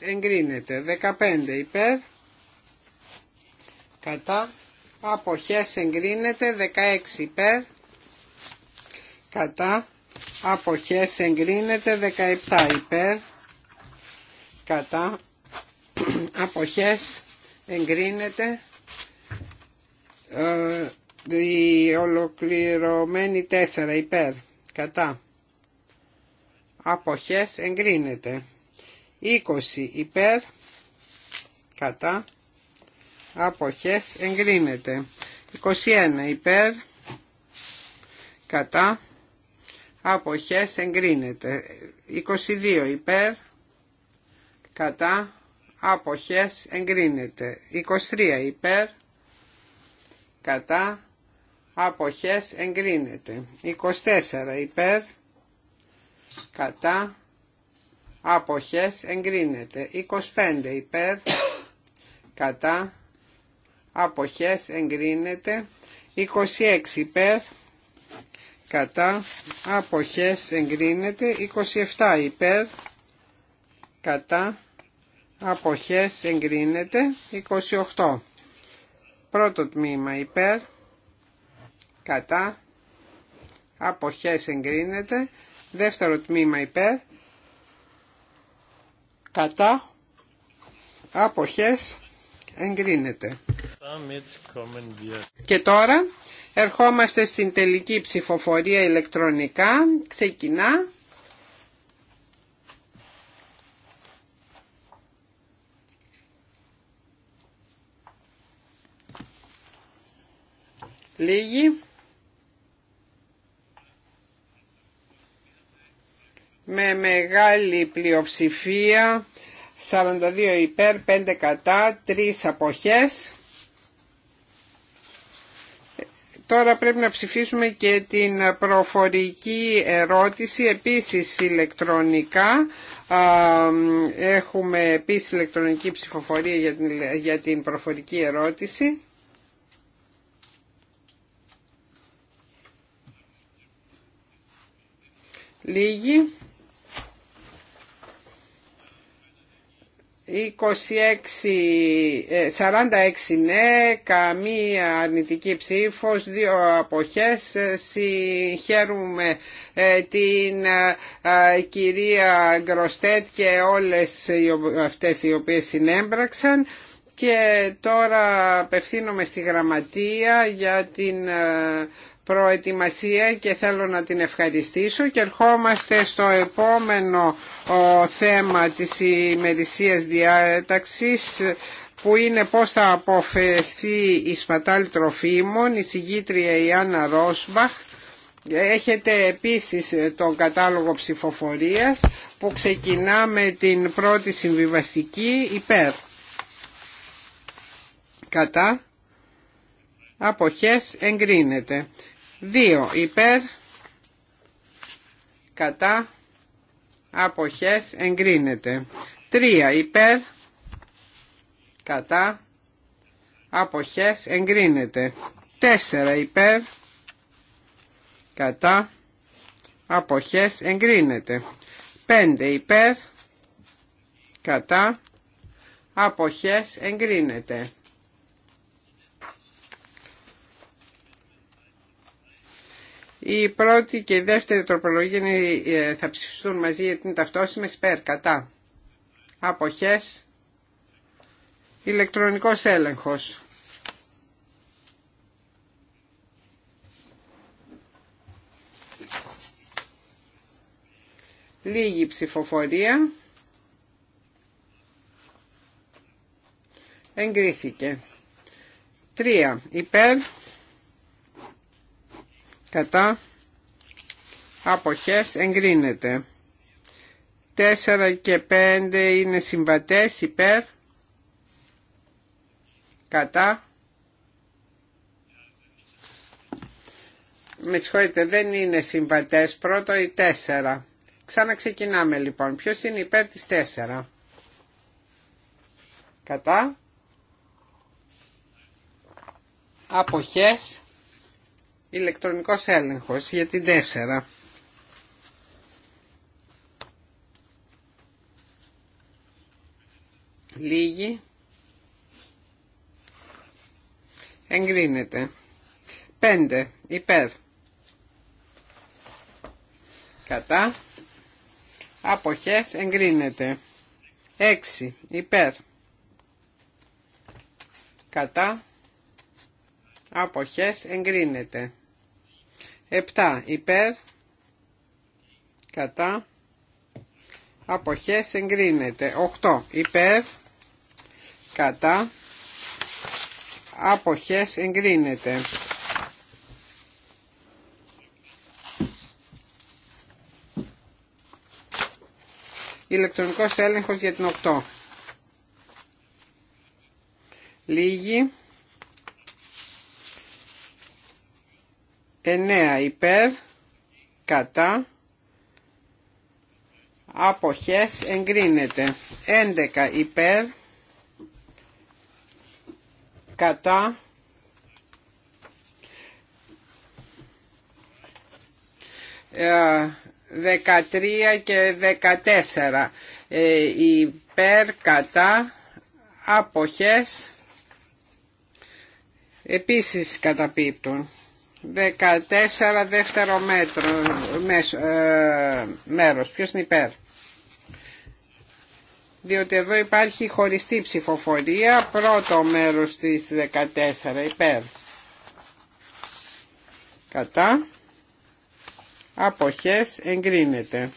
εγκρίνεται. 15 υπέρ. Κατά αποχές εγκρίνεται. 16 υπέρ. Κατά αποχές εγκρίνεται. 17 υπέρ. Κατά αποχές εγκρίνεται. Ε, η ολοκληρωμένη 4 υπέρ. Κατά αποχές εγκρίνεται. 20 υπέρ κατά αποχές εγκρίνεται 21 υπέρ κατά αποχές εγκρίνεται 22 υπέρ κατά αποχές εγκρίνεται 23 υπέρ κατά αποχές εγκρίνεται 24 υπέρ κατά αποχές εγκρίνεται 25 υπέρ κατά αποχές εγκρίνεται 26 υπέρ κατά αποχές εγκρίνεται 27 υπέρ κατά αποχές εγκρίνεται 28 πρώτο τμήμα υπέρ κατά αποχές εγκρίνεται δεύτερο τμήμα υπέρ κατά αποχές εγκρίνεται. Και τώρα ερχόμαστε στην τελική ψηφοφορία ηλεκτρονικά. Ξεκινά. Λίγη. με μεγάλη πλειοψηφία 42 υπέρ, 5 κατά, 3 αποχές. Τώρα πρέπει να ψηφίσουμε και την προφορική ερώτηση επίσης ηλεκτρονικά. Έχουμε επίσης ηλεκτρονική ψηφοφορία για την, για την προφορική ερώτηση. Λίγη. 26, 46 ε, ναι, καμία αρνητική ψήφος, δύο αποχές. Ε, συγχαίρουμε ε, την κυρία Γκροστέτ και όλες αυτές οι οποίες συνέμπραξαν. Και τώρα απευθύνομαι στη γραμματεία για την προετοιμασία και θέλω να την ευχαριστήσω και ερχόμαστε στο επόμενο ο θέμα της ημερησίας διάταξης που είναι πώς θα αποφευθεί η σπατάλη τροφίμων, η συγγήτρια Ιάννα Ρόσμπαχ. Έχετε επίσης τον κατάλογο ψηφοφορίας που ξεκινά με την πρώτη συμβιβαστική υπέρ. Κατά. Αποχές εγκρίνεται. Δύο υπέρ. Κατά αποχές εγκρίνεται. 3 υπέρ κατά αποχές εγκρίνεται. 4 υπέρ κατά αποχές εγκρίνεται. 5 υπέρ κατά αποχές εγκρίνεται. Η πρώτη και η δεύτερη τροπολογία ε, θα ψηφιστούν μαζί γιατί είναι ταυτόσιμες υπέρ κατά. Αποχές. Ηλεκτρονικός έλεγχος. Λίγη ψηφοφορία. Εγκρίθηκε. Τρία υπέρ κατά αποχές εγκρίνεται 4 και 5 είναι συμβατές υπέρ κατά με συγχωρείτε δεν είναι συμβατές πρώτο ή 4 ξαναξεκινάμε λοιπόν ποιος είναι υπέρ της τέσσερα. κατά αποχές Ηλεκτρονικός έλεγχος για την 4. Λίγη. Εγκρίνεται. 5. Υπέρ. Κατά. Αποχές. Εγκρίνεται. 6. Υπέρ. Κατά. Αποχές. Εγκρίνεται. 7 υπέρ κατά αποχές εγκρίνεται 8 υπέρ κατά αποχές εγκρίνεται ηλεκτρονικός έλεγχος για την 8 λίγη 9 υπέρ κατά αποχές εγκρίνεται 11 υπέρ κατά 13 ε, και 14 ε, υπέρ κατά αποχές επίσης καταπίπτουν 14 δεύτερο μέτρο, ε, μέρος. Ποιος είναι υπέρ. Διότι εδώ υπάρχει χωριστή ψηφοφορία. Πρώτο μέρος της 14 υπέρ. Κατά. Αποχές εγκρίνεται.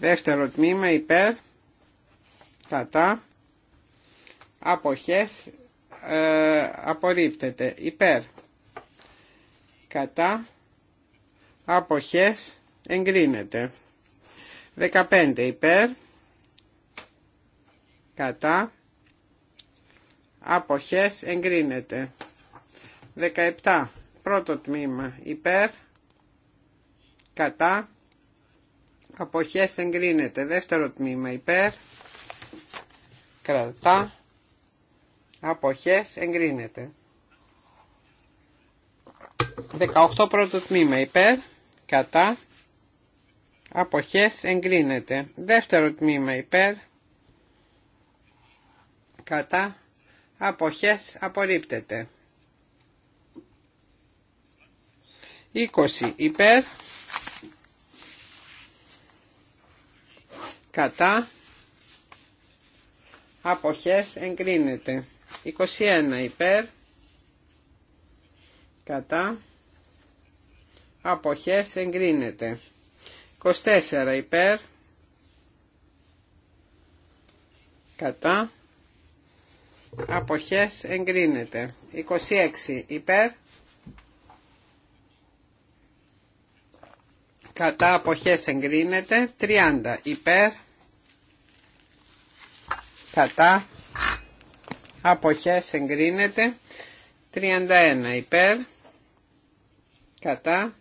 Δεύτερο τμήμα υπέρ. Κατά. Αποχές ε, απορρίπτεται. Υπέρ κατά αποχές εγκρίνεται 15 υπέρ κατά αποχές εγκρίνεται 17 πρώτο τμήμα υπέρ κατά αποχές εγκρίνεται δεύτερο τμήμα υπέρ Κρατά αποχές εγκρίνεται 18 πρώτο τμήμα υπέρ, κατά, αποχές εγκρίνεται. Δεύτερο τμήμα υπέρ, κατά, αποχές απορρίπτεται. 20 υπέρ, κατά, αποχές εγκρίνεται. 21 υπέρ, κατά, αποχές εγκρίνεται 24 υπέρ κατά αποχές εγκρίνεται 26 υπέρ κατά αποχές εγκρίνεται 30 υπέρ κατά αποχές εγκρίνεται 31 υπέρ κατά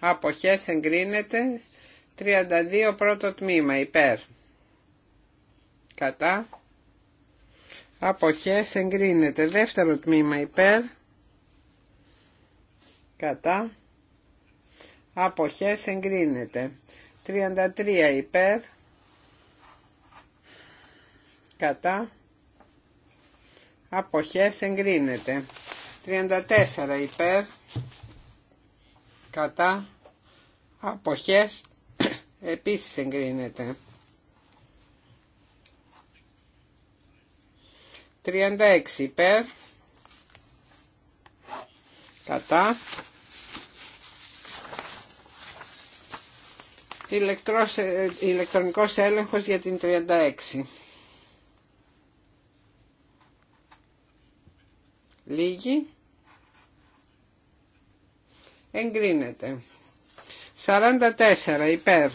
αποχές εγκρίνεται 32 πρώτο τμήμα υπέρ κατά αποχές εγκρίνεται δεύτερο τμήμα υπέρ κατά αποχές εγκρίνεται 33 υπέρ κατά αποχές εγκρίνεται 34 υπέρ κατά αποχές επίσης εγκρίνεται. 36 υπέρ κατά ηλεκτρός, ε, ηλεκτρονικός έλεγχος για την 36 λίγη εγκρίνεται. 44 υπέρ.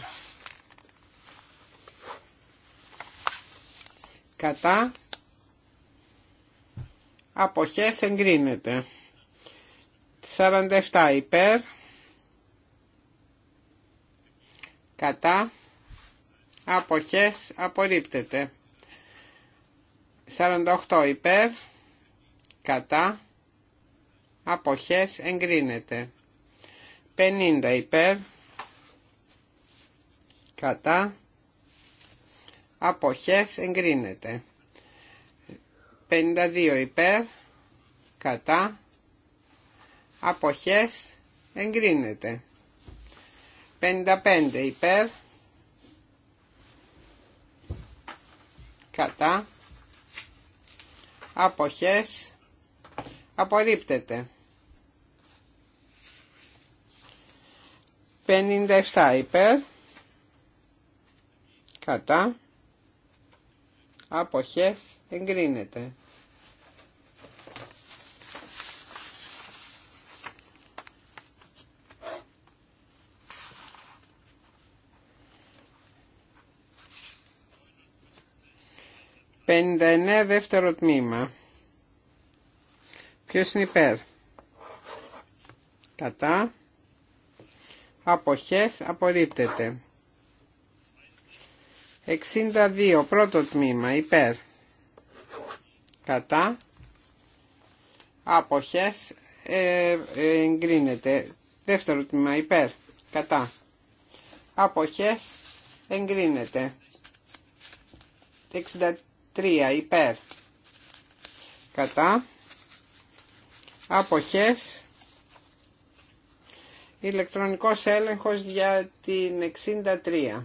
Κατά. Αποχές εγκρίνεται. 47 υπέρ. Κατά. Αποχές απορρίπτεται. 48 υπέρ. Κατά. Αποχές εγκρίνεται. 50 υπέρ κατά αποχές εγκρίνεται 52 υπέρ κατά αποχές εγκρίνεται 55 υπέρ κατά αποχές απορρίπτεται 57 υπέρ κατά αποχές εγκρίνεται. Πενήντα εννέα δεύτερο τμήμα. Ποιος είναι υπέρ. Κατά αποχές απορρίπτεται. 62 πρώτο τμήμα υπέρ κατά αποχές ε, εγκρίνεται. Δεύτερο τμήμα υπέρ κατά αποχές εγκρίνεται. 63 υπέρ κατά αποχές ηλεκτρονικός έλεγχος για την 63.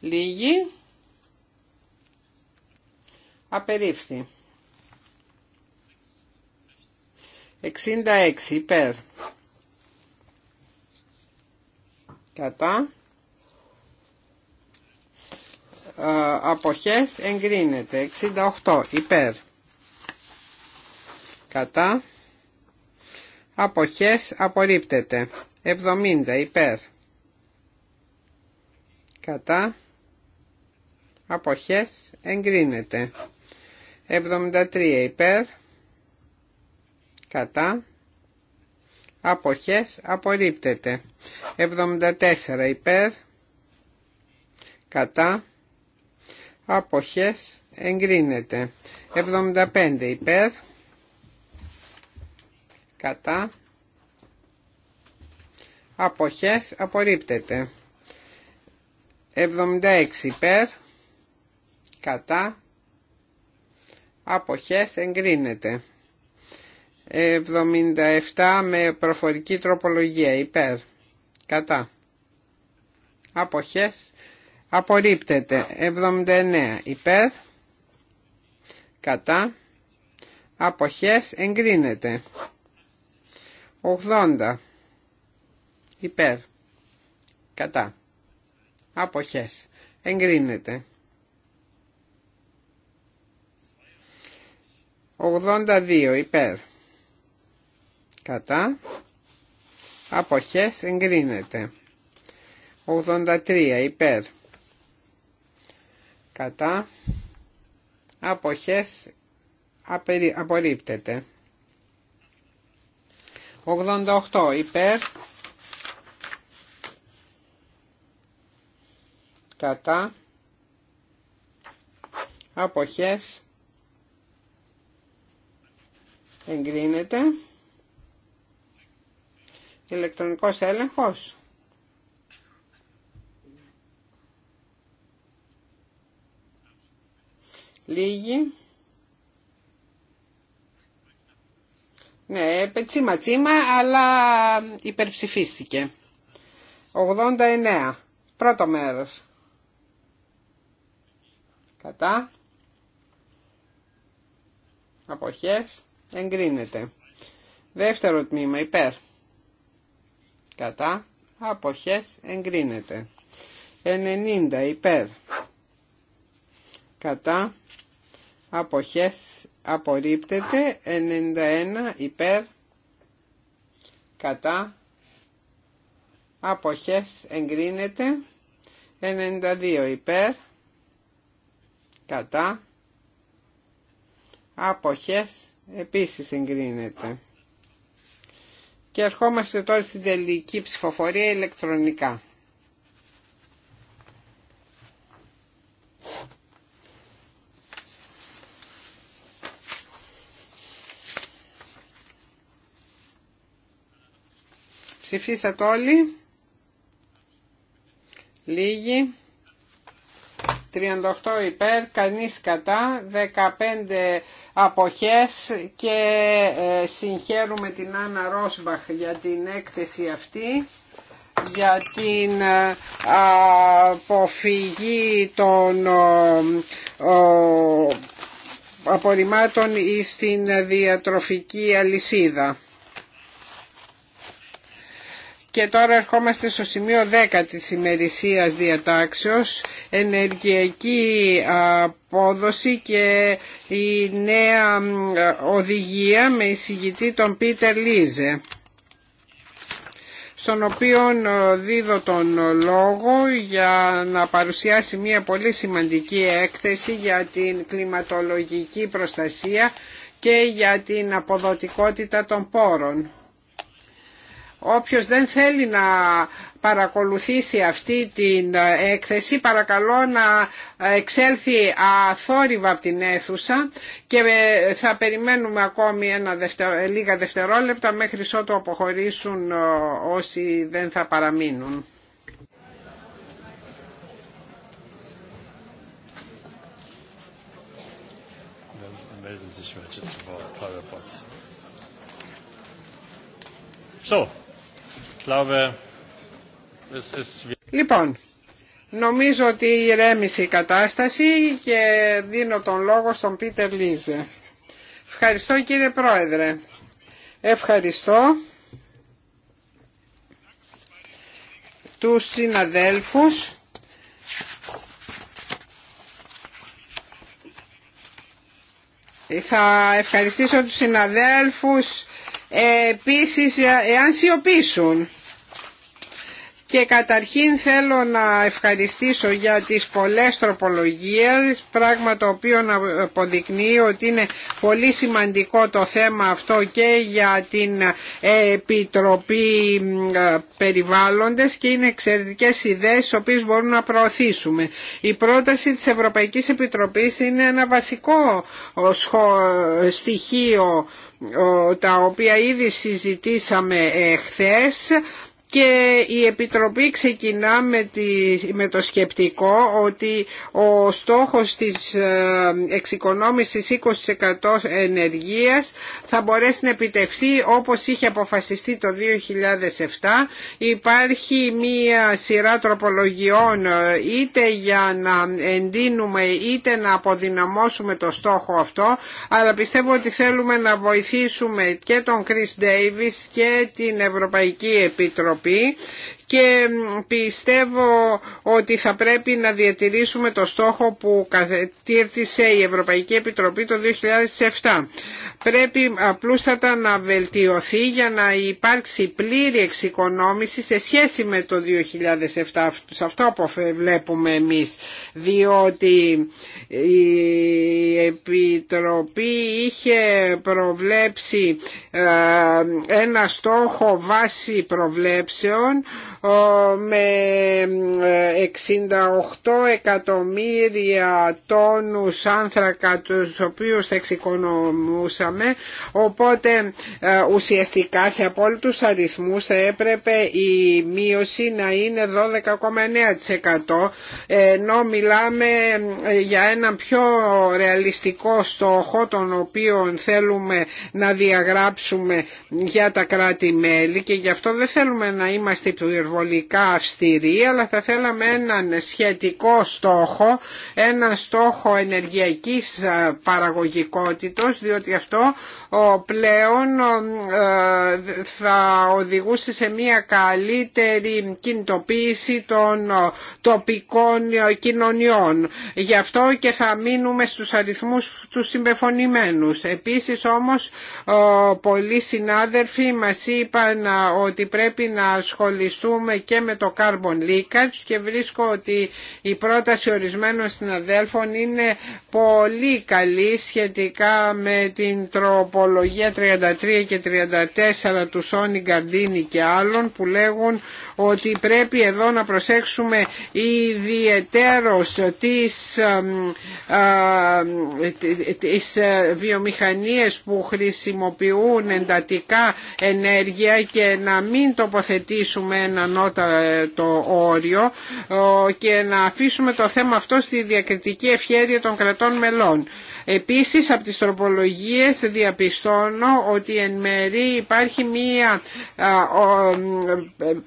Λίγη. Απερίφθη. 66 υπέρ. Κατά. Αποχές εγκρίνεται. 68 υπέρ κατά αποχές απορρίπτεται 70 υπέρ κατά αποχές εγκρίνεται 73 υπέρ κατά αποχές απορρίπτεται 74 υπέρ κατά αποχές εγκρίνεται 75 υπέρ κατά αποχές απορρίπτεται 76 υπέρ κατά αποχές εγκρίνεται 77 με προφορική τροπολογία υπέρ κατά αποχές απορρίπτεται 79 υπέρ κατά αποχές εγκρίνεται 80 υπέρ κατά αποχές εγκρίνεται 82 υπέρ κατά αποχές εγκρίνεται 83 υπέρ κατά αποχές απορρίπτεται 88 υπέρ κατά αποχές εγκρίνεται ηλεκτρονικός έλεγχος λίγη Ναι, τσίμα τσίμα, αλλά υπερψηφίστηκε. 89. Πρώτο μέρος. Κατά. Αποχές. Εγκρίνεται. Δεύτερο τμήμα υπέρ. Κατά. Αποχές. Εγκρίνεται. 90 υπέρ. Κατά. Αποχές απορρίπτεται 91 υπέρ κατά αποχές εγκρίνεται 92 υπέρ κατά αποχές επίσης εγκρίνεται και ερχόμαστε τώρα στην τελική ψηφοφορία ηλεκτρονικά Ψηφίσατε όλοι. Λίγοι. 38 υπέρ, κανείς κατά, 15 αποχές και ε, συγχαίρουμε την Άννα Ρόσμπαχ για την έκθεση αυτή για την ε, αποφυγή των ε, απορριμμάτων στην διατροφική αλυσίδα. Και τώρα ερχόμαστε στο σημείο 10 της ημερησίας διατάξεως, ενεργειακή απόδοση και η νέα οδηγία με εισηγητή τον Πίτερ Λίζε στον οποίο ε, δίδω τον λόγο για να παρουσιάσει μια πολύ σημαντική έκθεση για την κλιματολογική προστασία και για την αποδοτικότητα των πόρων. Όποιος δεν θέλει να παρακολουθήσει αυτή την έκθεση παρακαλώ να εξέλθει αθόρυβα από την αίθουσα και θα περιμένουμε ακόμη ένα λίγα δευτερόλεπτα μέχρι ότου αποχωρήσουν όσοι δεν θα παραμείνουν. So. Λοιπόν, νομίζω ότι ηρέμησε η κατάσταση και δίνω τον λόγο στον Πίτερ Λίζε. Ευχαριστώ κύριε Πρόεδρε. Ευχαριστώ τους συναδέλφους θα ευχαριστήσω τους συναδέλφους επίσης ε, εάν σιωπήσουν. Και καταρχήν θέλω να ευχαριστήσω για τις πολλές τροπολογίες, πράγμα το οποίο αποδεικνύει ότι είναι πολύ σημαντικό το θέμα αυτό και για την Επιτροπή ε, Περιβάλλοντες και είναι εξαιρετικές ιδέες τις οποίες μπορούμε να προωθήσουμε. Η πρόταση της Ευρωπαϊκής Επιτροπής είναι ένα βασικό ε, στοιχείο τα οποία ήδη συζητήσαμε ε, χθες και η Επιτροπή ξεκινά με, το σκεπτικό ότι ο στόχος της ε, εξοικονόμησης 20% ενεργείας θα μπορέσει να επιτευχθεί όπως είχε αποφασιστεί το 2007. Υπάρχει μία σειρά τροπολογιών ε, είτε για να εντείνουμε είτε να αποδυναμώσουμε το στόχο αυτό αλλά πιστεύω ότι θέλουμε να βοηθήσουμε και τον Chris Davis και την Ευρωπαϊκή Επιτροπή και πιστεύω ότι θα πρέπει να διατηρήσουμε το στόχο που κατήρτισε η Ευρωπαϊκή Επιτροπή το 2007. Πρέπει απλούστατα να βελτιωθεί για να υπάρξει πλήρη εξοικονόμηση σε σχέση με το 2007. Σε αυτό που βλέπουμε εμείς, διότι η Επιτροπή είχε προβλέψει ε, ένα στόχο βάση προβλέψεων με 68 εκατομμύρια τόνους άνθρακα τους οποίους θα εξοικονομούσαμε οπότε ε, ουσιαστικά σε απόλυτους αριθμούς θα έπρεπε η μείωση να είναι 12,9% ενώ μιλάμε ε, για ένα πιο ρεαλιστικό στόχο τον οποίο θέλουμε να διαγράψουμε για τα κράτη-μέλη και γι' αυτό δεν θέλουμε να είμαστε υπερβολικά αυστηροί αλλά θα θέλαμε έναν σχετικό στόχο, ένα στόχο ενεργειακής ε, παραγωγικότητος διότι αυτό πλέον ε, θα οδηγούσε σε μια καλύτερη κινητοποίηση των ε, τοπικών κοινωνιών. Γι' αυτό και θα μείνουμε στους αριθμούς του συμπεφωνημένους. Επίσης όμως πολλοί συνάδελφοι μας είπαν ότι πρέπει να ασχοληθούμε και με το carbon leakage και βρίσκω ότι η πρόταση ορισμένων συναδέλφων είναι πολύ καλή σχετικά με την τροπολογία 33 και 34 του Σόνι Γκαρντίνη και άλλων που λέγουν ότι πρέπει εδώ να προσέξουμε ιδιαιτέρως τις, τις βιομηχανίες που χρησιμοποιούν εντατικά ενέργεια και να μην τοποθετήσουμε ένα το όριο ε, και να αφήσουμε το θέμα αυτό στη διακριτική ευχαίρεια των κρατών μελών. Επίσης από τις τροπολογίες διαπιστώνω ότι εν μέρη υπάρχει μία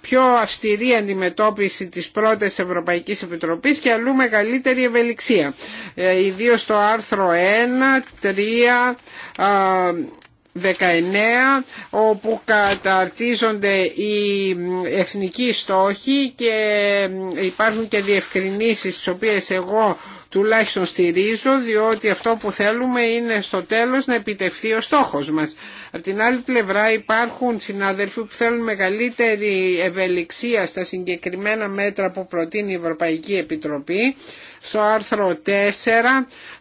πιο αυστηρή αντιμετώπιση της πρώτης Ευρωπαϊκής Επιτροπής και αλλού μεγαλύτερη ευελιξία. Ε, ιδίως το άρθρο 1, 3, 19 όπου καταρτίζονται οι εθνικοί στόχοι και ε, υπάρχουν και διευκρινήσεις τις οποίες εγώ τουλάχιστον στηρίζω διότι αυτό που θέλουμε είναι στο τέλος να επιτευχθεί ο στόχος μας. Από την άλλη πλευρά υπάρχουν συνάδελφοι που θέλουν μεγαλύτερη ευελιξία στα συγκεκριμένα μέτρα που προτείνει η Ευρωπαϊκή Επιτροπή. Στο άρθρο 4,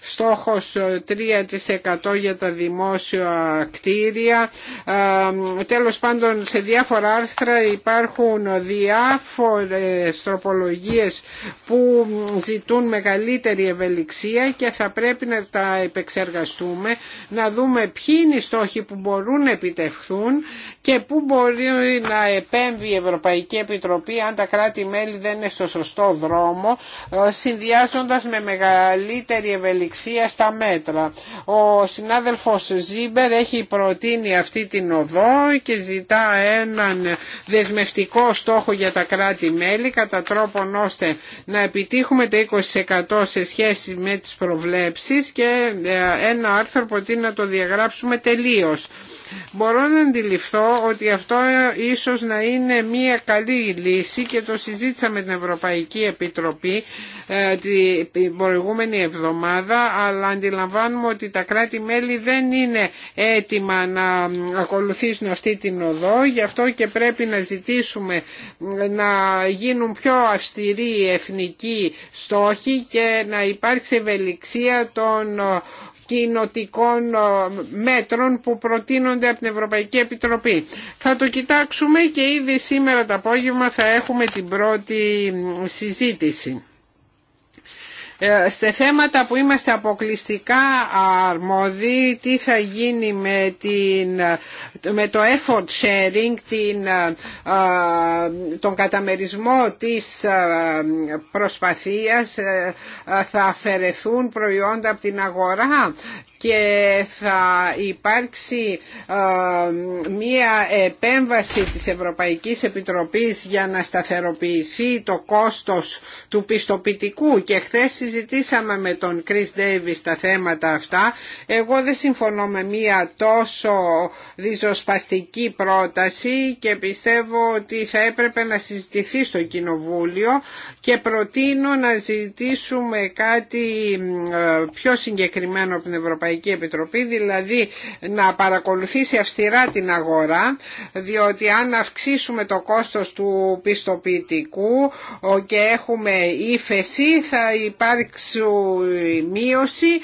στόχος 3% για τα δημόσια κτίρια. Ε, τέλος πάντων σε διάφορα άρθρα υπάρχουν διάφορες τροπολογίες που ζητούν μεγαλύτερη ευελιξία και θα πρέπει να τα επεξεργαστούμε, να δούμε ποιοι είναι οι στόχοι που μπορούν μπορούν να επιτευχθούν και πού μπορεί να επέμβει η Ευρωπαϊκή Επιτροπή αν τα κράτη-μέλη δεν είναι στο σωστό δρόμο ε, συνδυάζοντας με μεγαλύτερη ευελιξία στα μέτρα. Ο συνάδελφος Ζίμπερ έχει προτείνει αυτή την οδό και ζητά έναν δεσμευτικό στόχο για τα κράτη-μέλη κατά τρόπον ώστε να επιτύχουμε τα 20% σε σχέση με τις προβλέψεις και ε, ένα άρθρο προτείνει να το διαγράψουμε τελείως. Μπορώ να αντιληφθώ ότι αυτό ίσως να είναι μια καλή λύση και το συζήτησα με την Ευρωπαϊκή Επιτροπή ε, την προηγούμενη εβδομάδα αλλά αντιλαμβάνουμε ότι τα κράτη-μέλη δεν είναι έτοιμα να ακολουθήσουν αυτή την οδό γι' αυτό και πρέπει να ζητήσουμε να γίνουν πιο αυστηροί εθνικοί στόχοι και να υπάρξει ευελιξία των κοινοτικών ε, μέτρων που προτείνονται από την Ευρωπαϊκή Επιτροπή. Θα το κοιτάξουμε και ήδη σήμερα το απόγευμα θα έχουμε την πρώτη συζήτηση. Ε, σε θέματα που είμαστε αποκλειστικά αρμόδιοι, τι θα γίνει με, το effort sharing, την, ε, τον καταμερισμό της ε, προσπαθίας, θα αφαιρεθούν προϊόντα από την αγορά και θα υπάρξει ε, μία επέμβαση της Ευρωπαϊκής Επιτροπής για να σταθεροποιηθεί το κόστος του πιστοποιητικού και χθε συζητήσαμε με τον Chris Ντέιβις τα θέματα αυτά. Εγώ δεν συμφωνώ με μία τόσο ριζοσπαστική πρόταση και πιστεύω ότι θα έπρεπε να συζητηθεί στο Κοινοβούλιο και προτείνω να ζητήσουμε κάτι ε, πιο συγκεκριμένο από την Ευρωπαϊκή Επιτροπή, δηλαδή να παρακολουθήσει αυστηρά την αγορά, διότι αν αυξήσουμε το κόστος του πιστοποιητικού και έχουμε ύφεση θα υπάρξει μείωση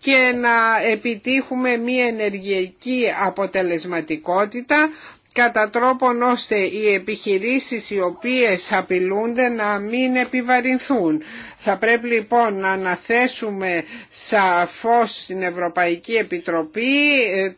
και να επιτύχουμε μια ενεργειακή αποτελεσματικότητα κατά τρόπον ώστε οι επιχειρήσεις οι οποίες απειλούνται να μην επιβαρυνθούν. Θα πρέπει λοιπόν να αναθέσουμε σαφώς στην Ευρωπαϊκή Επιτροπή ε,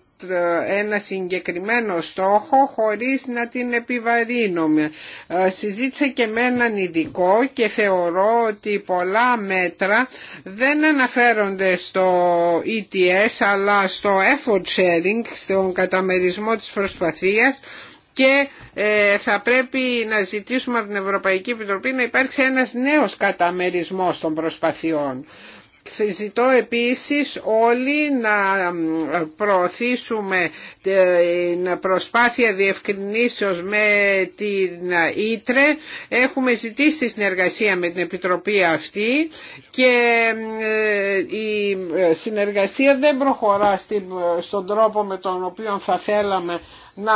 ένα συγκεκριμένο στόχο χωρίς να την επιβαρύνουμε. Ε, Συζήτησα και με έναν ειδικό και θεωρώ ότι πολλά μέτρα δεν αναφέρονται στο ETS αλλά στο effort sharing, στον καταμερισμό της προσπαθίας και ε, θα πρέπει να ζητήσουμε από την Ευρωπαϊκή Επιτροπή να υπάρξει ένας νέος καταμερισμός των προσπαθειών. Συζητώ επίσης όλοι να προωθήσουμε την προσπάθεια διευκρινήσεως με την Ήτρε. Έχουμε ζητήσει συνεργασία με την Επιτροπή αυτή και ε, η συνεργασία δεν προχωρά στον τρόπο με τον οποίο θα θέλαμε να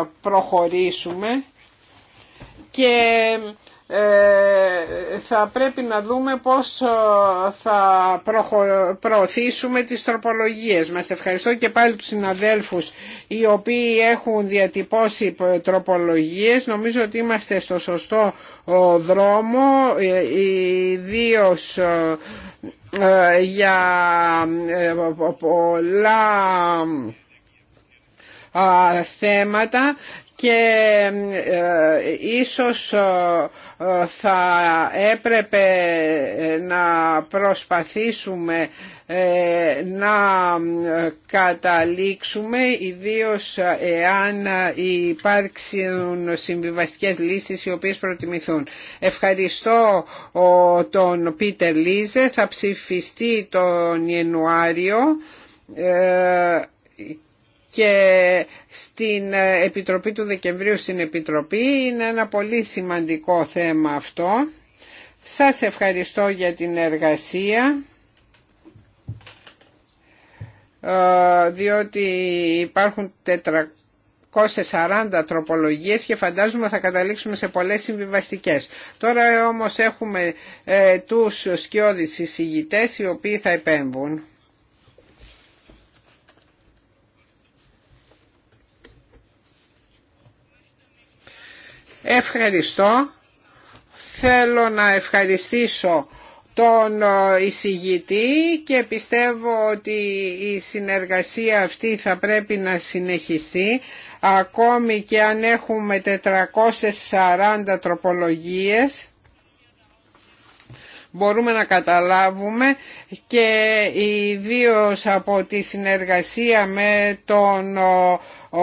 ε, προχωρήσουμε και ε, θα πρέπει να δούμε πώς ε, θα προωθήσουμε τις τροπολογίες μας. Ευχαριστώ και πάλι τους συναδέλφους οι οποίοι έχουν διατυπώσει τροπολογίες. Νομίζω ότι είμαστε στο σωστό δρόμο, ε, ιδίω για πολλά θέματα και ε, ίσως ε, θα έπρεπε να προσπαθήσουμε ε, να καταλήξουμε ιδίως εάν υπάρξουν συμβιβαστικές λύσεις οι οποίες προτιμηθούν. Ευχαριστώ τον Πίτερ Λίζε, θα ψηφιστεί τον Ιανουάριο και στην ε, Επιτροπή του Δεκεμβρίου στην Επιτροπή. Είναι ένα πολύ σημαντικό θέμα αυτό. Σας ευχαριστώ για την εργασία ε, διότι υπάρχουν 440 τροπολογίες και φαντάζομαι θα καταλήξουμε σε πολλές συμβιβαστικές. Τώρα όμως έχουμε ε, τους σκιώδεις εισηγητές οι οποίοι θα επέμβουν. Ευχαριστώ. Θέλω να ευχαριστήσω τον ε, εισηγητή και πιστεύω ότι η συνεργασία αυτή θα πρέπει να συνεχιστεί ακόμη και αν έχουμε 440 τροπολογίες μπορούμε να καταλάβουμε και ιδίω από τη συνεργασία με τον ο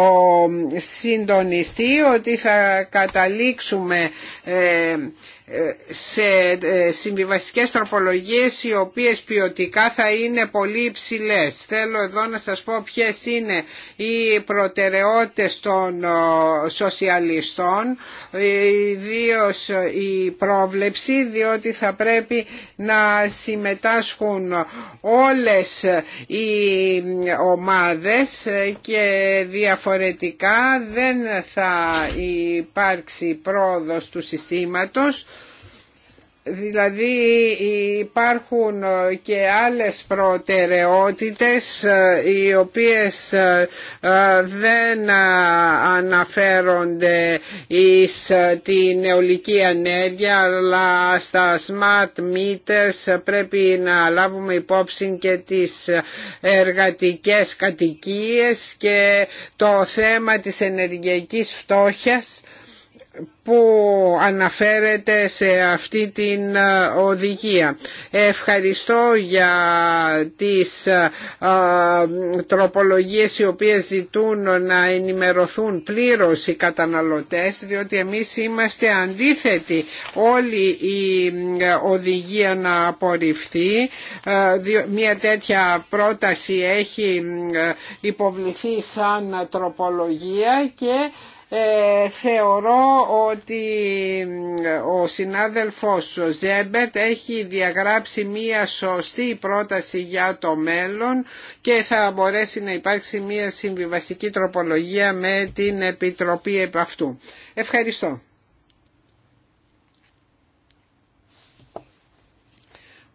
συντονιστή ότι θα καταλήξουμε ε, σε ε, συμβιβαστικές τροπολογίες οι οποίες ποιοτικά θα είναι πολύ υψηλέ. Θέλω εδώ να σας πω ποιες είναι οι προτεραιότητες των ε, σοσιαλιστών, ε, ιδίω η πρόβλεψη, διότι θα πρέπει να συμμετάσχουν όλες οι ομάδες και διαφορετικά δεν θα υπάρξει πρόοδος του συστήματος Δηλαδή υπάρχουν ε, και άλλες προτεραιότητες ε, οι οποίες ε, δεν αναφέρονται εις τη νεολική ανέργεια αλλά στα smart meters πρέπει να λάβουμε υπόψη και τις εργατικές κατοικίες και το θέμα της ενεργειακής φτώχειας που αναφέρεται σε αυτή την ε, οδηγία. Ευχαριστώ για τις ε, ε, τροπολογίες οι οποίες ζητούν να ενημερωθούν πλήρως οι καταναλωτές διότι εμείς είμαστε αντίθετοι όλη η οδηγία να απορριφθεί. Μια τέτοια πρόταση έχει υποβληθεί σαν τροπολογία και ε, θεωρώ ότι ο συνάδελφος Ζέμπερτ έχει διαγράψει μία σωστή πρόταση για το μέλλον και θα μπορέσει να υπάρξει μία συμβιβαστική τροπολογία με την Επιτροπή επ' αυτού. Ευχαριστώ.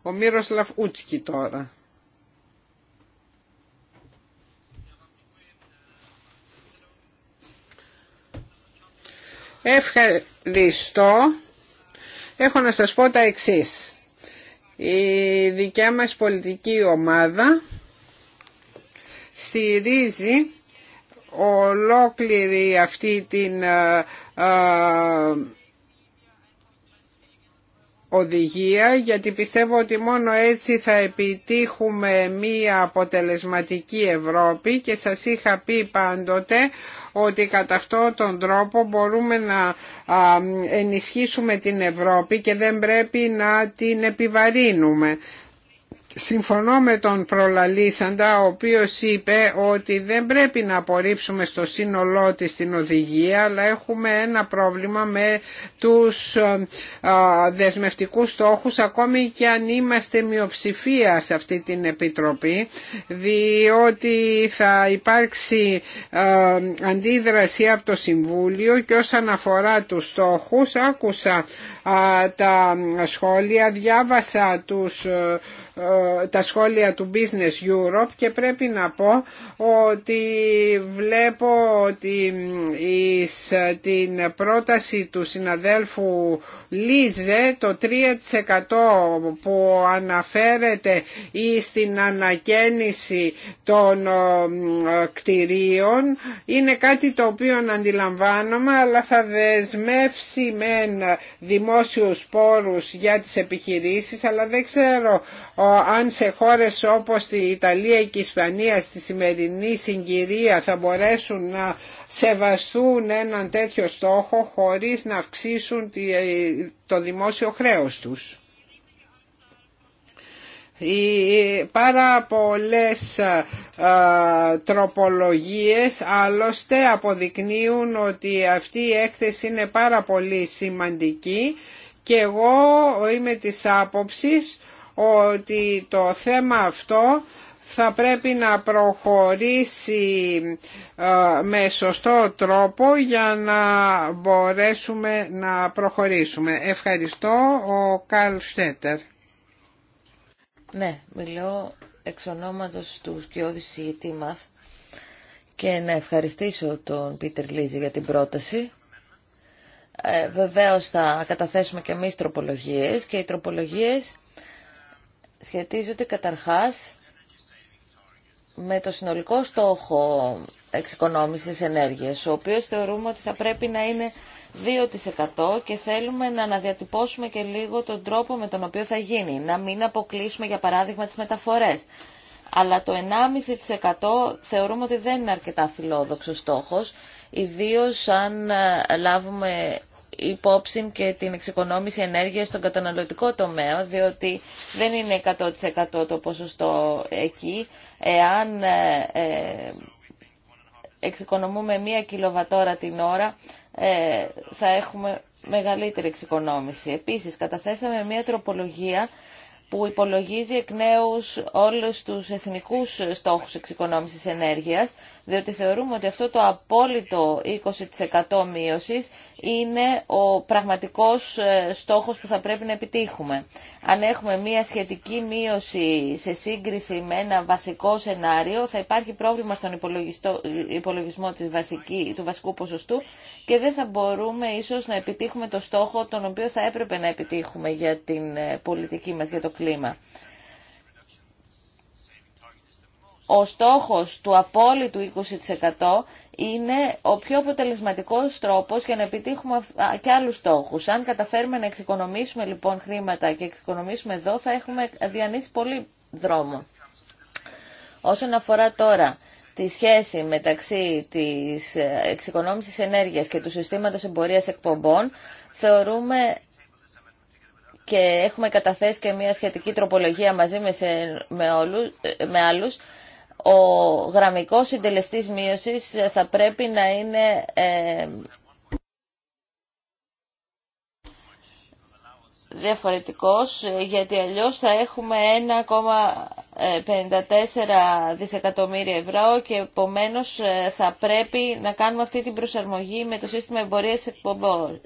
Ο Μύρος Λαφούτσκι τώρα. Ευχαριστώ. Έχω να σας πω τα εξής. Η δικιά μας πολιτική ομάδα στηρίζει ολόκληρη αυτή την ε, ε, οδηγία γιατί πιστεύω ότι μόνο έτσι θα επιτύχουμε μία αποτελεσματική Ευρώπη και σας είχα πει πάντοτε ότι κατά αυτόν τον τρόπο μπορούμε να ενισχύσουμε την Ευρώπη και δεν πρέπει να την επιβαρύνουμε. Συμφωνώ με τον προλαλήσαντα ο οποίος είπε ότι δεν πρέπει να απορρίψουμε στο σύνολό της την οδηγία αλλά έχουμε ένα πρόβλημα με τους ε, δεσμευτικούς στόχους ακόμη και αν είμαστε μειοψηφία σε αυτή την Επιτροπή διότι θα υπάρξει ε, αντίδραση από το Συμβούλιο και όσον αφορά τους στόχους άκουσα τα σχόλια, διάβασα τους ε, ε, τα σχόλια του Business Europe και πρέπει να πω ότι βλέπω ότι εις την πρόταση του συναδέλφου Λίζε το 3% που αναφέρεται ή στην ανακαίνιση των ε, κτηρίων είναι κάτι το οποίο αντιλαμβάνομαι αλλά θα δεσμεύσει μεν δημόσιους πόρους για τις επιχειρήσεις αλλά δεν ξέρω ε, αν σε χώρες όπως η Ιταλία και η Ισπανία στη σημερινή συγκυρία θα μπορέσουν να σεβαστούν έναν τέτοιο στόχο χωρίς να αυξήσουν ε, το δημόσιο χρέος τους. Οι πάρα πολλές α, ε, τροπολογίες άλλωστε αποδεικνύουν ότι αυτή η έκθεση είναι πάρα πολύ σημαντική και εγώ είμαι της άποψης ότι το θέμα αυτό θα πρέπει να προχωρήσει ε, με σωστό τρόπο για να μπορέσουμε να προχωρήσουμε. Ευχαριστώ ο Καρλ Στέτερ. Ναι, μιλώ εξ ονόματος του σκιώδη συγητή μας και να ευχαριστήσω τον Πίτερ Λίζη για την πρόταση. Ε, βεβαίως θα καταθέσουμε και εμείς τροπολογίες και οι τροπολογίες σχετίζονται καταρχάς με το συνολικό στόχο εξοικονόμησης ενέργειας, ο οποίος θεωρούμε ότι θα πρέπει να είναι 2% και θέλουμε να αναδιατυπώσουμε και λίγο τον τρόπο με τον οποίο θα γίνει, να μην αποκλείσουμε για παράδειγμα τις μεταφορές. Αλλά το 1,5% θεωρούμε ότι δεν είναι αρκετά φιλόδοξο στόχος, ιδίως αν ε, λάβουμε υπόψη και την εξοικονόμηση ενέργειας στον καταναλωτικό τομέα, διότι δεν είναι 100% το ποσοστό εκεί. Εάν ε, ε, εξοικονομούμε μία κιλοβατόρα την ώρα, ε, θα έχουμε μεγαλύτερη εξοικονόμηση. Επίσης, καταθέσαμε μία τροπολογία που υπολογίζει εκ νέου όλους τους εθνικούς στόχους εξοικονόμησης ενέργειας, διότι θεωρούμε ότι αυτό το απόλυτο 20% μείωσης είναι ο πραγματικός ε, στόχος που θα πρέπει να επιτύχουμε. Αν έχουμε μία σχετική μείωση σε σύγκριση με ένα βασικό σενάριο, θα υπάρχει πρόβλημα στον υπολογισμό της του βασικού ποσοστού και δεν θα μπορούμε ίσως να επιτύχουμε το στόχο τον οποίο θα έπρεπε να επιτύχουμε για την ε, πολιτική μας, για το κλίμα ο στόχος του απόλυτου 20% είναι ο πιο αποτελεσματικός τρόπος για να επιτύχουμε και άλλους στόχους. Αν καταφέρουμε να εξοικονομήσουμε λοιπόν χρήματα και εξοικονομήσουμε εδώ θα έχουμε διανύσει πολύ δρόμο. Όσον αφορά τώρα τη σχέση μεταξύ της ε, εξοικονόμησης ενέργειας και του συστήματος εμπορίας εκπομπών, θεωρούμε και έχουμε καταθέσει και μια σχετική τροπολογία μαζί με, σε, με ε, άλλους ο γραμμικός συντελεστής μείωσης θα πρέπει να είναι ε, διαφορετικός γιατί αλλιώς θα έχουμε 1,54 δισεκατομμύρια ευρώ και επομένως ε, θα πρέπει να κάνουμε αυτή την προσαρμογή με το σύστημα εμπορίας εκπομπών.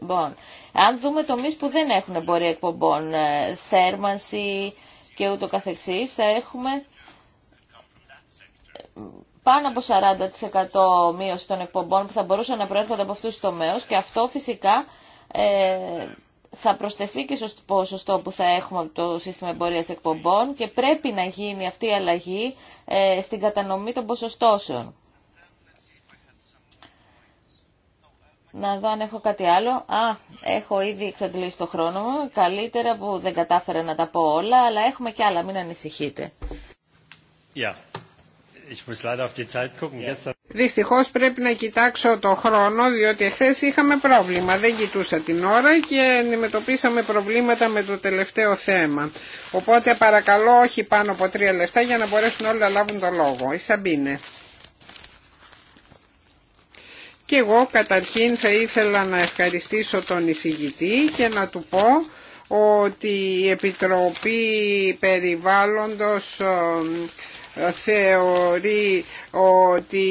Αν δούμε τομείς που δεν έχουν εμπορία εκπομπών, ε, θέρμανση και ούτω καθεξής, θα έχουμε πάνω από 40% μείωση των εκπομπών που θα μπορούσαν να προέρχονται από αυτού του τομέου και αυτό φυσικά ε, θα προσθεθεί και στο ποσοστό που θα έχουμε από το σύστημα εμπορία εκπομπών και πρέπει να γίνει αυτή η αλλαγή ε, στην κατανομή των ποσοστώσεων. Να δω αν έχω κάτι άλλο. Α, έχω ήδη εξαντλήσει το χρόνο μου. Καλύτερα που δεν κατάφερα να τα πω όλα, αλλά έχουμε και άλλα, μην ανησυχείτε. Yeah. Δυστυχώς πρέπει να κοιτάξω το χρόνο διότι χθε είχαμε πρόβλημα. Δεν κοιτούσα την ώρα και αντιμετωπίσαμε προβλήματα με το τελευταίο θέμα. Οπότε παρακαλώ όχι πάνω από τρία λεπτά για να μπορέσουν όλοι να λάβουν το λόγο. Η Σαμπίνε. Και εγώ καταρχήν θα ήθελα να ευχαριστήσω τον εισηγητή και να του πω ότι η Επιτροπή Περιβάλλοντος ε, θεωρεί ότι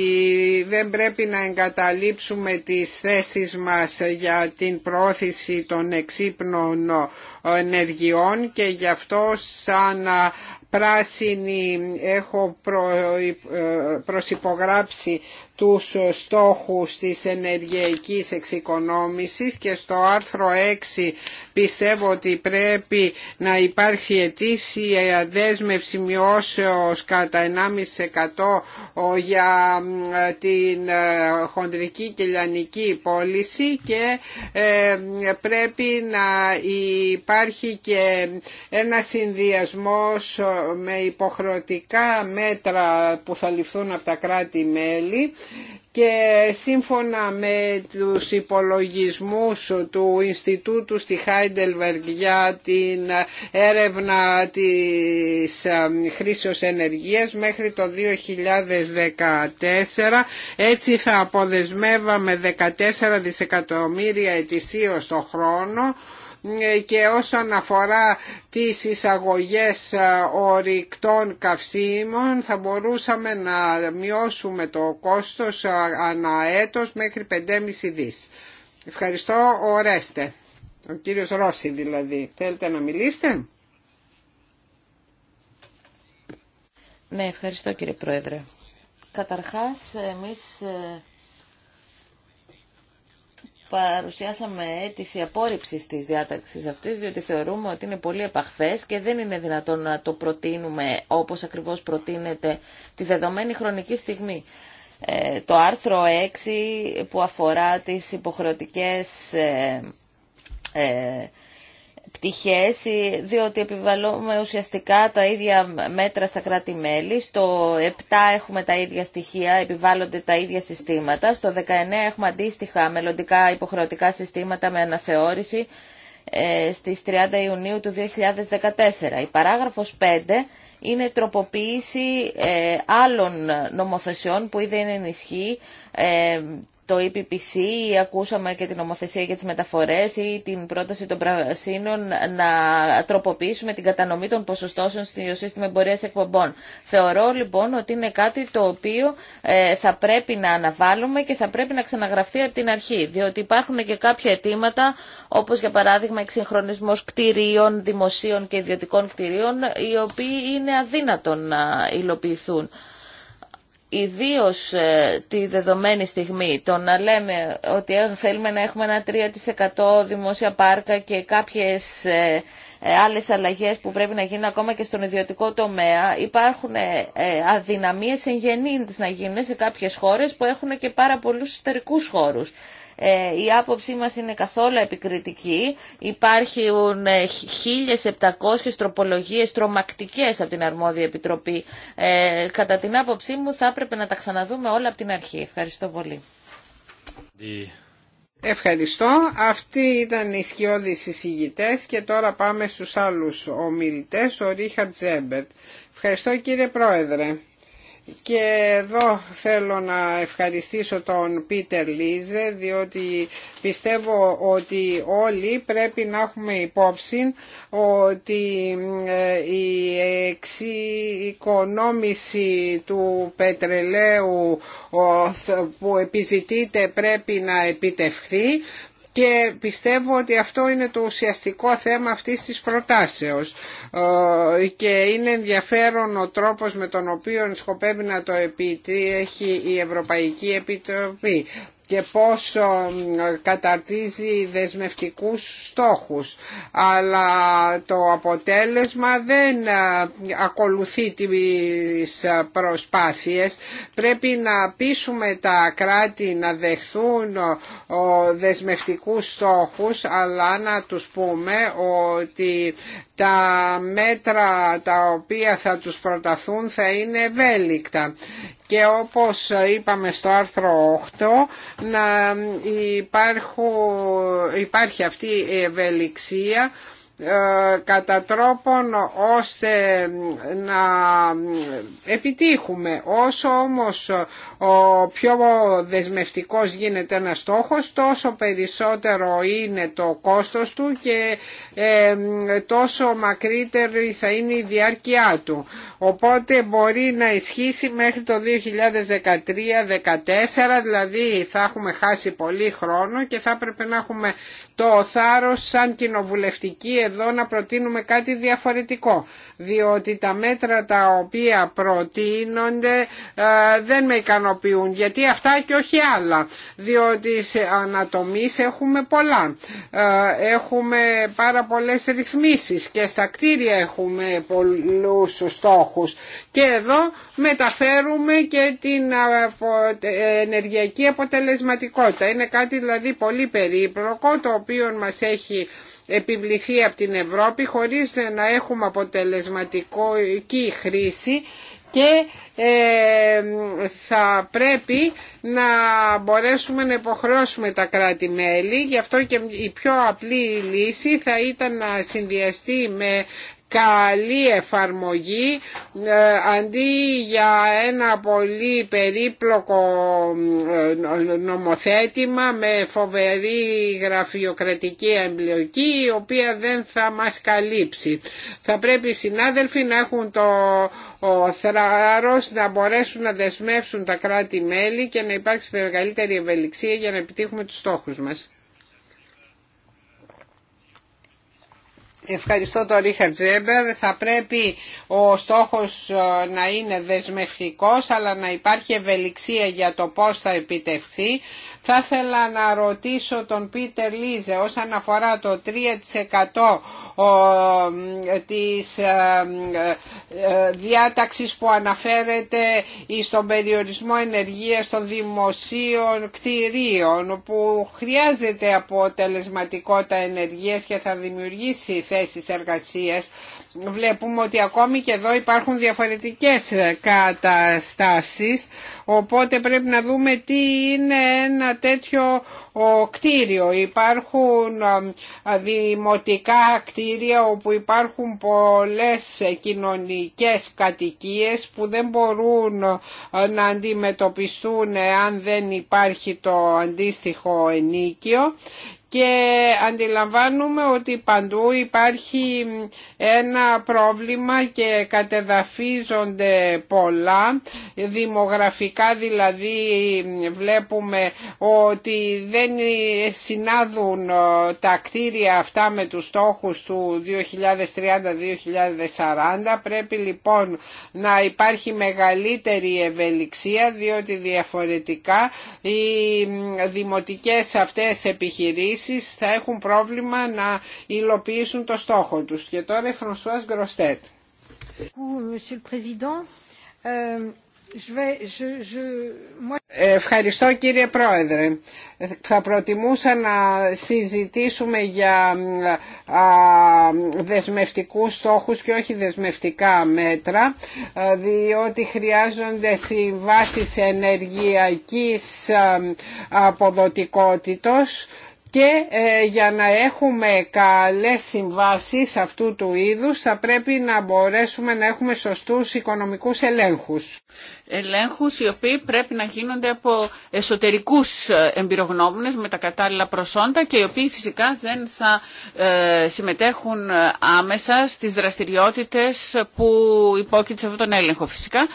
δεν πρέπει να εγκαταλείψουμε τις θέσεις μας για την πρόθεση των εξύπνων ενεργειών και γι' αυτό σαν πράσινη έχω ε, προσυπογράψει τους ε, στόχους της ενεργειακής εξοικονόμησης και στο άρθρο 6 πιστεύω ότι πρέπει να υπάρχει ετήσια δέσμευση μειώσεως κατά 1,5% για την ε, χοντρική και λιανική πώληση και ε, πρέπει να υπάρχει και ένα συνδυασμός με υποχρεωτικά μέτρα που θα ληφθούν από τα κράτη-μέλη και σύμφωνα με τους υπολογισμούς του Ινστιτούτου στη Χάιντελβεργ για την έρευνα της ε, χρήσεως ενεργείας μέχρι το 2014 έτσι θα αποδεσμεύαμε 14 δισεκατομμύρια ετησίως το χρόνο και όσον αφορά τις εισαγωγές ε, ορυκτών καυσίμων θα μπορούσαμε να μειώσουμε το κόστος ε, ανά έτος μέχρι 5,5 δις. Ευχαριστώ, ορέστε. Ο κύριος Ρώση δηλαδή. Θέλετε να μιλήσετε. Ναι, ευχαριστώ κύριε Πρόεδρε. Καταρχάς, εμείς ε, παρουσιάσαμε αίτηση απόρριψη τη διάταξη αυτή, διότι θεωρούμε ότι είναι πολύ επαχθε και δεν είναι δυνατόν να το προτείνουμε όπως ακριβώς προτείνεται τη δεδομένη χρονική στιγμή. Ε, το άρθρο 6 που αφορά τις υποχρεωτικές ε, ε, πτυχές, ε, διότι επιβαλλούμε ουσιαστικά τα ίδια μέτρα στα κράτη-μέλη. Στο 7 έχουμε τα ίδια στοιχεία, επιβάλλονται τα ίδια συστήματα. Στο 19 έχουμε αντίστοιχα μελλοντικά υποχρεωτικά συστήματα με αναθεώρηση ε, στις 30 Ιουνίου του 2014. Η παράγραφος 5 είναι τροποποίηση ε, άλλων νομοθεσιών που ήδη είναι ενισχύ το EPPC, ακούσαμε και την ομοθεσία για τις μεταφορές ή την πρόταση των πρασίνων να τροποποιήσουμε την κατανομή των ποσοστώσεων στο σύστημα εμπορίας εκπομπών. Θεωρώ λοιπόν ότι είναι κάτι το οποίο ε, θα πρέπει να αναβάλουμε και θα πρέπει να ξαναγραφτεί από την αρχή, διότι υπάρχουν και κάποια αιτήματα όπως για παράδειγμα εξυγχρονισμός κτηρίων, δημοσίων και ιδιωτικών κτηρίων, οι οποίοι είναι αδύνατον να υλοποιηθούν ιδίω ε, τη δεδομένη στιγμή το να λέμε ότι ε, θέλουμε να έχουμε ένα 3% δημόσια πάρκα και κάποιες ε, άλλες αλλαγές που πρέπει να γίνουν ακόμα και στον ιδιωτικό τομέα υπάρχουν αδυναμίες εγγενείς να γίνουν σε κάποιες χώρες που έχουν και πάρα πολλούς ιστορικούς χώρους. Ε, η άποψή μας είναι καθόλου επικριτική. Υπάρχουν 1.700 ε, τροπολογίες τρομακτικές από την Αρμόδια Επιτροπή. Ε, κατά την άποψή μου θα έπρεπε να τα ξαναδούμε όλα από την αρχή. Ευχαριστώ πολύ. Ευχαριστώ. Αυτοί ήταν οι σκιώδεις συζητητές και τώρα πάμε στους άλλους ομιλητές, ο Ρίχαρτ Ζέμπερτ. Ευχαριστώ κύριε Πρόεδρε. Και εδώ θέλω να ευχαριστήσω τον Πίτερ Λίζε διότι πιστεύω ότι όλοι πρέπει να έχουμε υπόψη ότι ε, η εξοικονόμηση του πετρελαίου που επιζητείται πρέπει να επιτευχθεί και πιστεύω ότι αυτό είναι το ουσιαστικό θέμα αυτής της προτάσεως ε, και είναι ενδιαφέρον ο τρόπος με τον οποίο σκοπεύει να το επιτύχει η Ευρωπαϊκή Επιτροπή και πώς καταρτίζει δεσμευτικούς στόχους αλλά το αποτέλεσμα δεν ακολουθεί τις προσπάθειες πρέπει να πείσουμε τα κράτη να δεχθούν δεσμευτικούς στόχους αλλά να τους πούμε ότι τα μέτρα τα οποία θα τους προταθούν θα είναι ευέλικτα και όπως είπαμε στο άρθρο 8 να υπάρχει αυτή η ευελιξία ε, κατά τρόπον ώστε να επιτύχουμε. Όσο όμως ο πιο δεσμευτικός γίνεται ένας στόχος τόσο περισσότερο είναι το κόστος του και ε, τόσο μακρύτερη θα είναι η διάρκεια του. Οπότε μπορεί να ισχύσει μέχρι το 2013-2014, δηλαδή θα έχουμε χάσει πολύ χρόνο και θα έπρεπε να έχουμε το θάρρος σαν κοινοβουλευτική εδώ να προτείνουμε κάτι διαφορετικό. Διότι τα μέτρα τα οποία προτείνονται ε, δεν με ικανοποιούν. Γιατί αυτά και όχι άλλα. Διότι σε ανατομής έχουμε πολλά. Ε, έχουμε πάρα πολλές ρυθμίσεις και στα κτίρια έχουμε πολλούς στόχους και εδώ μεταφέρουμε και την ενεργειακή αποτελεσματικότητα. Είναι κάτι δηλαδή πολύ περίπλοκο το οποίο μας έχει επιβληθεί από την Ευρώπη χωρίς να έχουμε αποτελεσματική χρήση και ε, θα πρέπει να μπορέσουμε να υποχρεώσουμε τα κράτη-μέλη. Γι' αυτό και η πιο απλή λύση θα ήταν να συνδυαστεί με καλή εφαρμογή ε, αντί για ένα πολύ περίπλοκο ε, νομοθέτημα με φοβερή γραφειοκρατική εμπλοκή η οποία δεν θα μας καλύψει. Θα πρέπει οι συνάδελφοι να έχουν το θράρος να μπορέσουν να δεσμεύσουν τα κράτη-μέλη και να υπάρξει μεγαλύτερη ευελιξία για να επιτύχουμε τους στόχους μας. Ευχαριστώ τον Ρίχαρτ Τζέμπερ. Θα πρέπει ο στόχος ε, να είναι δεσμευτικός αλλά να υπάρχει ευελιξία για το πώς θα επιτευχθεί. Θα ήθελα να ρωτήσω τον Πίτερ Λίζε όσον αφορά το 3% ε, της ε, διάταξης που αναφέρεται στον περιορισμό ενεργείας των δημοσίων κτηρίων που χρειάζεται αποτελεσματικότητα ενεργείας και θα δημιουργήσει θέσεις εργασίας βλέπουμε ότι ακόμη και εδώ υπάρχουν διαφορετικές ε, καταστάσεις οπότε πρέπει να δούμε τι είναι ένα τέτοιο κτίριο. Υπάρχουν ε, δημοτικά κτίρια όπου υπάρχουν πολλές κοινωνικές κατοικίες που δεν μπορούν ε, να αντιμετωπιστούν αν δεν υπάρχει το αντίστοιχο ενίκιο και αντιλαμβάνουμε ότι παντού υπάρχει ένα πρόβλημα και κατεδαφίζονται πολλά δημογραφικά δηλαδή βλέπουμε ότι δεν συνάδουν ε, τα κτίρια αυτά με τους στόχους του 2030-2040 πρέπει λοιπόν να υπάρχει μεγαλύτερη ευελιξία διότι διαφορετικά οι δημοτικές αυτές επιχειρήσεις θα έχουν πρόβλημα να υλοποιήσουν το στόχο τους. Και τώρα η Φρανσουάς Γκροστέτ. Ευχαριστώ κύριε Πρόεδρε. Θα προτιμούσα να συζητήσουμε για δεσμευτικούς στόχους και όχι δεσμευτικά μέτρα διότι χρειάζονται συμβάσεις ενεργειακής αποδοτικότητος και ε, για να έχουμε καλές συμβάσεις αυτού του είδους θα πρέπει να μπορέσουμε να έχουμε σωστούς οικονομικούς ελέγχους. Ελέγχους οι οποίοι πρέπει να γίνονται από εσωτερικούς ε, εμπειρογνώμονες με τα κατάλληλα προσόντα και οι οποίοι φυσικά δεν θα ε, συμμετέχουν άμεσα στις δραστηριότητες που υπόκειται σε αυτόν τον έλεγχο. Φυσικά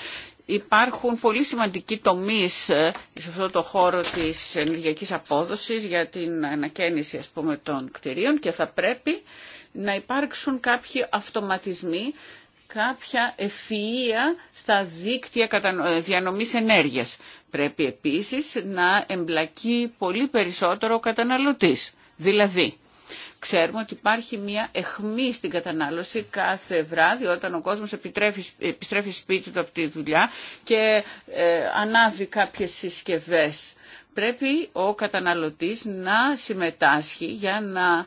υπάρχουν πολύ σημαντικοί τομείς ε, σε αυτό το χώρο της ενεργειακής απόδοσης για την ανακαίνιση ας των κτηρίων και θα πρέπει να υπάρξουν κάποιοι αυτοματισμοί, κάποια ευφυΐα στα δίκτυα ε, διανομής ενέργειας. Πρέπει επίσης να εμπλακεί πολύ περισσότερο ο καταναλωτής. Δηλαδή, Ξέρουμε ότι υπάρχει μια εχμή στην κατανάλωση κάθε βράδυ όταν ο κόσμος επιστρέφει σπίτι του από τη δουλειά και ε, ανάβει κάποιες συσκευές. Πρέπει ο καταναλωτής να συμμετάσχει για να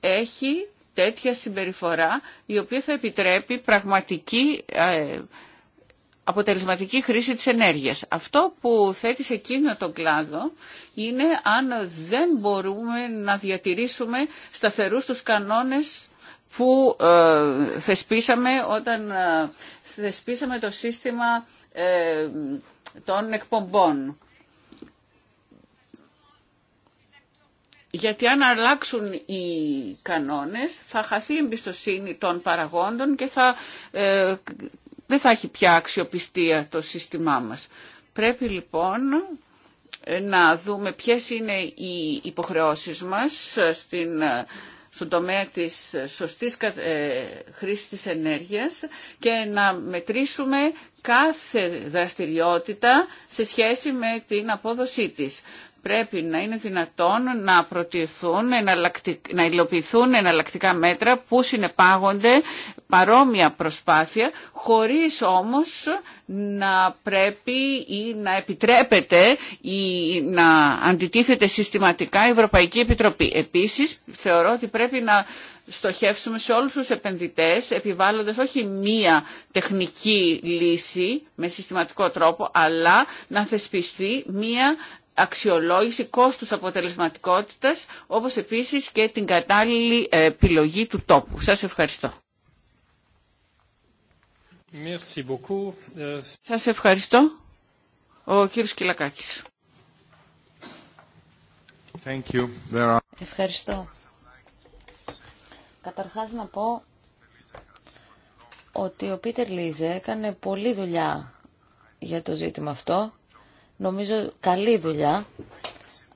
έχει τέτοια συμπεριφορά η οποία θα επιτρέπει πραγματική ε, αποτελεσματική χρήση της ενέργειας. Αυτό που θέτει σε εκείνο τον κλάδο είναι αν δεν μπορούμε να διατηρήσουμε σταθερούς τους κανόνες που ε, θεσπίσαμε όταν ε, θεσπίσαμε το σύστημα ε, των εκπομπών. Γιατί αν αλλάξουν οι κανόνες θα χαθεί η εμπιστοσύνη των παραγόντων και θα δεν θα έχει πια αξιοπιστία το σύστημά μας. Πρέπει λοιπόν ε, να δούμε ποιες είναι οι υποχρεώσεις μας ε, στην, ε, στον τομέα της σωστής χρήσης της ενέργειας και να μετρήσουμε κάθε δραστηριότητα σε σχέση με την απόδοσή της πρέπει να είναι δυνατόν να προτιθούν, να υλοποιηθούν εναλλακτικά μέτρα που συνεπάγονται παρόμοια προσπάθεια, χωρίς όμως να πρέπει ή να επιτρέπεται ή να αντιτίθεται συστηματικά η Ευρωπαϊκή Επιτροπή. Επίσης, θεωρώ ότι πρέπει να στοχεύσουμε σε όλους τους επενδυτές, επιβάλλοντας όχι μία τεχνική λύση με συστηματικό τρόπο, αλλά να θεσπιστεί μία αξιολόγηση κόστους αποτελεσματικότητας, όπως επίσης και την κατάλληλη ε, επιλογή του τόπου. Σας ευχαριστώ. Merci ε, Σας ευχαριστώ. Ο κύριος Κυλακάκης. Thank you. There are... Ευχαριστώ. Καταρχάς να πω ότι ο Πίτερ Λίζε έκανε πολλή δουλειά για το ζήτημα αυτό νομίζω καλή δουλειά,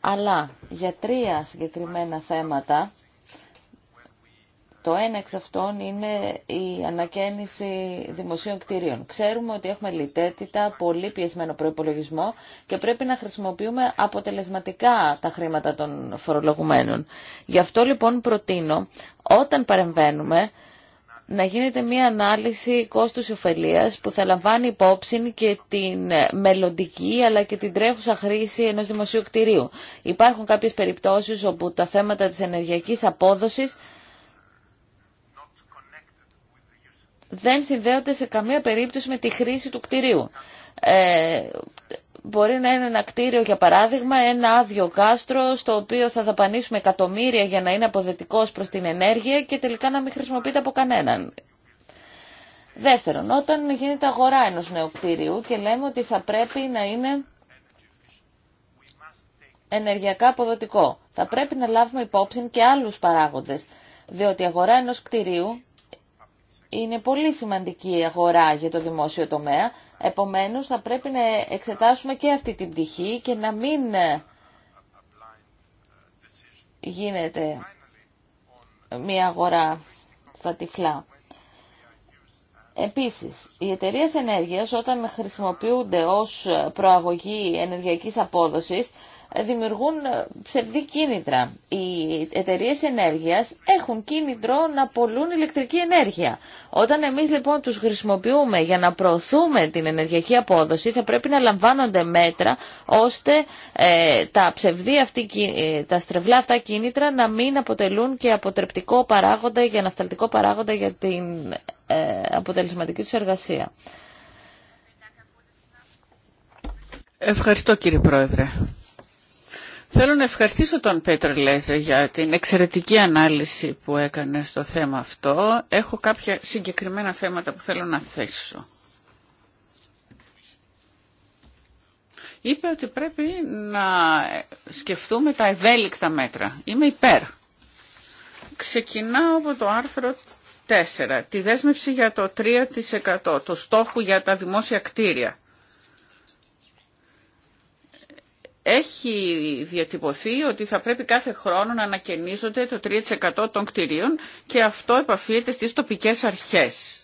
αλλά για τρία συγκεκριμένα θέματα, το ένα εξ αυτών είναι η ανακαίνιση δημοσίων κτηρίων. Ξέρουμε ότι έχουμε λιτέτητα, πολύ πιεσμένο προϋπολογισμό και πρέπει να χρησιμοποιούμε αποτελεσματικά τα χρήματα των φορολογουμένων. Γι' αυτό λοιπόν προτείνω, όταν παρεμβαίνουμε, να γίνεται μια ανάλυση κόστους ωφελίας που θα λαμβάνει υπόψη και την μελλοντική αλλά και την τρέχουσα χρήση ενός δημοσίου κτηρίου. Υπάρχουν κάποιες περιπτώσεις όπου τα θέματα της ενεργειακής απόδοσης δεν συνδέονται σε καμία περίπτωση με τη χρήση του κτηρίου. Ε, Μπορεί να είναι ένα κτίριο, για παράδειγμα, ένα άδειο κάστρο, στο οποίο θα δαπανίσουμε εκατομμύρια για να είναι αποδετικός προς την ενέργεια και τελικά να μην χρησιμοποιείται από κανέναν. Δεύτερον, όταν γίνεται αγορά ενός νέου κτίριου και λέμε ότι θα πρέπει να είναι ενεργειακά αποδοτικό, θα πρέπει να λάβουμε υπόψη και άλλους παράγοντες, διότι η αγορά ενός κτιρίου είναι πολύ σημαντική αγορά για το δημόσιο τομέα Επομένως, θα πρέπει να εξετάσουμε και αυτή την πτυχή και να μην ε, γίνεται μια αγορά στα τυφλά. Επίσης, οι εταιρείε ενέργειας όταν χρησιμοποιούνται ως προαγωγή ενεργειακής απόδοσης δημιουργούν ψευδή κίνητρα. Οι εταιρείε ενέργειας έχουν κίνητρο να πολλούν ηλεκτρική ενέργεια. Όταν εμείς λοιπόν τους χρησιμοποιούμε για να προωθούμε την ενεργειακή απόδοση θα πρέπει να λαμβάνονται μέτρα ώστε ε, τα ψευδή αυτή, ε, τα στρεβλά αυτά κίνητρα να μην αποτελούν και αποτρεπτικό παράγοντα για ανασταλτικό παράγοντα για την ε, αποτελεσματική του εργασία. Ευχαριστώ κύριε Πρόεδρε. Θέλω να ευχαριστήσω τον Πέτρο Λέζε για την εξαιρετική ανάλυση που έκανε στο θέμα αυτό. Έχω κάποια συγκεκριμένα θέματα που θέλω να θέσω. Είπε ότι πρέπει να σκεφτούμε τα ευέλικτα μέτρα. Είμαι υπέρ. Ξεκινάω από το άρθρο 4, τη δέσμευση για το 3%, του στόχου για τα δημόσια κτίρια. έχει διατυπωθεί ότι θα πρέπει κάθε χρόνο να ανακαινίζονται το 3% των κτηρίων και αυτό επαφείται στις τοπικές αρχές.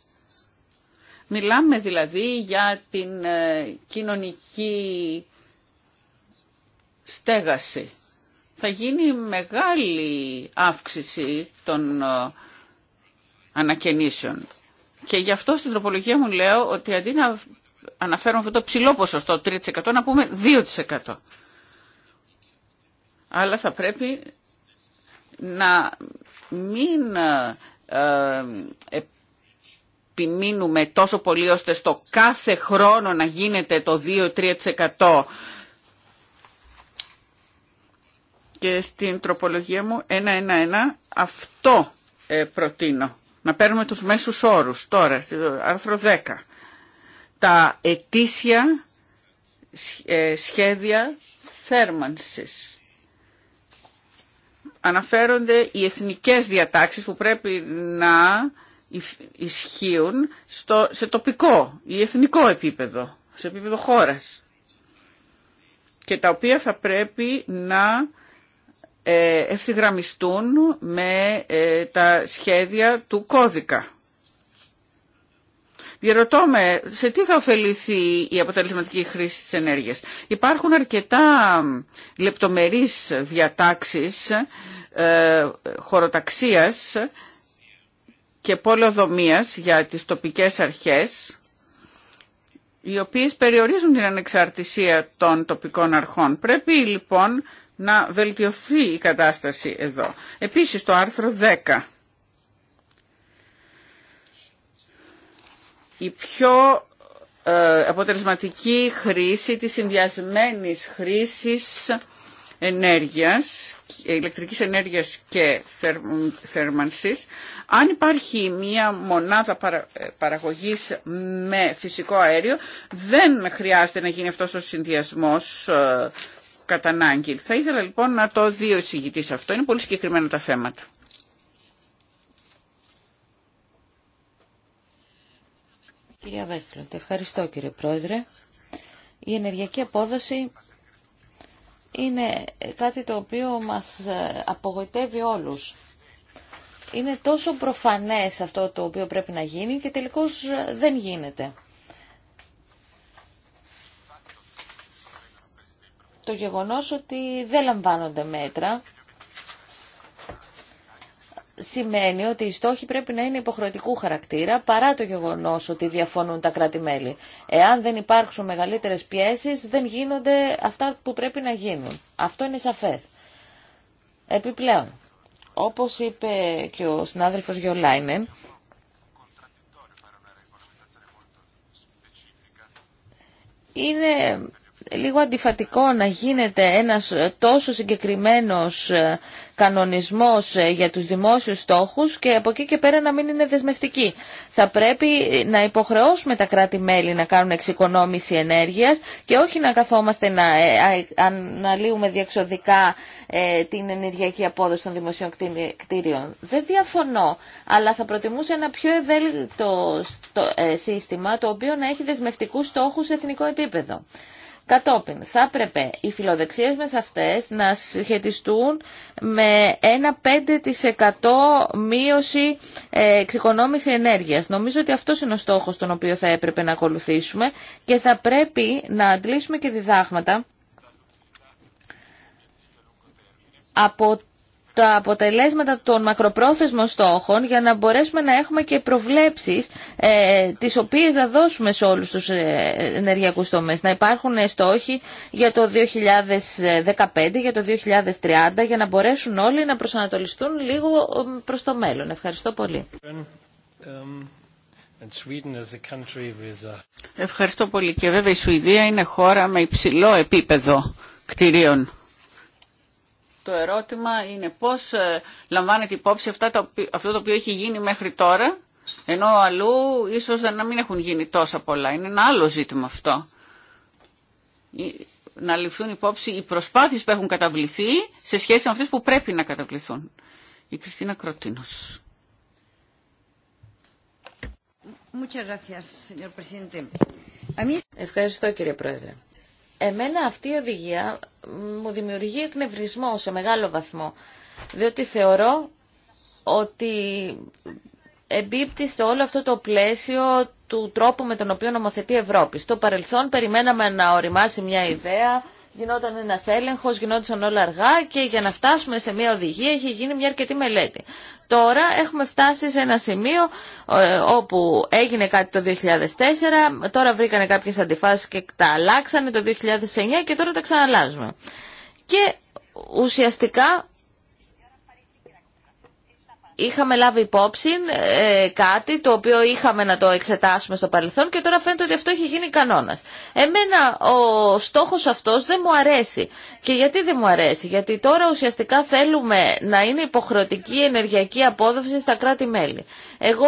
Μιλάμε δηλαδή για την ε, κοινωνική στέγαση. Θα γίνει μεγάλη αύξηση των ε, ανακαινήσεων. Και γι' αυτό στην τροπολογία μου λέω ότι αντί να αναφέρουμε αυτό το ψηλό ποσοστό 3% να πούμε 2% αλλά θα πρέπει να μην ε, ε, επιμείνουμε τόσο πολύ ώστε στο κάθε χρόνο να γίνεται το 2-3% και στην τροπολογία μου 1-1-1 αυτό ε, προτείνω. Να παίρνουμε τους μέσους όρους τώρα, στο άρθρο 10. Τα ετήσια σχέδια θέρμανσης αναφέρονται οι εθνικές διατάξεις που πρέπει να ισχύουν στο, σε τοπικό ή εθνικό επίπεδο, σε επίπεδο χώρας και τα οποία θα πρέπει να ε, ευθυγραμμιστούν με ε, τα σχέδια του κώδικα. Διερωτώ με σε τι θα ωφεληθεί η αποτελεσματική χρήση της ενέργειας. Υπάρχουν αρκετά λεπτομερείς διατάξεις ε, χωροταξίας και πολεοδομίας για τις τοπικές αρχές οι οποίες περιορίζουν την ανεξαρτησία των τοπικών αρχών. Πρέπει λοιπόν να βελτιωθεί η κατάσταση εδώ. Επίσης το άρθρο 10 η πιο ε, αποτελεσματική χρήση της συνδυασμένης χρήσης ενέργειας, ηλεκτρικής ενέργειας και θέρμανσης. Αν υπάρχει μία μονάδα ε, παραγωγής με φυσικό αέριο, δεν χρειάζεται να γίνει αυτός ο συνδυασμός ε, κατά ανάγκη. Θα ήθελα λοιπόν να το δει ο αυτό. Είναι πολύ συγκεκριμένα τα θέματα. Κυρία Βέσλοντ, ευχαριστώ κύριε Πρόεδρε. Η ενεργειακή απόδοση είναι κάτι το οποίο μας ε, απογοητεύει όλους. Είναι τόσο προφανές αυτό το οποίο πρέπει να γίνει και τελικώς ε, δεν γίνεται. Το γεγονός ότι δεν λαμβάνονται μέτρα σημαίνει ότι οι στόχοι πρέπει να είναι υποχρεωτικού χαρακτήρα παρά το γεγονός ότι διαφωνούν τα κράτη-μέλη. Εάν δεν υπάρξουν μεγαλύτερες πιέσεις δεν γίνονται αυτά που πρέπει να γίνουν. Αυτό είναι σαφές. Επιπλέον, όπως είπε και ο συνάδελφος Γιολάινεν, είναι λίγο αντιφατικό να γίνεται ένας ε, τόσο συγκεκριμένος ε, κανονισμός ε, για τους δημόσιους στόχους και από εκεί και πέρα να μην είναι δεσμευτική. Θα πρέπει να υποχρεώσουμε τα κράτη-μέλη να κάνουν εξοικονόμηση ενέργειας και όχι να καθόμαστε να αναλύουμε διεξοδικά την ενεργειακή απόδοση των δημοσίων κτίριων. Δεν διαφωνώ, αλλά θα προτιμούσα ένα πιο ευέλικτο σύστημα το οποίο να έχει δεσμευτικούς στόχους σε εθνικό επίπεδο. Κατόπιν, θα έπρεπε οι φιλοδεξίες μας αυτές να σχετιστούν με ένα 5% μείωση ε, εξοικονόμηση ενέργειας. Νομίζω ότι αυτός είναι ο στόχος τον οποίο θα έπρεπε να ακολουθήσουμε και θα πρέπει να αντλήσουμε και διδάγματα από τα αποτελέσματα των μακροπρόθεσμων στόχων για να μπορέσουμε να έχουμε και προβλέψεις ε, τις οποίες θα δώσουμε σε όλους τους ε, ενεργειακούς τομείς. Να υπάρχουν στόχοι για το 2015, για το 2030 για να μπορέσουν όλοι να προσανατολιστούν λίγο ε, προς το μέλλον. Ευχαριστώ πολύ. Ευχαριστώ πολύ και βέβαια η Σουηδία είναι χώρα με υψηλό επίπεδο κτηρίων. Το ερώτημα είναι πώς ε, λαμβάνεται υπόψη αυτά το, αυτό το οποίο έχει γίνει μέχρι τώρα, ενώ αλλού ίσως να μην έχουν γίνει τόσα πολλά. Είναι ένα άλλο ζήτημα αυτό. Ε, να ληφθούν υπόψη οι προσπάθειες που έχουν καταβληθεί σε σχέση με αυτές που πρέπει να καταβληθούν. Η Κριστίνα Κροτίνος. Ευχαριστώ κύριε Πρόεδρε εμένα αυτή η οδηγία μου δημιουργεί εκνευρισμό σε μεγάλο βαθμό, διότι θεωρώ ότι εμπίπτει σε όλο αυτό το πλαίσιο του τρόπου με τον οποίο νομοθετεί η Ευρώπη. Στο παρελθόν περιμέναμε να οριμάσει μια ιδέα, γινόταν ένα έλεγχο, γινόντουσαν όλα αργά και για να φτάσουμε σε μια οδηγία έχει γίνει μια αρκετή μελέτη. Τώρα έχουμε φτάσει σε ένα σημείο ε, όπου έγινε κάτι το 2004, τώρα βρήκανε κάποιες αντιφάσεις και τα αλλάξανε το 2009 και τώρα τα ξαναλάζουμε. Και ουσιαστικά είχαμε λάβει υπόψη ε, κάτι το οποίο είχαμε να το εξετάσουμε στο παρελθόν και τώρα φαίνεται ότι αυτό έχει γίνει κανόνας. Εμένα ο στόχος αυτός δεν μου αρέσει. Και γιατί δεν μου αρέσει. Γιατί τώρα ουσιαστικά θέλουμε να είναι υποχρεωτική η ενεργειακή απόδοση στα κράτη-μέλη. Εγώ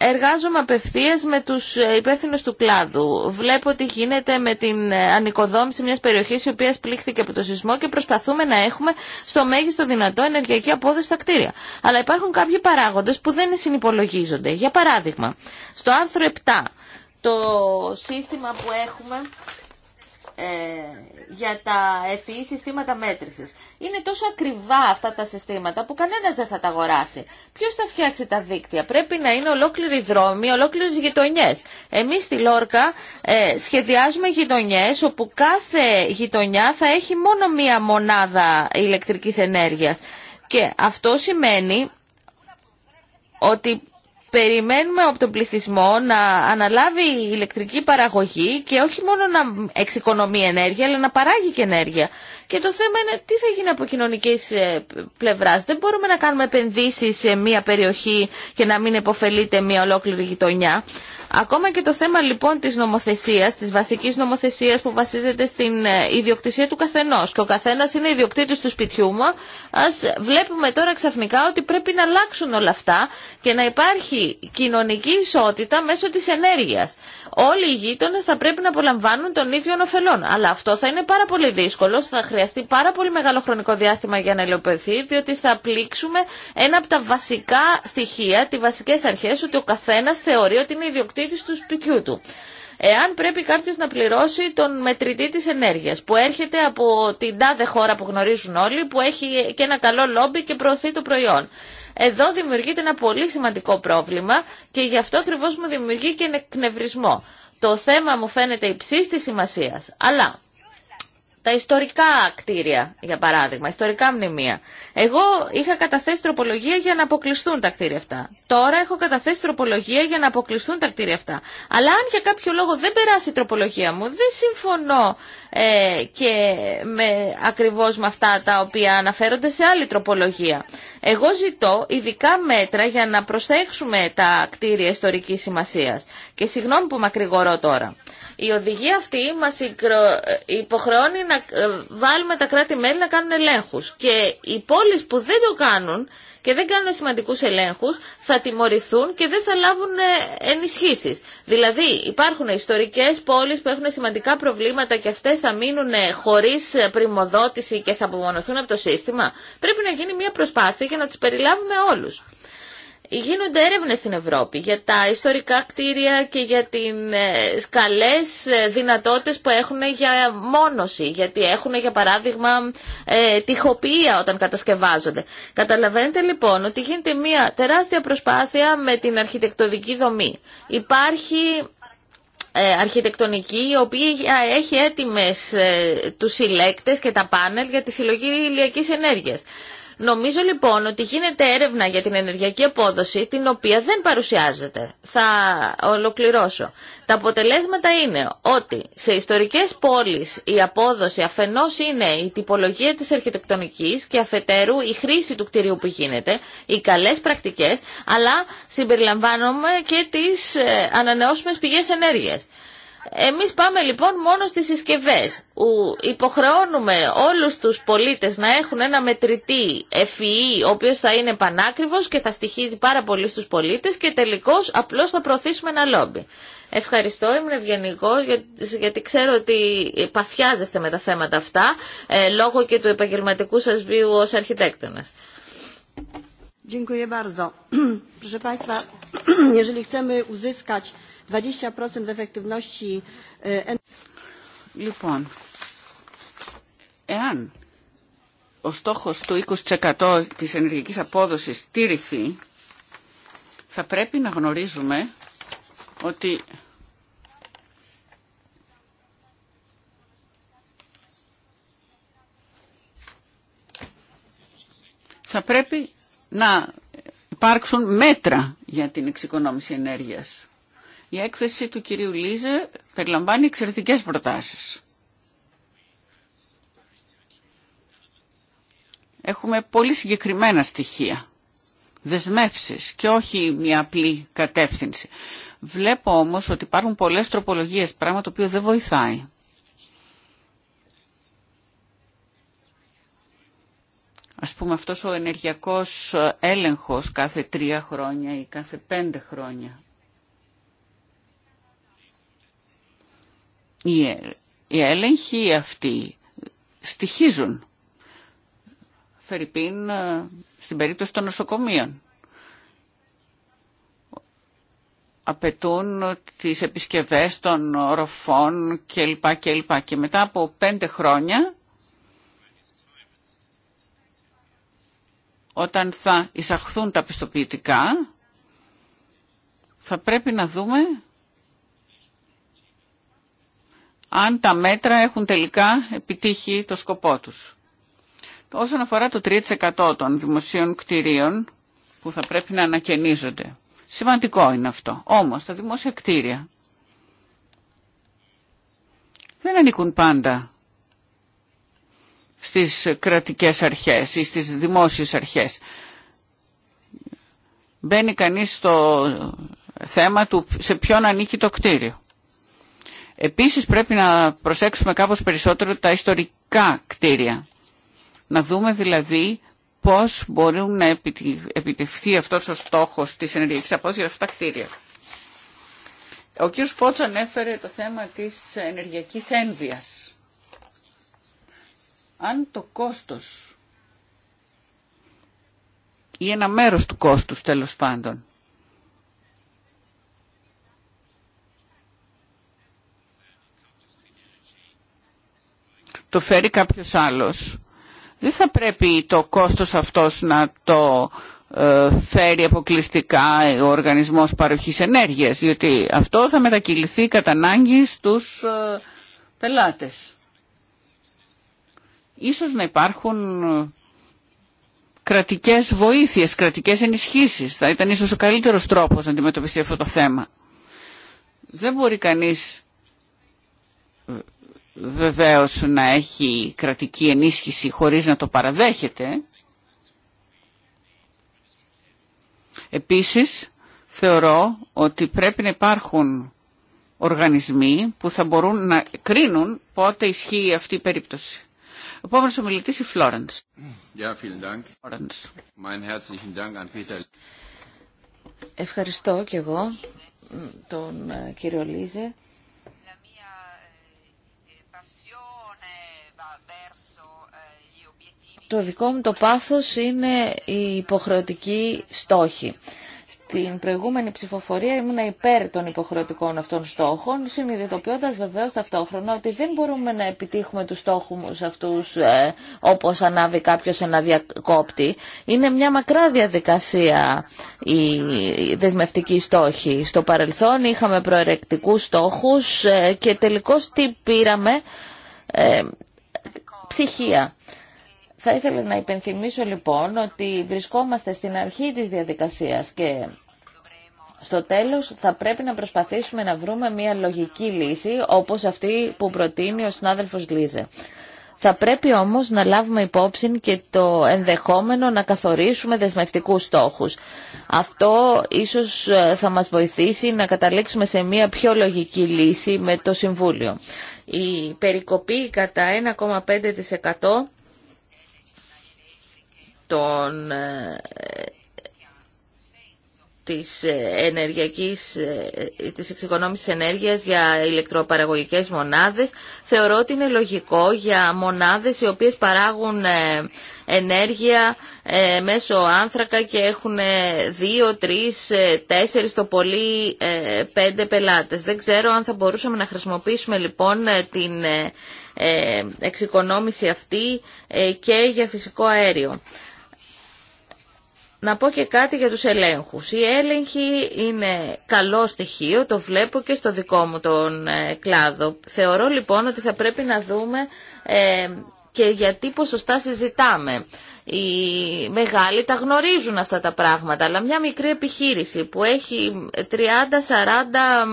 Εργάζομαι απευθεία με τους ε, υπεύθυνου του κλάδου. Βλέπω τι γίνεται με την ε, ανοικοδόμηση μιας περιοχής η οποία πλήχθηκε από το σεισμό και προσπαθούμε να έχουμε στο μέγιστο δυνατό ενεργειακή απόδοση στα κτίρια. Αλλά υπάρχουν κάποιοι παράγοντες που δεν συνυπολογίζονται. Για παράδειγμα, στο άρθρο 7 το σύστημα που έχουμε ε, για τα ευφυή e, συστήματα μέτρησης είναι τόσο ακριβά αυτά τα συστήματα που κανένας δεν θα τα αγοράσει. Ποιος θα φτιάξει τα δίκτυα. Πρέπει να είναι ολόκληροι δρόμοι, ολόκληρες γειτονιές. Εμείς στη Λόρκα ε, σχεδιάζουμε γειτονιές όπου κάθε γειτονιά θα έχει μόνο μία μονάδα ηλεκτρικής ενέργειας. Και αυτό σημαίνει ότι περιμένουμε από τον πληθυσμό να αναλάβει ηλεκτρική παραγωγή και όχι μόνο να εξοικονομεί ενέργεια, αλλά να παράγει και ενέργεια. Και το θέμα είναι τι θα γίνει από κοινωνική ε, πλευρά. Δεν μπορούμε να κάνουμε επενδύσει σε μία περιοχή και να μην επωφελείται μία ολόκληρη γειτονιά. Ακόμα και το θέμα λοιπόν της νομοθεσίας, της βασικής νομοθεσίας που βασίζεται στην ε, ιδιοκτησία του καθενός και ο καθένας είναι ιδιοκτήτης του σπιτιού μου, ας βλέπουμε τώρα ξαφνικά ότι πρέπει να αλλάξουν όλα αυτά και να υπάρχει κοινωνική ισότητα μέσω της ενέργειας όλοι οι γείτονε θα πρέπει να απολαμβάνουν των ίδιων ωφελών. Αλλά αυτό θα είναι πάρα πολύ δύσκολο, θα χρειαστεί πάρα πολύ μεγάλο χρονικό διάστημα για να υλοποιηθεί, διότι θα πλήξουμε ένα από τα βασικά στοιχεία, τι βασικέ αρχέ, ότι ο καθένα θεωρεί ότι είναι ιδιοκτήτη του σπιτιού του. Εάν πρέπει κάποιο να πληρώσει τον μετρητή τη ενέργεια, που έρχεται από την τάδε χώρα που γνωρίζουν όλοι, που έχει και ένα καλό λόμπι και προωθεί το προϊόν. Εδώ δημιουργείται ένα πολύ σημαντικό πρόβλημα και γι' αυτό ακριβώ μου δημιουργεί και εκνευρισμό. Το θέμα μου φαίνεται υψής της σημασίας, αλλά τα ιστορικά κτίρια, για παράδειγμα, ιστορικά μνημεία. Εγώ είχα καταθέσει τροπολογία για να αποκλειστούν τα κτίρια αυτά. Τώρα έχω καταθέσει τροπολογία για να αποκλειστούν τα κτίρια αυτά. Αλλά αν για κάποιο λόγο δεν περάσει η τροπολογία μου, δεν συμφωνώ ε, και με, ακριβώς με αυτά τα οποία αναφέρονται σε άλλη τροπολογία. Εγώ ζητώ ειδικά μέτρα για να προσθέξουμε τα κτίρια ιστορικής σημασίας. Και συγγνώμη που μακρηγορώ τώρα. Η οδηγία αυτή μας υποχρεώνει να ε, βάλουμε τα κράτη-μέλη να κάνουν ελέγχους και οι πόλεις που δεν το κάνουν και δεν κάνουν σημαντικούς ελέγχους θα τιμωρηθούν και δεν θα λάβουν ε, ενισχύσεις. Δηλαδή υπάρχουν ιστορικές πόλεις που έχουν σημαντικά προβλήματα και αυτές θα μείνουν ε, χωρίς πρημοδότηση και θα απομονωθούν από το σύστημα. Πρέπει να γίνει μια προσπάθεια και να τους περιλάβουμε όλους. Γίνονται έρευνες στην Ευρώπη για τα ιστορικά κτίρια και για τις ε, καλές ε, δυνατότητες που έχουν για μόνωση, γιατί έχουν για παράδειγμα ε, τυχοποιία όταν κατασκευάζονται. Καταλαβαίνετε λοιπόν ότι γίνεται μια τεράστια προσπάθεια με την αρχιτεκτονική δομή. Υπάρχει ε, αρχιτεκτονική, η οποία έχει έτοιμες τους συλλέκτες και τα πάνελ για τη συλλογή ηλιακής ενέργειας. Νομίζω λοιπόν ότι γίνεται έρευνα για την ενεργειακή απόδοση την οποία δεν παρουσιάζεται. Θα ολοκληρώσω. Τα αποτελέσματα είναι ότι σε ιστορικές πόλεις η απόδοση αφενός είναι η τυπολογία της αρχιτεκτονικής και αφετέρου η χρήση του κτηρίου που γίνεται, οι καλές πρακτικές, αλλά συμπεριλαμβάνομαι και τις ε, ανανεώσιμες πηγές ενέργειας. Εμείς πάμε λοιπόν μόνο στις συσκευές υποχρεώνουμε όλους τους πολίτες να έχουν ένα μετρητή FEE ο οποίος θα είναι πανάκριβος και θα στοιχίζει πάρα πολύ στους πολίτες και τελικώς απλώς θα προωθήσουμε ένα λόμπι. Ευχαριστώ, ήμουν ευγενικό γιατί ξέρω ότι παθιάζεστε με τα θέματα αυτά ε, λόγω και του επαγγελματικού σας βίου ως αρχιτέκτονας. E, λοιπόν, εάν ο στόχος του 20% της ενεργικής απόδοσης τήρηθει, θα πρέπει να γνωρίζουμε ότι θα πρέπει να υπάρξουν μέτρα για την εξοικονόμηση ενέργειας. Η έκθεση του κυρίου Λίζε περιλαμβάνει εξαιρετικές προτάσεις. Έχουμε πολύ συγκεκριμένα στοιχεία, δεσμεύσεις και όχι μια απλή κατεύθυνση. Βλέπω όμως ότι υπάρχουν πολλές τροπολογίες, πράγμα το οποίο δεν βοηθάει. Ας πούμε αυτός ο ενεργειακός έλεγχος κάθε τρία χρόνια ή κάθε πέντε χρόνια. Οι έλεγχοι αυτοί στοιχίζουν. Φερρυπίν ε, στην περίπτωση των νοσοκομείων. Απαιτούν τις επισκευές των οροφών κλπ. κλπ. Και μετά από πέντε χρόνια όταν θα εισαχθούν τα πιστοποιητικά, θα πρέπει να δούμε αν τα μέτρα έχουν τελικά επιτύχει το σκοπό τους. Όσον αφορά το 3% των δημοσίων κτηρίων που θα πρέπει να ανακαινίζονται. Σημαντικό είναι αυτό. Όμως τα δημόσια κτίρια δεν ανήκουν πάντα στις κρατικές αρχές ή στις δημόσιες αρχές. Μπαίνει κανείς στο θέμα του σε ποιον ανήκει το κτίριο. Επίσης πρέπει να προσέξουμε κάπως περισσότερο τα ιστορικά κτίρια. Να δούμε δηλαδή πώς μπορούν να επιτευχθεί αυτός ο στόχος της ενεργειακής απόδοσης για αυτά τα κτίρια. Ο κ. Πότσο ανέφερε το θέμα της ενεργειακής ένδυας. Αν το κόστος ή ένα μέρος του κόστους τέλος πάντων το φέρει κάποιος άλλος. Δεν θα πρέπει το κόστος αυτός να το ε, φέρει αποκλειστικά ο οργανισμός παροχής ενέργειας, διότι αυτό θα μετακυληθεί κατά ανάγκη στους ε, πελάτες. Ίσως να υπάρχουν ε, κρατικές βοήθειες, κρατικές ενισχύσεις. Θα ήταν ίσως ο καλύτερος τρόπος να αντιμετωπιστεί αυτό το θέμα. Δεν μπορεί κανείς βεβαίως να έχει κρατική ενίσχυση χωρίς να το παραδέχεται. Επίσης, θεωρώ ότι πρέπει να υπάρχουν οργανισμοί που θα μπορούν να κρίνουν πότε ισχύει αυτή η περίπτωση. Ο μιλητής η Φλόρενς. Ευχαριστώ και εγώ τον ε, κύριο Λίζε. το δικό μου το πάθος είναι η υποχρεωτική στόχη. Στην προηγούμενη ψηφοφορία ήμουν υπέρ των υποχρεωτικών αυτών στόχων, συνειδητοποιώντας βεβαίως ταυτόχρονα ότι δεν μπορούμε να επιτύχουμε τους στόχους αυτούς ε, όπως ανάβει κάποιος ένα διακόπτη. Είναι μια μακρά διαδικασία η δεσμευτική στόχη. Στο παρελθόν είχαμε προαιρεκτικούς στόχους ε, και τελικώς τι πήραμε, ε, ψυχία. Θα ήθελα να υπενθυμίσω λοιπόν ότι βρισκόμαστε στην αρχή της διαδικασίας και στο τέλος θα πρέπει να προσπαθήσουμε να βρούμε μια λογική λύση όπως αυτή που προτείνει ο συνάδελφος Γλίζε. Θα πρέπει όμως να λάβουμε υπόψη και το ενδεχόμενο να καθορίσουμε δεσμευτικούς στόχους. Αυτό ίσως ε, θα μας βοηθήσει να καταλήξουμε σε μια πιο λογική λύση με το Συμβούλιο. Η περικοπή κατά 1,5% των, ε, της ε, ενεργειακής, ε, της εξοικονόμησης ενέργειας για ηλεκτροπαραγωγικές μονάδες. Θεωρώ ότι είναι λογικό για μονάδες οι οποίες παράγουν ενέργεια μέσω άνθρακα και έχουν δύο, τρεις, τέσσερις, το πολύ πέντε πελάτες. Δεν ξέρω αν θα μπορούσαμε να χρησιμοποιήσουμε λοιπόν την εξοικονόμηση αυτή και για φυσικό αέριο να πω και κάτι για τους ελέγχους. Οι έλεγχοι είναι καλό στοιχείο, το βλέπω και στο δικό μου τον ε, κλάδο. Θεωρώ λοιπόν ότι θα πρέπει να δούμε ε, και γιατί ποσοστά συζητάμε. Οι μεγάλοι τα γνωρίζουν αυτά τα πράγματα, αλλά μια μικρή επιχείρηση που έχει 30-40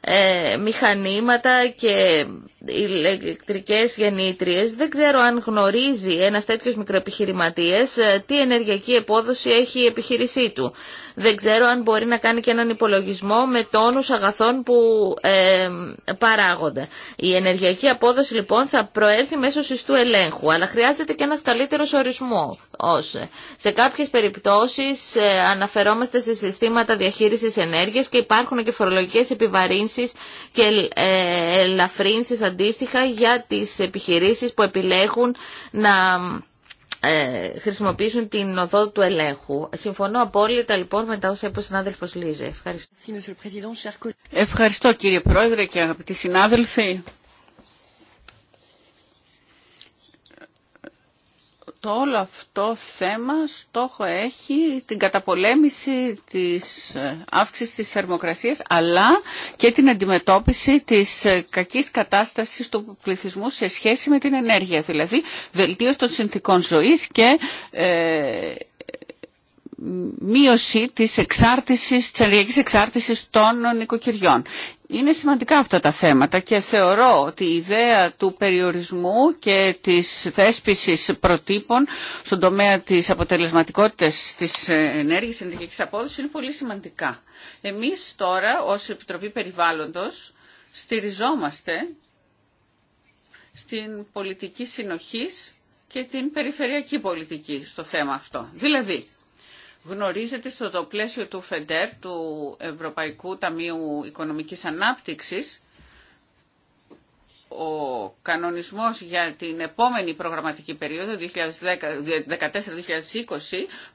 ε, μηχανήματα και ηλεκτρικές γεννήτριες. Δεν ξέρω αν γνωρίζει ένας τέτοιος μικροεπιχειρηματίας ε, τι ενεργειακή επόδοση έχει η επιχείρησή του. Δεν ξέρω αν μπορεί να κάνει και έναν υπολογισμό με τόνους αγαθών που ε, παράγονται. Η ενεργειακή απόδοση λοιπόν θα προέρθει μέσω συστού ελέγχου, αλλά χρειάζεται και ένας καλύτερος ορισμό. Σε κάποιες περιπτώσεις ε, αναφερόμαστε σε συστήματα διαχείρισης ενέργειας και υπάρχουν και φορολογικές επιβαρύνσεις και ελαφρύνσεις αντίστοιχα για τις επιχειρήσεις που επιλέγουν να ε, χρησιμοποιήσουν την οδό του ελέγχου. Συμφωνώ απόλυτα λοιπόν με τα όσα είπε ο συνάδελφο Λίζε. Ευχαριστώ. Ευχαριστώ κύριε Πρόεδρε και αγαπητοί συνάδελφοι. το όλο αυτό θέμα στόχο έχει την καταπολέμηση της ε, αύξησης της θερμοκρασίας αλλά και την αντιμετώπιση της ε, κακής κατάστασης του πληθυσμού σε σχέση με την ενέργεια, δηλαδή βελτίωση των συνθήκων ζωής και ε, μείωση της εξάρτησης, της ενεργειακής εξάρτησης των νοικοκυριών. Είναι σημαντικά αυτά τα θέματα και θεωρώ ότι η ιδέα του περιορισμού και της θέσπισης προτύπων στον τομέα της αποτελεσματικότητας της ενέργειας ενεργειακής απόδοσης είναι πολύ σημαντικά. Εμείς τώρα ως Επιτροπή Περιβάλλοντος στηριζόμαστε στην πολιτική συνοχής και την περιφερειακή πολιτική στο θέμα αυτό. Δηλαδή, γνωρίζετε στο το πλαίσιο του ΦΕΝΤΕΡ, του Ευρωπαϊκού Ταμείου Οικονομικής Ανάπτυξης, ο κανονισμός για την επόμενη προγραμματική περίοδο 2014-2020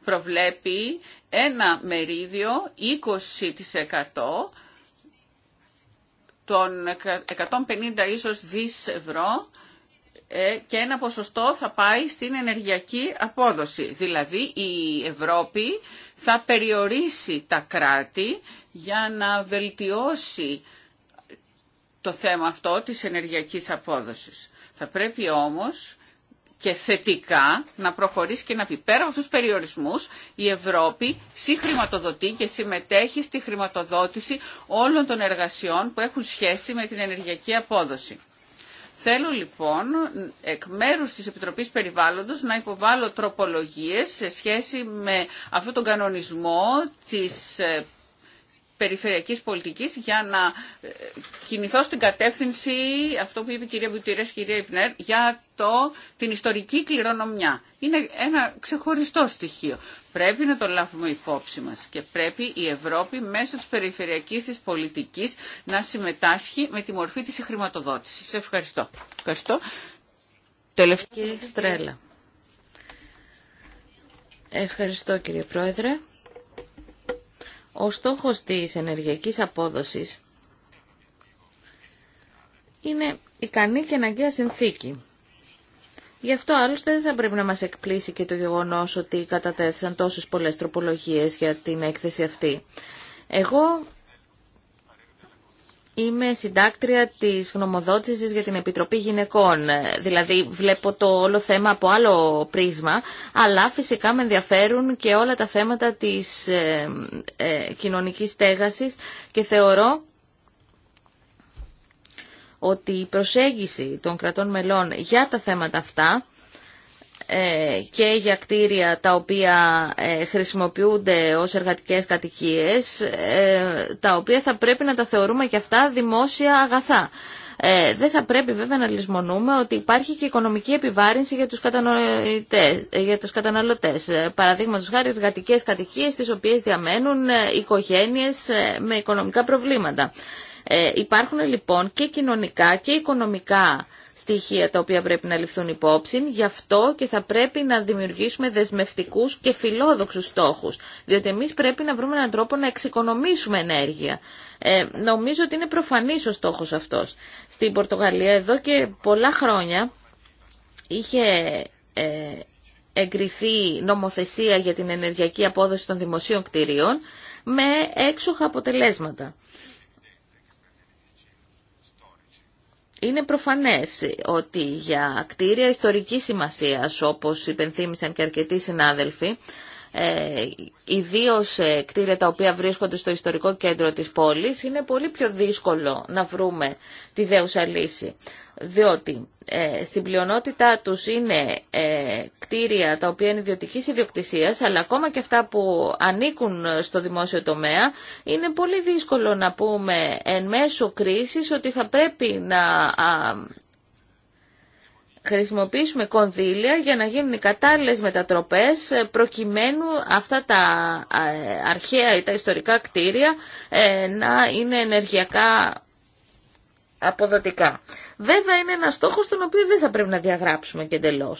προβλέπει ένα μερίδιο 20% των 150 ίσως δις ευρώ ε, και ένα ποσοστό θα πάει στην ενεργειακή απόδοση. Δηλαδή η Ευρώπη θα περιορίσει τα κράτη για να βελτιώσει το θέμα αυτό της ενεργειακής απόδοσης. Θα πρέπει όμως και θετικά να προχωρήσει και να πει πέρα από αυτούς τους περιορισμούς η Ευρώπη συγχρηματοδοτεί και συμμετέχει στη χρηματοδότηση όλων των εργασιών που έχουν σχέση με την ενεργειακή απόδοση. Θέλω λοιπόν εκ μέρους της Επιτροπής Περιβάλλοντος να υποβάλω τροπολογίες σε σχέση με αυτόν τον κανονισμό της ε, περιφερειακής πολιτικής για να ε, κινηθώ στην κατεύθυνση αυτό που είπε η κυρία Μπουτήρες κυρία Ιπνέρ για το, την ιστορική κληρονομιά. Είναι ένα ξεχωριστό στοιχείο. Πρέπει να το λάβουμε υπόψη μας και πρέπει η Ευρώπη μέσω της περιφερειακής της πολιτικής να συμμετάσχει με τη μορφή της χρηματοδότησης. Ευχαριστώ. Ευχαριστώ. Τελευταία Στρέλα. Ευχαριστώ κύριε Πρόεδρε. Ο στόχος της ενεργειακής απόδοσης είναι ικανή και αναγκαία συνθήκη Γι' αυτό άλλωστε δεν θα πρέπει να μας εκπλήσει και το γεγονός ότι κατατέθησαν τόσες πολλές τροπολογίες για την έκθεση αυτή. Εγώ Είμαι συντάκτρια της γνωμοδότησης για την Επιτροπή Γυναικών. Δηλαδή βλέπω το όλο θέμα από άλλο πρίσμα, αλλά φυσικά με ενδιαφέρουν και όλα τα θέματα της ε, ε, κοινωνικής στέγασης και θεωρώ ότι η προσέγγιση των κρατών μελών για τα θέματα αυτά ε, και για κτίρια τα οποία ε, χρησιμοποιούνται ως εργατικές κατοικίες, ε, τα οποία θα πρέπει να τα θεωρούμε και αυτά δημόσια αγαθά. Ε, δεν θα πρέπει βέβαια να λησμονούμε ότι υπάρχει και οικονομική επιβάρυνση για τους, για τους καταναλωτές. Παραδείγματος χάρη εργατικές κατοικίες τις οποίες διαμένουν οικογένειες με οικονομικά προβλήματα. Ε, υπάρχουν λοιπόν και κοινωνικά και οικονομικά στοιχεία τα οποία πρέπει να ληφθούν υπόψη. Γι' αυτό και θα πρέπει να δημιουργήσουμε δεσμευτικούς και φιλόδοξους στόχους. Διότι εμείς πρέπει να βρούμε έναν τρόπο να εξοικονομήσουμε ενέργεια. Ε, νομίζω ότι είναι προφανής ο στόχος αυτός. Στην Πορτογαλία εδώ και πολλά χρόνια είχε... Ε, εγκριθεί νομοθεσία για την ενεργειακή απόδοση των δημοσίων κτηρίων με έξοχα αποτελέσματα. είναι προφανές ότι για κτίρια ιστορικής σημασίας, όπως υπενθύμησαν και αρκετοί συνάδελφοι, ε, ιδίως ε, κτίρια τα οποία βρίσκονται στο ιστορικό κέντρο της πόλης, είναι πολύ πιο δύσκολο να βρούμε τη δέουσα λύση. Διότι ε, στην πλειονότητά τους είναι ε, κτίρια τα οποία είναι ιδιωτική ιδιοκτησία, αλλά ακόμα και αυτά που ανήκουν στο δημόσιο τομέα, είναι πολύ δύσκολο να πούμε εν μέσω κρίσης ότι θα πρέπει να χρησιμοποιήσουμε κονδύλια για να γίνουν οι κατάλληλες μετατροπές ε, προκειμένου αυτά τα ε, αρχαία ή τα ιστορικά κτίρια ε, να είναι ενεργειακά αποδοτικά. Βέβαια είναι ένα στόχος τον οποίο δεν θα πρέπει να διαγράψουμε και εντελώ.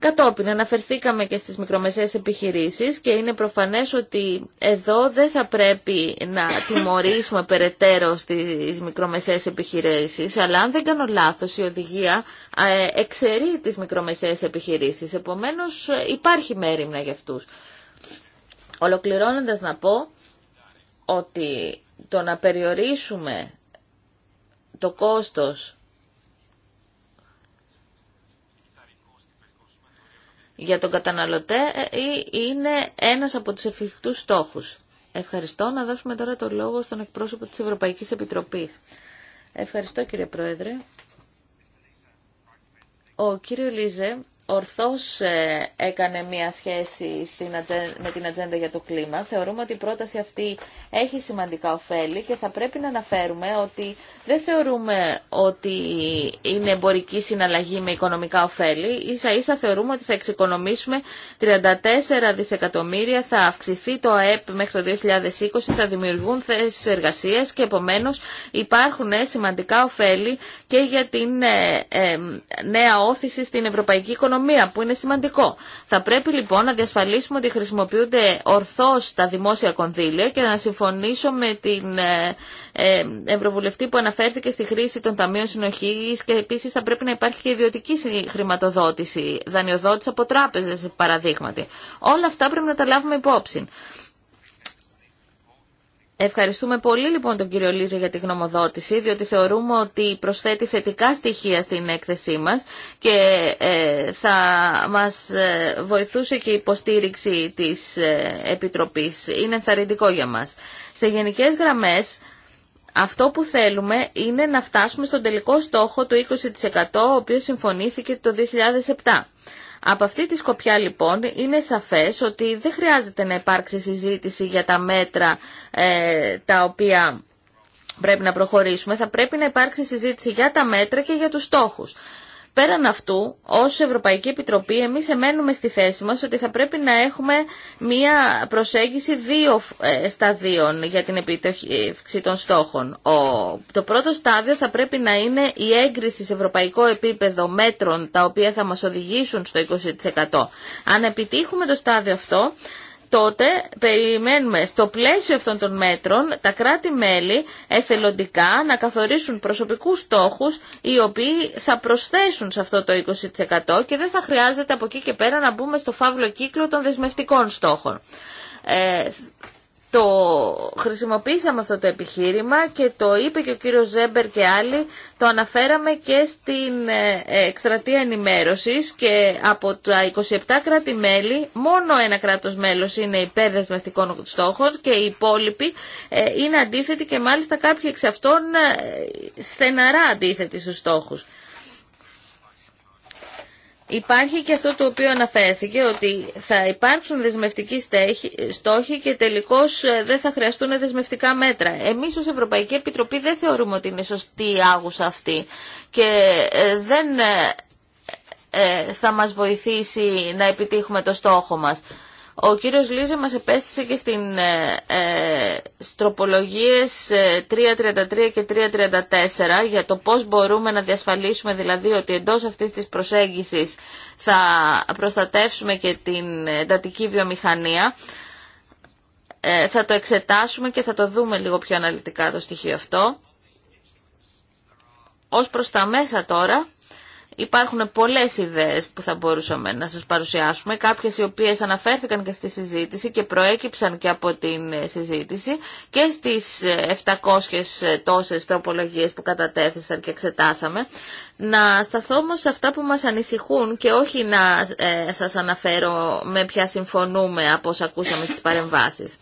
Κατόπιν αναφερθήκαμε και στις μικρομεσαίες επιχειρήσεις και είναι προφανές ότι εδώ δεν θα πρέπει να τιμωρήσουμε περαιτέρω στις μικρομεσαίες επιχειρήσεις, αλλά αν δεν κάνω λάθος η οδηγία ε, εξαιρεί τις μικρομεσαίες επιχειρήσεις, επομένως ε, υπάρχει μέρημνα για αυτούς. Ολοκληρώνοντας να πω ότι το να περιορίσουμε το κόστος για τον καταναλωτέ ε, είναι ένας από τους εφικτούς στόχους. Ευχαριστώ. Να δώσουμε τώρα το λόγο στον εκπρόσωπο της Ευρωπαϊκής Επιτροπής. Ευχαριστώ κύριε Πρόεδρε. Ο κύριο Λίζε ορθώς ε, έκανε μία σχέση με την ατζέντα για το κλίμα. Θεωρούμε ότι η πρόταση αυτή έχει σημαντικά ωφέλη και θα πρέπει να αναφέρουμε ότι δεν θεωρούμε ότι είναι εμπορική συναλλαγή με οικονομικά ωφέλη. Ίσα ίσα θεωρούμε ότι θα εξοικονομήσουμε 34 δισεκατομμύρια, θα αυξηθεί το ΑΕΠ μέχρι το 2020, θα δημιουργούν θέσεις εργασίας και επομένως υπάρχουν ε, σημαντικά ωφέλη και για την ε, νέα όθηση στην ευρωπαϊκή οικονομία που είναι σημαντικό. Θα πρέπει λοιπόν να διασφαλίσουμε ότι χρησιμοποιούνται ορθώς τα δημόσια κονδύλια και να συμφωνήσω με την ε, ε, Ευρωβουλευτή που αναφέρθηκε στη χρήση των Ταμείων Συνοχής και επίσης θα πρέπει να υπάρχει και ιδιωτική χρηματοδότηση, δανειοδότηση από τράπεζες παραδείγματι. Όλα αυτά πρέπει να τα λάβουμε υπόψη. Ευχαριστούμε πολύ λοιπόν τον κύριο Λίζα για τη γνωμοδότηση, διότι θεωρούμε ότι προσθέτει θετικά στοιχεία στην έκθεσή μας και ε, θα μας ε, βοηθούσε και η υποστήριξη της ε, Επιτροπής. Είναι ενθαρρυντικό για μας. Σε γενικές γραμμές, αυτό που θέλουμε είναι να φτάσουμε στον τελικό στόχο του 20%, ο οποίος συμφωνήθηκε το 2007. Από αυτή τη σκοπιά λοιπόν είναι σαφές ότι δεν χρειάζεται να υπάρξει συζήτηση για τα μέτρα ε, τα οποία πρέπει να προχωρήσουμε. Θα πρέπει να υπάρξει συζήτηση για τα μέτρα και για τους στόχους. Πέραν αυτού, ως Ευρωπαϊκή Επιτροπή, εμείς εμένουμε στη θέση μας ότι θα πρέπει να έχουμε μία προσέγγιση δύο ε, σταδίων για την επίτευξη των στόχων. Το πρώτο στάδιο θα πρέπει να είναι η έγκριση σε ευρωπαϊκό επίπεδο μέτρων τα οποία θα μας οδηγήσουν στο 20%. Αν επιτύχουμε το στάδιο αυτό, τότε περιμένουμε στο πλαίσιο αυτών των μέτρων τα κράτη-μέλη εθελοντικά να καθορίσουν προσωπικούς στόχους οι οποίοι θα προσθέσουν σε αυτό το 20% και δεν θα χρειάζεται από εκεί και πέρα να μπούμε στο φαύλο κύκλο των δεσμευτικών στόχων. Ε, το χρησιμοποίησαμε αυτό το επιχείρημα και το είπε και ο κύριος Ζέμπερ και άλλοι, το αναφέραμε και στην ε, ε, εκστρατεία ενημέρωσης και από τα 27 κράτη-μέλη μόνο ένα κράτος μέλος είναι υπέρ δεσμευτικών στόχων και οι υπόλοιποι ε, είναι αντίθετοι και μάλιστα κάποιοι εξ αυτών στεναρά αντίθετοι στους στόχους. Υπάρχει και αυτό το οποίο αναφέρθηκε, ότι θα υπάρξουν δεσμευτικοί στόχοι και τελικώς ε, δεν θα χρειαστούν δεσμευτικά μέτρα. Εμείς ως Ευρωπαϊκή Επιτροπή δεν θεωρούμε ότι είναι σωστή η άγουσα αυτή και ε, δεν ε, θα μας βοηθήσει να επιτύχουμε το στόχο μας. Ο κύριος Λίζε μας επέστησε και στην ε, ε στροπολογίες 3.33 ε, και 3.34 για το πώς μπορούμε να διασφαλίσουμε δηλαδή ότι εντός αυτής της προσέγγισης θα προστατεύσουμε και την εντατική βιομηχανία. Ε, θα το εξετάσουμε και θα το δούμε λίγο πιο αναλυτικά το στοιχείο αυτό. Ως προς τα μέσα τώρα, Υπάρχουν πολλές ιδέες που θα μπορούσαμε να σας παρουσιάσουμε, κάποιες οι οποίες αναφέρθηκαν και στη συζήτηση και προέκυψαν και από την ε, συζήτηση και στις 700 ε, ε, τόσες τροπολογίες που κατατέθησαν και εξετάσαμε. Να σταθώ όμω σε αυτά που μας ανησυχούν και όχι να ε, σας αναφέρω με ποια συμφωνούμε από όσα ακούσαμε στις παρεμβάσεις.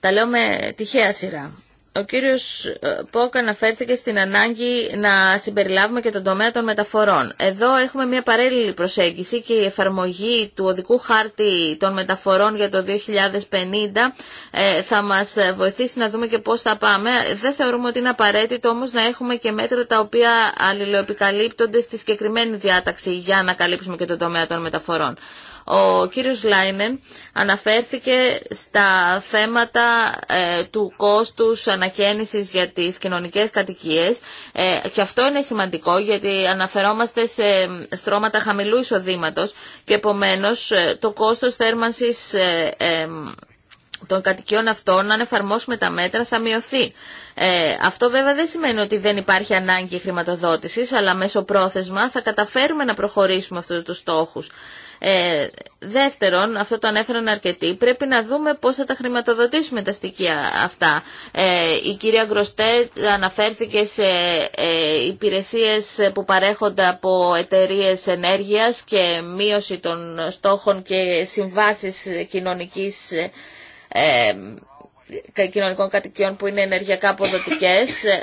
Τα λέω με τυχαία σειρά. Ο κύριος ε, Πόκ αναφέρθηκε στην ανάγκη να συμπεριλάβουμε και τον τομέα των μεταφορών. Εδώ έχουμε μια παρέλληλη προσέγγιση και η εφαρμογή του οδικού χάρτη των μεταφορών για το 2050 ε, θα μας βοηθήσει να δούμε και πώς θα πάμε. Δεν θεωρούμε ότι είναι απαραίτητο όμως να έχουμε και μέτρα τα οποία αλληλοεπικαλύπτονται στη συγκεκριμένη διάταξη για να καλύψουμε και τον τομέα των μεταφορών. Ο κύριος Λάινεν αναφέρθηκε στα θέματα ε, του κόστους ανακαίνησης για τις κοινωνικές κατοικίες ε, και αυτό είναι σημαντικό γιατί αναφερόμαστε σε στρώματα χαμηλού εισοδήματος και επομένως ε, το κόστος θέρμανσης των κατοικιών αυτών, αν εφαρμόσουμε τα μέτρα, θα μειωθεί. αυτό βέβαια δεν σημαίνει ότι δεν υπάρχει ανάγκη χρηματοδότησης, αλλά μέσω πρόθεσμα θα καταφέρουμε να προχωρήσουμε αυτούς τους στόχους. Ε, δεύτερον, αυτό το ανέφεραν αρκετοί, πρέπει να δούμε πώς θα τα χρηματοδοτήσουμε τα στοιχεία αυτά. Ε, η κυρία Γκροστέ αναφέρθηκε σε ε, υπηρεσίες που παρέχονται από εταιρείες ενέργειας και μείωση των στόχων και συμβάσεις κοινωνικής ε, κοινωνικών κατοικιών που είναι ενεργειακά αποδοτικέ,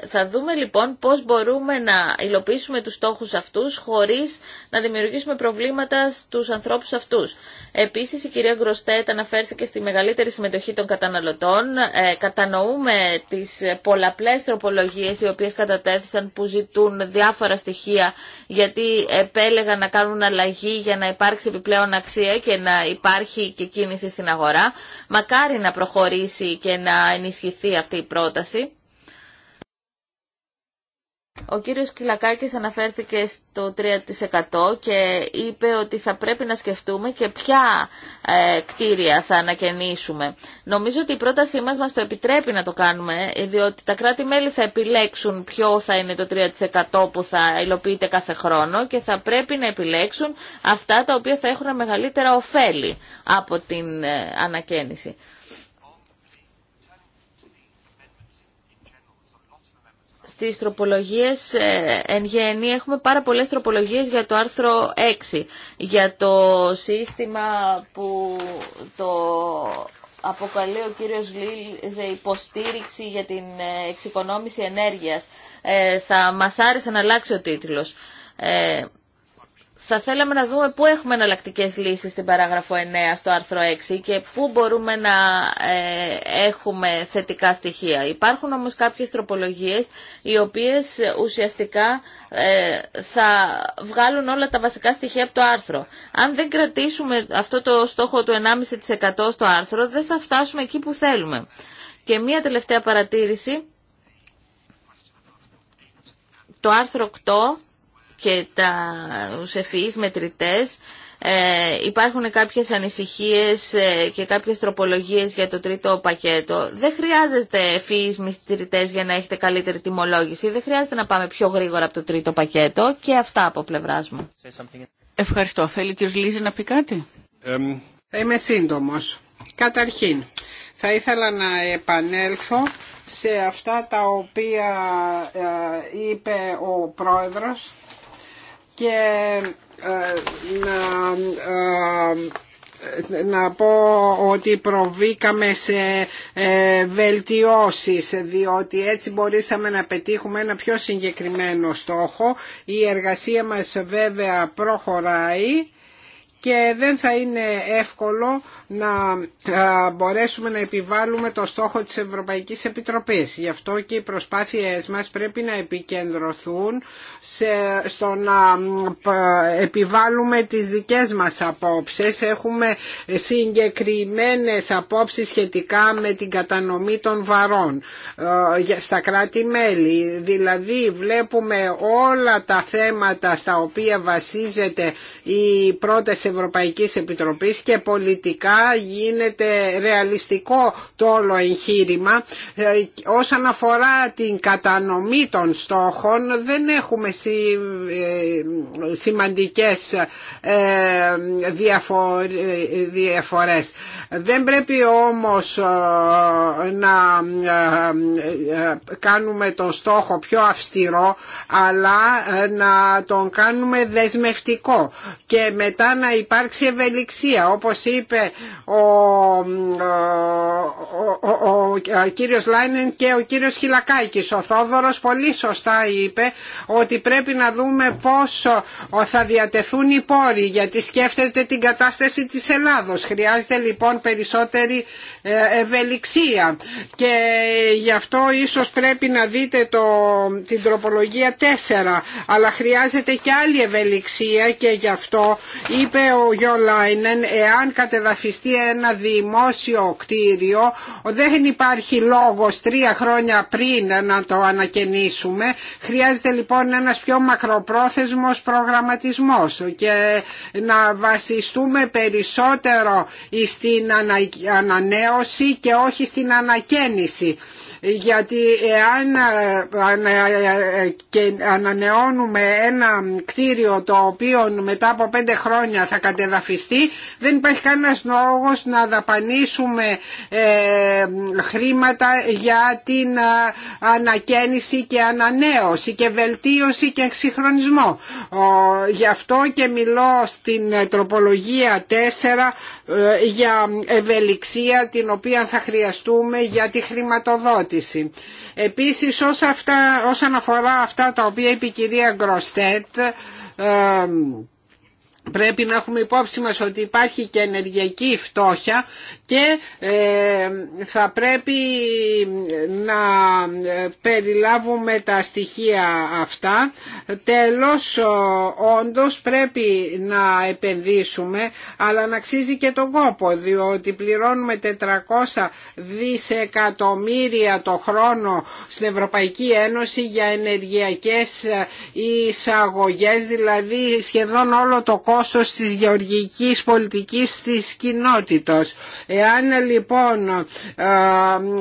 ε, Θα δούμε λοιπόν πώς μπορούμε να υλοποιήσουμε τους στόχου αυτούς χωρίς να δημιουργήσουμε προβλήματα στου ανθρώπους αυτούς. Επίσης η κυρία Γκροστέτ αναφέρθηκε στη μεγαλύτερη συμμετοχή των καταναλωτών. Ε, κατανοούμε τις πολλαπλές τροπολογίες οι οποίες κατατέθησαν που ζητούν διάφορα στοιχεία γιατί επέλεγαν να κάνουν αλλαγή για να υπάρξει επιπλέον αξία και να υπάρχει και κίνηση στην αγορά. Μακάρι να προχωρήσει και να ενισχυθεί αυτή η πρόταση. Ο κύριος Κυλακάκης αναφέρθηκε στο 3% και είπε ότι θα πρέπει να σκεφτούμε και ποια ε, κτίρια θα ανακαινήσουμε. Νομίζω ότι η πρότασή μας μας το επιτρέπει να το κάνουμε, διότι τα κράτη-μέλη θα επιλέξουν ποιο θα είναι το 3% που θα υλοποιείται κάθε χρόνο και θα πρέπει να επιλέξουν αυτά τα οποία θα έχουν μεγαλύτερα ωφέλη από την ε, ανακαίνιση. στις τροπολογίες ε, εν γέννη έχουμε πάρα πολλές τροπολογίες για το άρθρο 6, για το σύστημα που το αποκαλεί ο κύριος Λίλζε υποστήριξη για την ε, εξοικονόμηση ενέργειας. Ε, θα μας άρεσε να αλλάξει ο τίτλος θα θέλαμε να δούμε πού έχουμε εναλλακτικέ λύσεις στην παράγραφο 9 στο άρθρο 6 και πού μπορούμε να ε, έχουμε θετικά στοιχεία. Υπάρχουν όμως κάποιες τροπολογίες οι οποίες ουσιαστικά ε, θα βγάλουν όλα τα βασικά στοιχεία από το άρθρο. Αν δεν κρατήσουμε αυτό το στόχο του 1,5% στο άρθρο δεν θα φτάσουμε εκεί που θέλουμε. Και μία τελευταία παρατήρηση. Το άρθρο 8 και τα ευφυείς μετρητές. Ε, υπάρχουν κάποιες ανησυχίες ε, και κάποιες τροπολογίες για το τρίτο πακέτο. Δεν χρειάζεται ευφυείς μετρητές για να έχετε καλύτερη τιμολόγηση. Δεν χρειάζεται να πάμε πιο γρήγορα από το τρίτο πακέτο και αυτά από πλευρά μου. Ευχαριστώ. Θέλει και ο Λίζη να πει κάτι. θα είμαι σύντομος. Καταρχήν, θα ήθελα να επανέλθω σε αυτά τα οποία ε, είπε ο πρόεδρος και ε, να ε, να πω ότι προβήκαμε σε ε, βελτιώσεις διότι έτσι μπορούσαμε να πετύχουμε ένα πιο συγκεκριμένο στόχο. Η εργασία μας βέβαια προχωράει και δεν θα είναι εύκολο να μπορέσουμε να επιβάλλουμε το στόχο της Ευρωπαϊκής Επιτροπής. Γι' αυτό και οι προσπάθειές μας πρέπει να επικεντρωθούν σε, στο να επιβάλλουμε τις δικές μας απόψεις. Έχουμε συγκεκριμένες απόψεις σχετικά με την κατανομή των βαρών στα κράτη-μέλη. Δηλαδή βλέπουμε όλα τα θέματα στα οποία βασίζεται η πρώτες Ευρωπαϊκής Επιτροπής και πολιτικά γίνεται ρεαλιστικό το όλο εγχείρημα. Ε, όσον αφορά την κατανομή των στόχων δεν έχουμε ε, σημαντικές ε, διαφορές. Δεν πρέπει όμως να κάνουμε τον στόχο πιο αυστηρό αλλά να τον κάνουμε δεσμευτικό και μετά να υπάρξει ευελιξία. Όπως είπε ο, ο, ο, κύριος Λάινεν και ο κύριος Χιλακάκης. Ο Θόδωρος πολύ σωστά είπε ότι πρέπει να δούμε πόσο θα διατεθούν οι πόροι γιατί σκέφτεται την κατάσταση της Ελλάδος. Χρειάζεται λοιπόν περισσότερη ε, ευελιξία και γι' αυτό ίσως πρέπει να δείτε το, την τροπολογία 4 αλλά χρειάζεται και άλλη ευελιξία και γι' αυτό είπε ο εάν κατεδαφιστεί ένα δημόσιο κτίριο, δεν υπάρχει λόγος τρία χρόνια πριν να το ανακαινήσουμε. Χρειάζεται λοιπόν ένας πιο μακροπρόθεσμος προγραμματισμός και να βασιστούμε περισσότερο στην ανανέωση και όχι στην ανακαίνιση γιατί εάν ε, ε, ανανεώνουμε ένα κτίριο το οποίο μετά από πέντε χρόνια θα κατεδαφιστεί δεν υπάρχει κανένας λόγος να δαπανίσουμε ε, χρήματα για την ανακαίνιση και ανανέωση και βελτίωση και εξυγχρονισμό. Γι' αυτό και μιλώ στην τροπολογία 4 ε, για ευελιξία την οποία θα χρειαστούμε για τη χρηματοδότηση. Επίσης όσον αφορά αυτά τα οποία είπε η κυρία Γκροστέτ, ε, Πρέπει να έχουμε υπόψη μας ότι υπάρχει και ενεργειακή φτώχεια και ε, θα πρέπει να ε, περιλάβουμε τα στοιχεία αυτά. Τέλος, όντως πρέπει να επενδύσουμε, αλλά να αξίζει και τον κόπο, διότι πληρώνουμε 400 δισεκατομμύρια το χρόνο στην Ευρωπαϊκή Ένωση για ενεργειακές εισαγωγές, δηλαδή σχεδόν όλο το κόστος της γεωργικής πολιτικής της κοινότητος. Εάν λοιπόν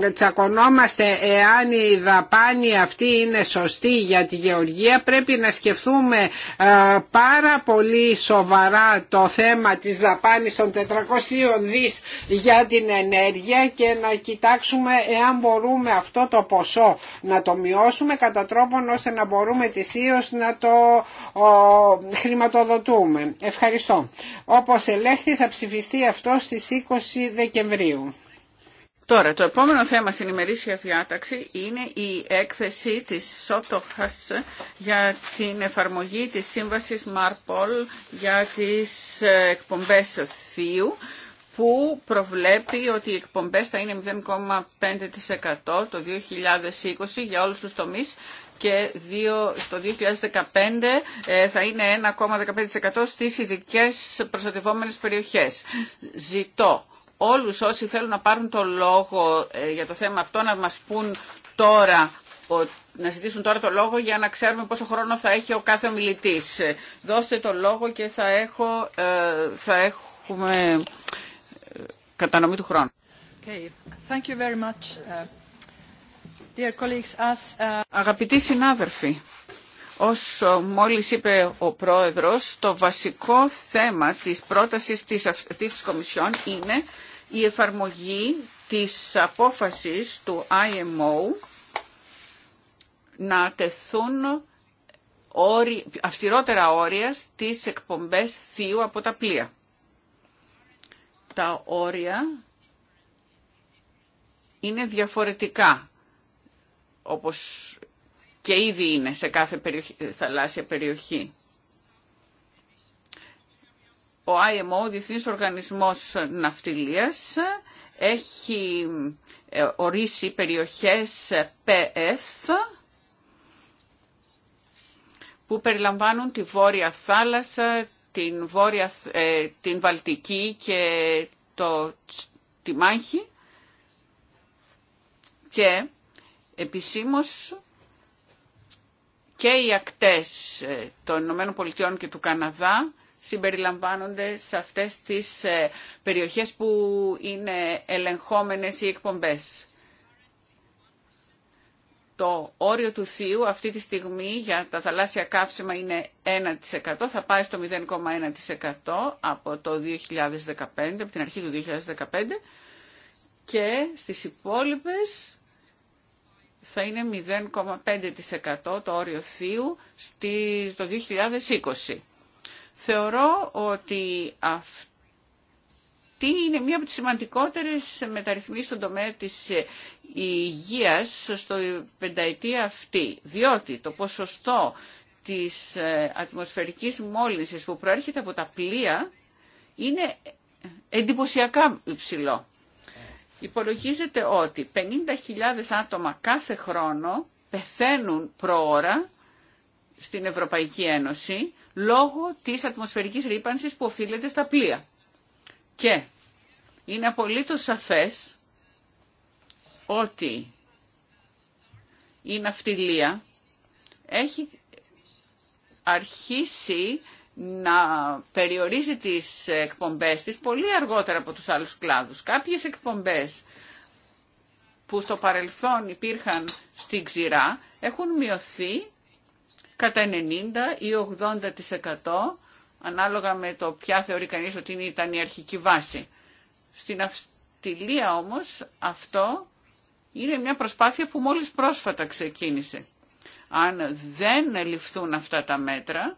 ε, τσακωνόμαστε εάν η δαπάνη αυτή είναι σωστή για τη γεωργία πρέπει να σκεφτούμε ε, πάρα πολύ σοβαρά το θέμα της δαπάνης των 400 δις για την ενέργεια και να κοιτάξουμε εάν μπορούμε αυτό το ποσό να το μειώσουμε κατά τρόπον ώστε να μπορούμε θυσίως να το χρηματοδοτούμε. Ευχαριστώ. Όπως ελέγχθη θα ψηφιστεί αυτό στις 20 Δεκεμβρίου. Τώρα, το επόμενο θέμα στην ημερήσια διάταξη είναι η έκθεση της ΣΟΤΟΧΑΣ για την εφαρμογή της σύμβασης ΜΑΡΠΟΛ για τις ε, εκπομπές θείου που προβλέπει ότι οι εκπομπές θα είναι 0,5% το 2020 για όλους τους τομείς και δύο, στο 2015 ε, θα είναι 1,15% στις ειδικέ προστατευόμενες περιοχές. Ζητώ όλους όσοι θέλουν να πάρουν το λόγο ε, για το θέμα αυτό να μας πούν τώρα να ζητήσουν τώρα το λόγο για να ξέρουμε πόσο χρόνο θα έχει ο κάθε ομιλητής. Ε, δώστε το λόγο και θα, έχω, θα έχουμε κατανομή του χρόνου. Okay. Thank you very much. Uh, Αγαπητοί συνάδελφοι, όσο μόλις είπε ο Πρόεδρος, το βασικό θέμα της πρότασης της, αυτής της Κομισιόν είναι η εφαρμογή της απόφασης του IMO να τεθούν όρι, αυστηρότερα όρια στις εκπομπές θείου από τα πλοία. Τα όρια είναι διαφορετικά όπως και ήδη είναι σε κάθε θαλάσσια περιοχή. Ο IMO, ο Διεθνής Οργανισμός Ναυτιλίας, έχει ε, ορίσει περιοχές PF που περιλαμβάνουν τη Βόρεια Θάλασσα, την, Βόρεια, ε, την Βαλτική και το, τη Μάχη και Επισήμως και οι ακτές ε, των Ηνωμένων Πολιτειών και του Καναδά συμπεριλαμβάνονται σε αυτές τις ε, περιοχές που είναι ελεγχόμενες οι εκπομπές. Το όριο του θείου αυτή τη στιγμή για τα θαλάσσια καύσιμα είναι 1%, θα πάει στο 0,1% από το 2015, από την αρχή του 2015 και στις υπόλοιπες θα είναι 0,5% το όριο θείου στη, το 2020. Θεωρώ ότι αυτή είναι μία από τις σημαντικότερες μεταρρυθμίσεις στον τομέα της ε, υγείας στο πενταετία αυτή, διότι το ποσοστό της ε, ατμοσφαιρικής μόλυνσης που προέρχεται από τα πλοία είναι εντυπωσιακά υψηλό. Υπολογίζεται ότι 50.000 άτομα κάθε χρόνο πεθαίνουν προώρα στην Ευρωπαϊκή Ένωση λόγω της ατμοσφαιρικής ρήπανσης που οφείλεται στα πλοία. Και είναι απολύτως σαφές ότι η ναυτιλία έχει αρχίσει να περιορίζει τις εκπομπές της πολύ αργότερα από τους άλλους κλάδους. Κάποιες εκπομπές που στο παρελθόν υπήρχαν στην ξηρά έχουν μειωθεί κατά 90 ή 80% ανάλογα με το ποια θεωρεί κανείς ότι ήταν η αρχική βάση. Στην Αυστηλία όμως αυτό είναι μια προσπάθεια που μόλις πρόσφατα ξεκίνησε. Αν δεν ληφθούν αυτά τα μέτρα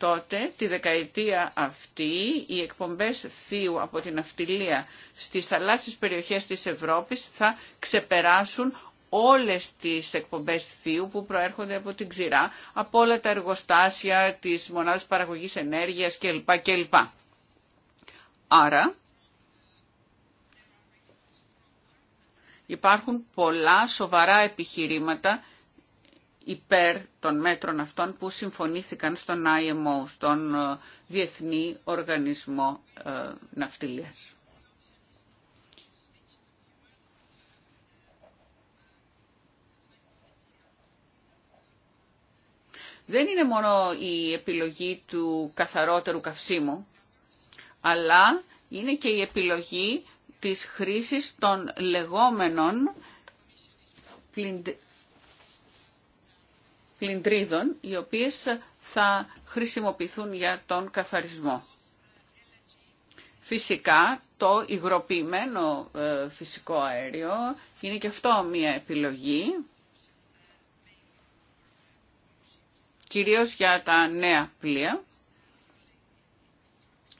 Τότε, τη δεκαετία αυτή, οι εκπομπές θείου από την αυτιλία στις θαλάσσιες περιοχές της Ευρώπης θα ξεπεράσουν όλες τις εκπομπές θείου που προέρχονται από την ξηρά, από όλα τα εργοστάσια, της Μονάδας παραγωγής ενέργειας κλπ. κλπ. Άρα, υπάρχουν πολλά σοβαρά επιχειρήματα υπέρ των μέτρων αυτών που συμφωνήθηκαν στον IMO, στον ε, Διεθνή Οργανισμό ε, Ναυτιλίας. Δεν είναι μόνο η επιλογή του καθαρότερου καυσίμου, αλλά είναι και η επιλογή της χρήσης των λεγόμενων πλυντρίδων, οι οποίες θα χρησιμοποιηθούν για τον καθαρισμό. Φυσικά, το υγροποιημένο ε, φυσικό αέριο είναι και αυτό μια επιλογή, κυρίως για τα νέα πλοία,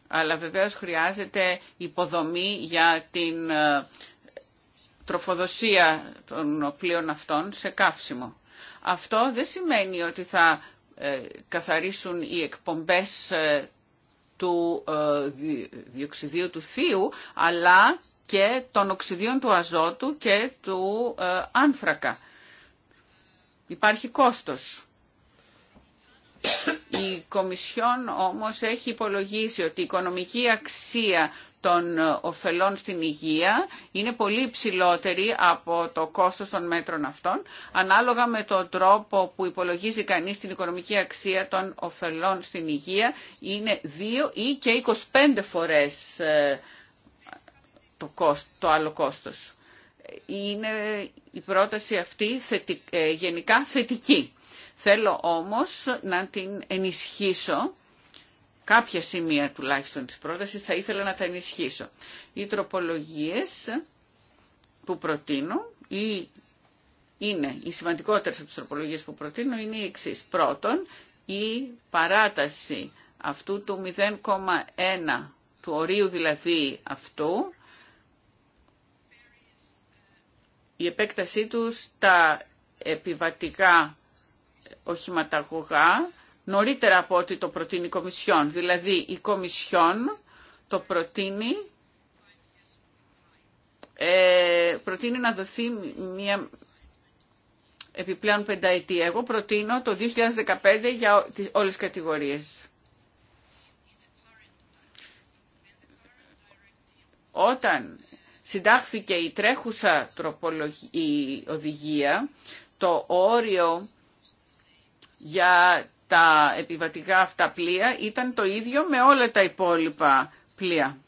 αλλά βεβαίως χρειάζεται υποδομή για την ε, τροφοδοσία των πλοίων αυτών σε καύσιμο. Αυτό δεν σημαίνει ότι θα ε, καθαρίσουν οι εκπομπές ε, του ε, διοξιδίου του θείου, αλλά και των οξυδίων του αζότου και του άνθρακα. Υπάρχει κόστος. Η Κομισιόν όμως έχει υπολογίσει ότι η οικονομική αξία των ε, ωφελών στην υγεία είναι πολύ υψηλότερη από το κόστος των μέτρων αυτών, ανάλογα με τον τρόπο που υπολογίζει κανείς την οικονομική αξία των ωφελών στην υγεία, είναι 2 ή και 25 φορές ε, το, το άλλο κόστος. Είναι η πρόταση αυτή ε, γενικά θετική. Θέλω όμως να την ενισχύσω κάποια σημεία τουλάχιστον της πρότασης θα ήθελα να τα ενισχύσω. Οι τροπολογίες που προτείνω ή είναι οι σημαντικότερες από τις τροπολογίες που προτείνω είναι οι εξή. Πρώτον, η παράταση αυτού του 0,1 του ορίου δηλαδή αυτού, η επέκτασή του στα επιβατικά οχηματαγωγά νωρίτερα από ό,τι το προτείνει η Κομισιόν. Δηλαδή η Κομισιόν το προτείνει, ε, προτείνει να δοθεί μια επιπλέον πενταετία. Εγώ προτείνω το 2015 για τις όλες τις κατηγορίες. Όταν συντάχθηκε η τρέχουσα τροπολογική οδηγία, το όριο για τα επιβατικά αυτά πλοία ήταν το ίδιο με όλα τα υπόλοιπα πλοία.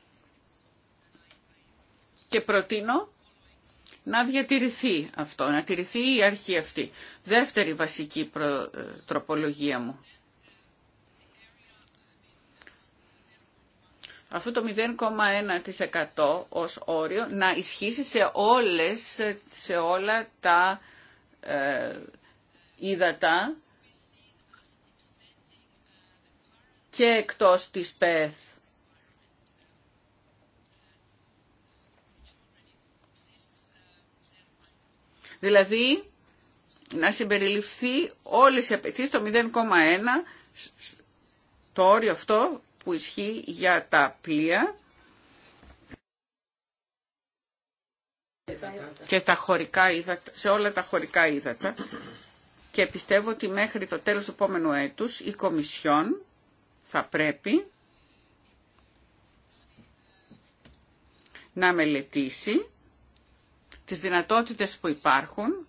Και προτείνω να διατηρηθεί αυτό, να τηρηθεί η αρχή αυτή. Δεύτερη βασική ε, τροπολογία μου. Αυτό το 0,1% ως όριο να ισχύσει σε, όλες, σε όλα τα ε, ύδατα και εκτός της ΠΕΘ. Δηλαδή, να συμπεριληφθεί όλες οι απαιτήσεις το 0,1 το όριο αυτό που ισχύει για τα πλοία και τα χωρικά ύδατα, σε όλα τα χωρικά ύδατα και πιστεύω ότι μέχρι το τέλος του επόμενου έτους η Κομισιόν θα πρέπει να μελετήσει τις δυνατότητες που υπάρχουν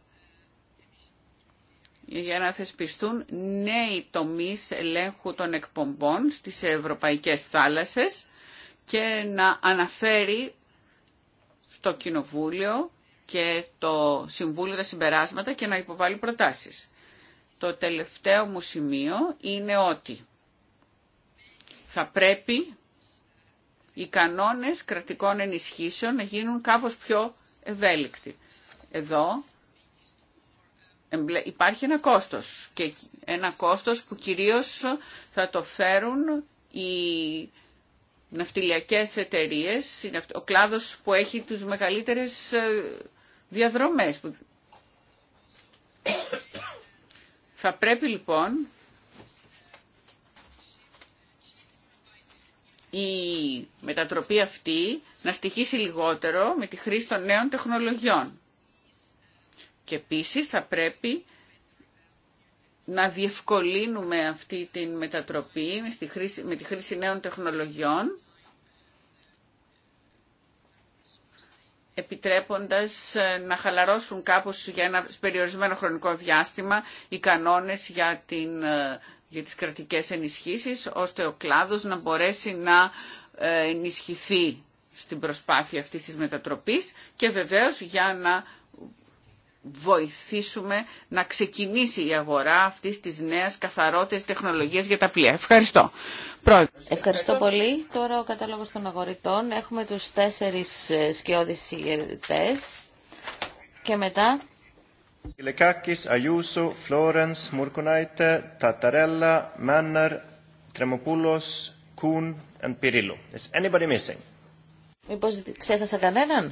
για να θεσπιστούν νέοι τομείς ελέγχου των εκπομπών στις ευρωπαϊκές θάλασσες και να αναφέρει στο Κοινοβούλιο και το Συμβούλιο τα συμπεράσματα και να υποβάλει προτάσεις. Το τελευταίο μου σημείο είναι ότι θα πρέπει οι κανόνες κρατικών ενισχύσεων να γίνουν κάπως πιο ευέλικτοι. Εδώ υπάρχει ένα κόστος και ένα κόστος που κυρίως θα το φέρουν οι ναυτιλιακές εταιρείες, ο κλάδος που έχει τους μεγαλύτερες ε, διαδρομές. Θα πρέπει λοιπόν η μετατροπή αυτή να στοιχήσει λιγότερο με τη χρήση των νέων τεχνολογιών. Και επίσης θα πρέπει να διευκολύνουμε αυτή τη μετατροπή με τη χρήση νέων τεχνολογιών, επιτρέποντας ε, να χαλαρώσουν κάπως για ένα περιορισμένο χρονικό διάστημα οι κανόνες για την ε, για τις κρατικές ενισχύσεις, ώστε ο κλάδος να μπορέσει να ε, ενισχυθεί στην προσπάθεια αυτής της μετατροπής και βεβαίως για να βοηθήσουμε να ξεκινήσει η αγορά αυτής της νέας καθαρότερης τεχνολογίας για τα πλοία. Ευχαριστώ. Ευχαριστώ, Ευχαριστώ πολύ. Τώρα ο κατάλογος των αγορητών. Έχουμε τους τέσσερις ε, σκιώδης και μετά Ηλεκάκης, Ayuso, Florence, Murkunaite, Tatarella, Manner, Τρεμοπούλος, Κούν and Pirillo. Is anybody missing? Μήπως ξέχασα κανέναν?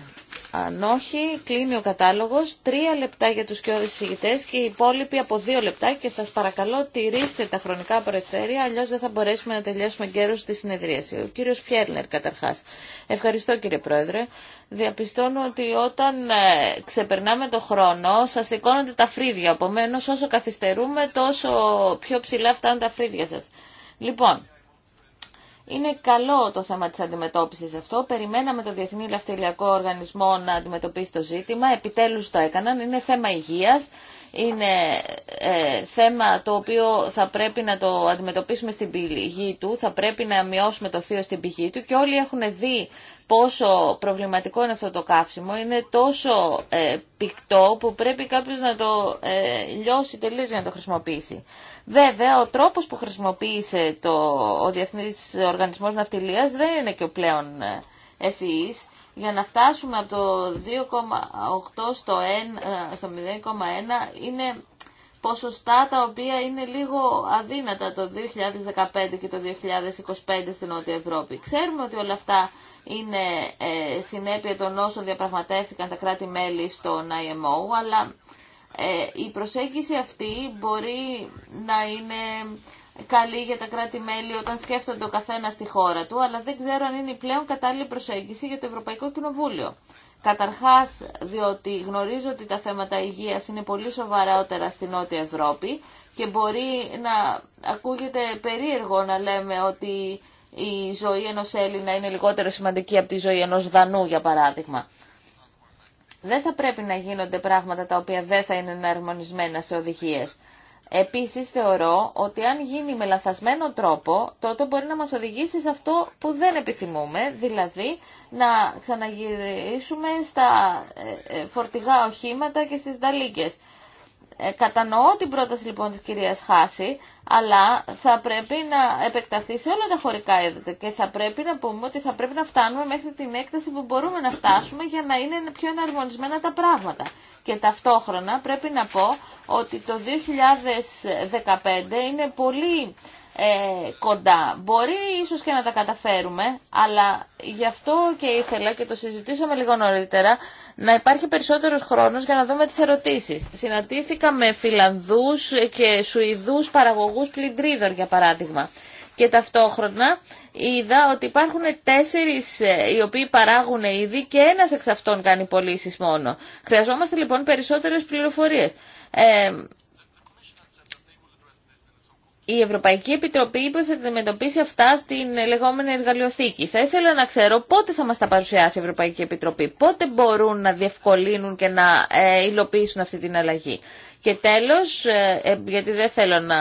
Αν όχι, κλείνει ο κατάλογος. Τρία λεπτά για τους και ηγητές και οι υπόλοιποι από δύο λεπτά και σας παρακαλώ τηρήστε τα χρονικά προευθέρια, αλλιώς δεν θα μπορέσουμε να τελειώσουμε καιρούς στη συνεδρίαση. Ο κύριος Φιέρνερ καταρχάς. Ευχαριστώ κύριε Πρόεδρε διαπιστώνω ότι όταν ε, ξεπερνάμε το χρόνο σας σηκώνονται τα φρύδια. Οπόμενο, όσο καθυστερούμε τόσο πιο ψηλά φτάνουν τα φρύδια σας. Λοιπόν, είναι καλό το θέμα της αντιμετώπισης αυτό. Περιμέναμε το Διεθνή Λαυτιλιακό Οργανισμό να αντιμετωπίσει το ζήτημα. Επιτέλους το έκαναν. Είναι θέμα υγείας. Είναι ε, θέμα το οποίο θα πρέπει να το αντιμετωπίσουμε στην πηγή του. Θα πρέπει να μειώσουμε το θείο στην πηγή του. Και όλοι έχουν δει πόσο προβληματικό είναι αυτό το καύσιμο. Είναι τόσο ε, πικτό που πρέπει κάποιος να το ε, λιώσει τελείως για να το χρησιμοποιήσει. Βέβαια, ο τρόπος που χρησιμοποίησε το, ο Διεθνής Οργανισμός Ναυτιλίας δεν είναι και ο πλέον ε, ευφυής. Για να φτάσουμε από το 2,8 στο, ε, στο 0,1 είναι ποσοστά τα οποία είναι λίγο αδύνατα το 2015 και το 2025 στην Νότια Ευρώπη. Ξέρουμε ότι όλα αυτά είναι ε, συνέπεια των όσων διαπραγματεύτηκαν τα κράτη-μέλη στον IMO, αλλά ε, η προσέγγιση αυτή μπορεί να είναι καλή για τα κράτη-μέλη όταν σκέφτονται ο καθένα στη χώρα του, αλλά δεν ξέρω αν είναι η πλέον κατάλληλη προσέγγιση για το Ευρωπαϊκό Κοινοβούλιο. Καταρχάς, διότι γνωρίζω ότι τα θέματα υγείας είναι πολύ σοβαρότερα στη Νότια Ευρώπη και μπορεί να ακούγεται περίεργο να λέμε ότι η ζωή ενός Έλληνα είναι λιγότερο σημαντική από τη ζωή ενός Δανού, για παράδειγμα. Δεν θα πρέπει να γίνονται πράγματα τα οποία δεν θα είναι εναρμονισμένα σε οδηγίες. Επίσης θεωρώ ότι αν γίνει με λαθασμένο τρόπο, τότε μπορεί να μας οδηγήσει σε αυτό που δεν επιθυμούμε, δηλαδή να ξαναγυρίσουμε στα ε, ε, φορτηγά οχήματα και στις δαλίκες. Ε, κατανοώ την πρόταση λοιπόν της κυρίας Χάση, αλλά θα πρέπει να επεκταθεί σε όλα τα χωρικά έδωτα και θα πρέπει να πούμε ότι θα πρέπει να φτάνουμε μέχρι την έκταση που μπορούμε να φτάσουμε για να είναι πιο εναρμονισμένα τα πράγματα. Και ταυτόχρονα πρέπει να πω ότι το 2015 είναι πολύ ε, κοντά. Μπορεί ίσως και να τα καταφέρουμε, αλλά γι' αυτό και ήθελα και το συζητήσαμε λίγο νωρίτερα να υπάρχει περισσότερος χρόνος για να δούμε τις ερωτήσεις. Συναντήθηκα με Φιλανδούς και Σουηδούς παραγωγούς πλυντρίδων, για παράδειγμα. Και ταυτόχρονα είδα ότι υπάρχουν τέσσερις ε, οι οποίοι παράγουν ήδη και ένας εξ αυτών κάνει πωλήσει μόνο. Χρειαζόμαστε λοιπόν περισσότερες πληροφορίες. Ε, η Ευρωπαϊκή Επιτροπή είπε ότι θα αντιμετωπίσει αυτά στην λεγόμενη εργαλειοθήκη. Θα ήθελα να ξέρω πότε θα μας τα παρουσιάσει η Ευρωπαϊκή Επιτροπή, πότε μπορούν να διευκολύνουν και να ε, υλοποιήσουν αυτή την αλλαγή. Και τέλος, ε, ε, γιατί δεν θέλω να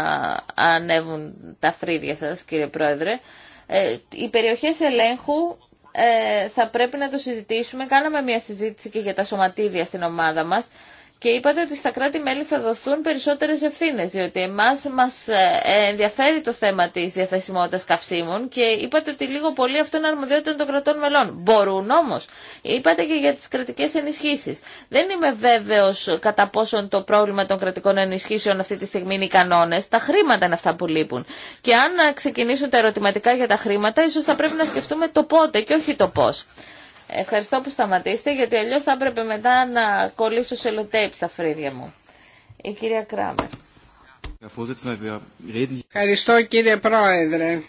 ανέβουν τα φρύδια σας κύριε Πρόεδρε, οι περιοχές ελέγχου θα πρέπει να το συζητήσουμε. Κάναμε μια συζήτηση και για τα σωματίδια στην ομάδα μας και είπατε ότι στα κράτη-μέλη θα δοθούν περισσότερε ευθύνε, διότι εμά μα ε, ενδιαφέρει το θέμα τη διαθέσιμότητα καυσίμων και είπατε ότι λίγο πολύ αυτό είναι αρμοδιότητα των κρατών μελών. Μπορούν όμω, Είπατε και για τι κρατικέ ενισχύσει. Δεν είμαι βέβαιο κατά πόσον το πρόβλημα των κρατικών ενισχύσεων αυτή τη στιγμή είναι οι κανόνε. Τα χρήματα είναι αυτά που λείπουν. Και αν ξεκινήσουν τα ερωτηματικά για τα χρήματα, ίσω θα πρέπει να σκεφτούμε το πότε και όχι το πώ. Ευχαριστώ που σταματήσετε, γιατί αλλιώ θα έπρεπε μετά να κολλήσω σε λοτέιπ στα φρύδια μου. Η κυρία Κράμερ. Ευχαριστώ κύριε Πρόεδρε.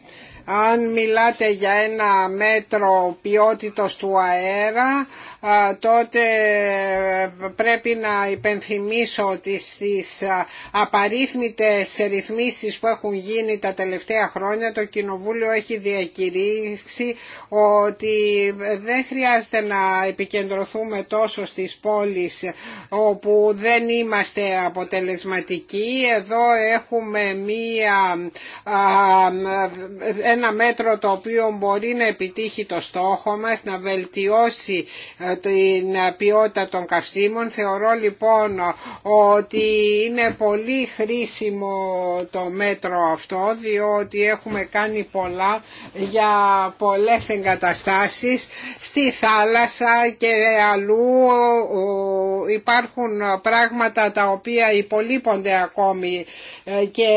Αν μιλάτε για ένα μέτρο ποιότητος του αέρα, τότε ε, πρέπει να υπενθυμίσω ότι στις απαρίθμητες ρυθμίσεις που έχουν γίνει τα τελευταία χρόνια το Κοινοβούλιο έχει διακηρύξει ότι δεν χρειάζεται να επικεντρωθούμε τόσο στις πόλεις όπου δεν είμαστε αποτελεσματικοί. Εδώ έχουμε μία ένα μέτρο το οποίο μπορεί να επιτύχει το στόχο μας, να βελτιώσει ε, την ποιότητα των καυσίμων. Θεωρώ λοιπόν ότι είναι πολύ χρήσιμο το μέτρο αυτό, διότι έχουμε κάνει πολλά για πολλές εγκαταστάσεις στη θάλασσα και αλλού υπάρχουν πράγματα τα οποία υπολείπονται ακόμη ε, και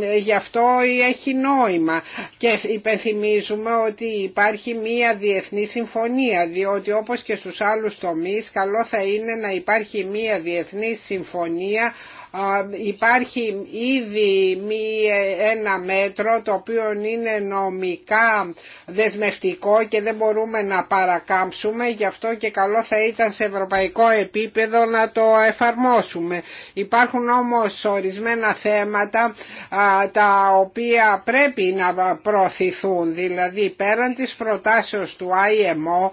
ε, γι' αυτό έχει νόημα. Και υπενθυμίζουμε ότι υπάρχει μία διεθνή συμφωνία διότι όπως και στους άλλους τομείς καλό θα είναι να υπάρχει μία διεθνή συμφωνία υπάρχει ήδη ένα μέτρο το οποίο είναι νομικά δεσμευτικό και δεν μπορούμε να παρακάμψουμε γι' αυτό και καλό θα ήταν σε ευρωπαϊκό επίπεδο να το εφαρμόσουμε. Υπάρχουν όμως ορισμένα θέματα τα οποία πρέπει να προωθηθούν δηλαδή πέραν της προτάσεως του IMO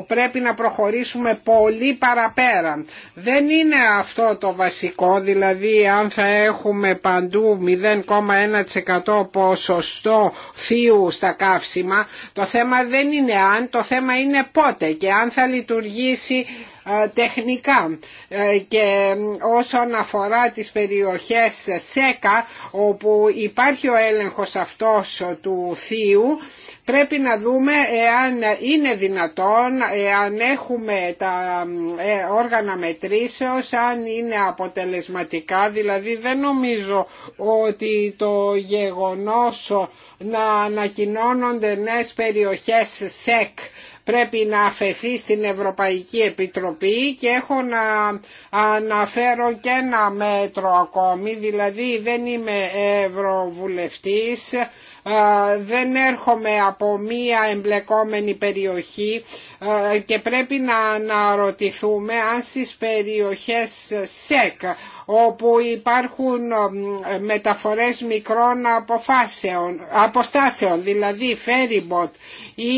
πρέπει να προχωρήσουμε πολύ παραπέρα. Δεν είναι αυτό το βασικό, δηλαδή αν θα έχουμε παντού 0,1% ποσοστό θείου στα καύσιμα, το θέμα δεν είναι αν, το θέμα είναι πότε και αν θα λειτουργήσει ε, τεχνικά ε, και όσον αφορά τις περιοχές ΣΕΚΑ όπου υπάρχει ο έλεγχος αυτός του θείου πρέπει να δούμε εάν είναι δυνατόν, εάν έχουμε τα ε, όργανα μετρήσεως, αν είναι αποτελεσματικά, δηλαδή δεν νομίζω ότι το γεγονός να ανακοινώνονται νέες περιοχές ΣΕΚ πρέπει να αφαιθεί στην Ευρωπαϊκή Επιτροπή και έχω να αναφέρω και ένα μέτρο ακόμη, δηλαδή δεν είμαι ευρωβουλευτής ε, δεν έρχομαι από μία εμπλεκόμενη περιοχή ε, και πρέπει να αναρωτηθούμε αν στις περιοχές ΣΕΚ όπου υπάρχουν ε, μεταφορές μικρών αποφάσεων, αποστάσεων, δηλαδή φέριμποτ ή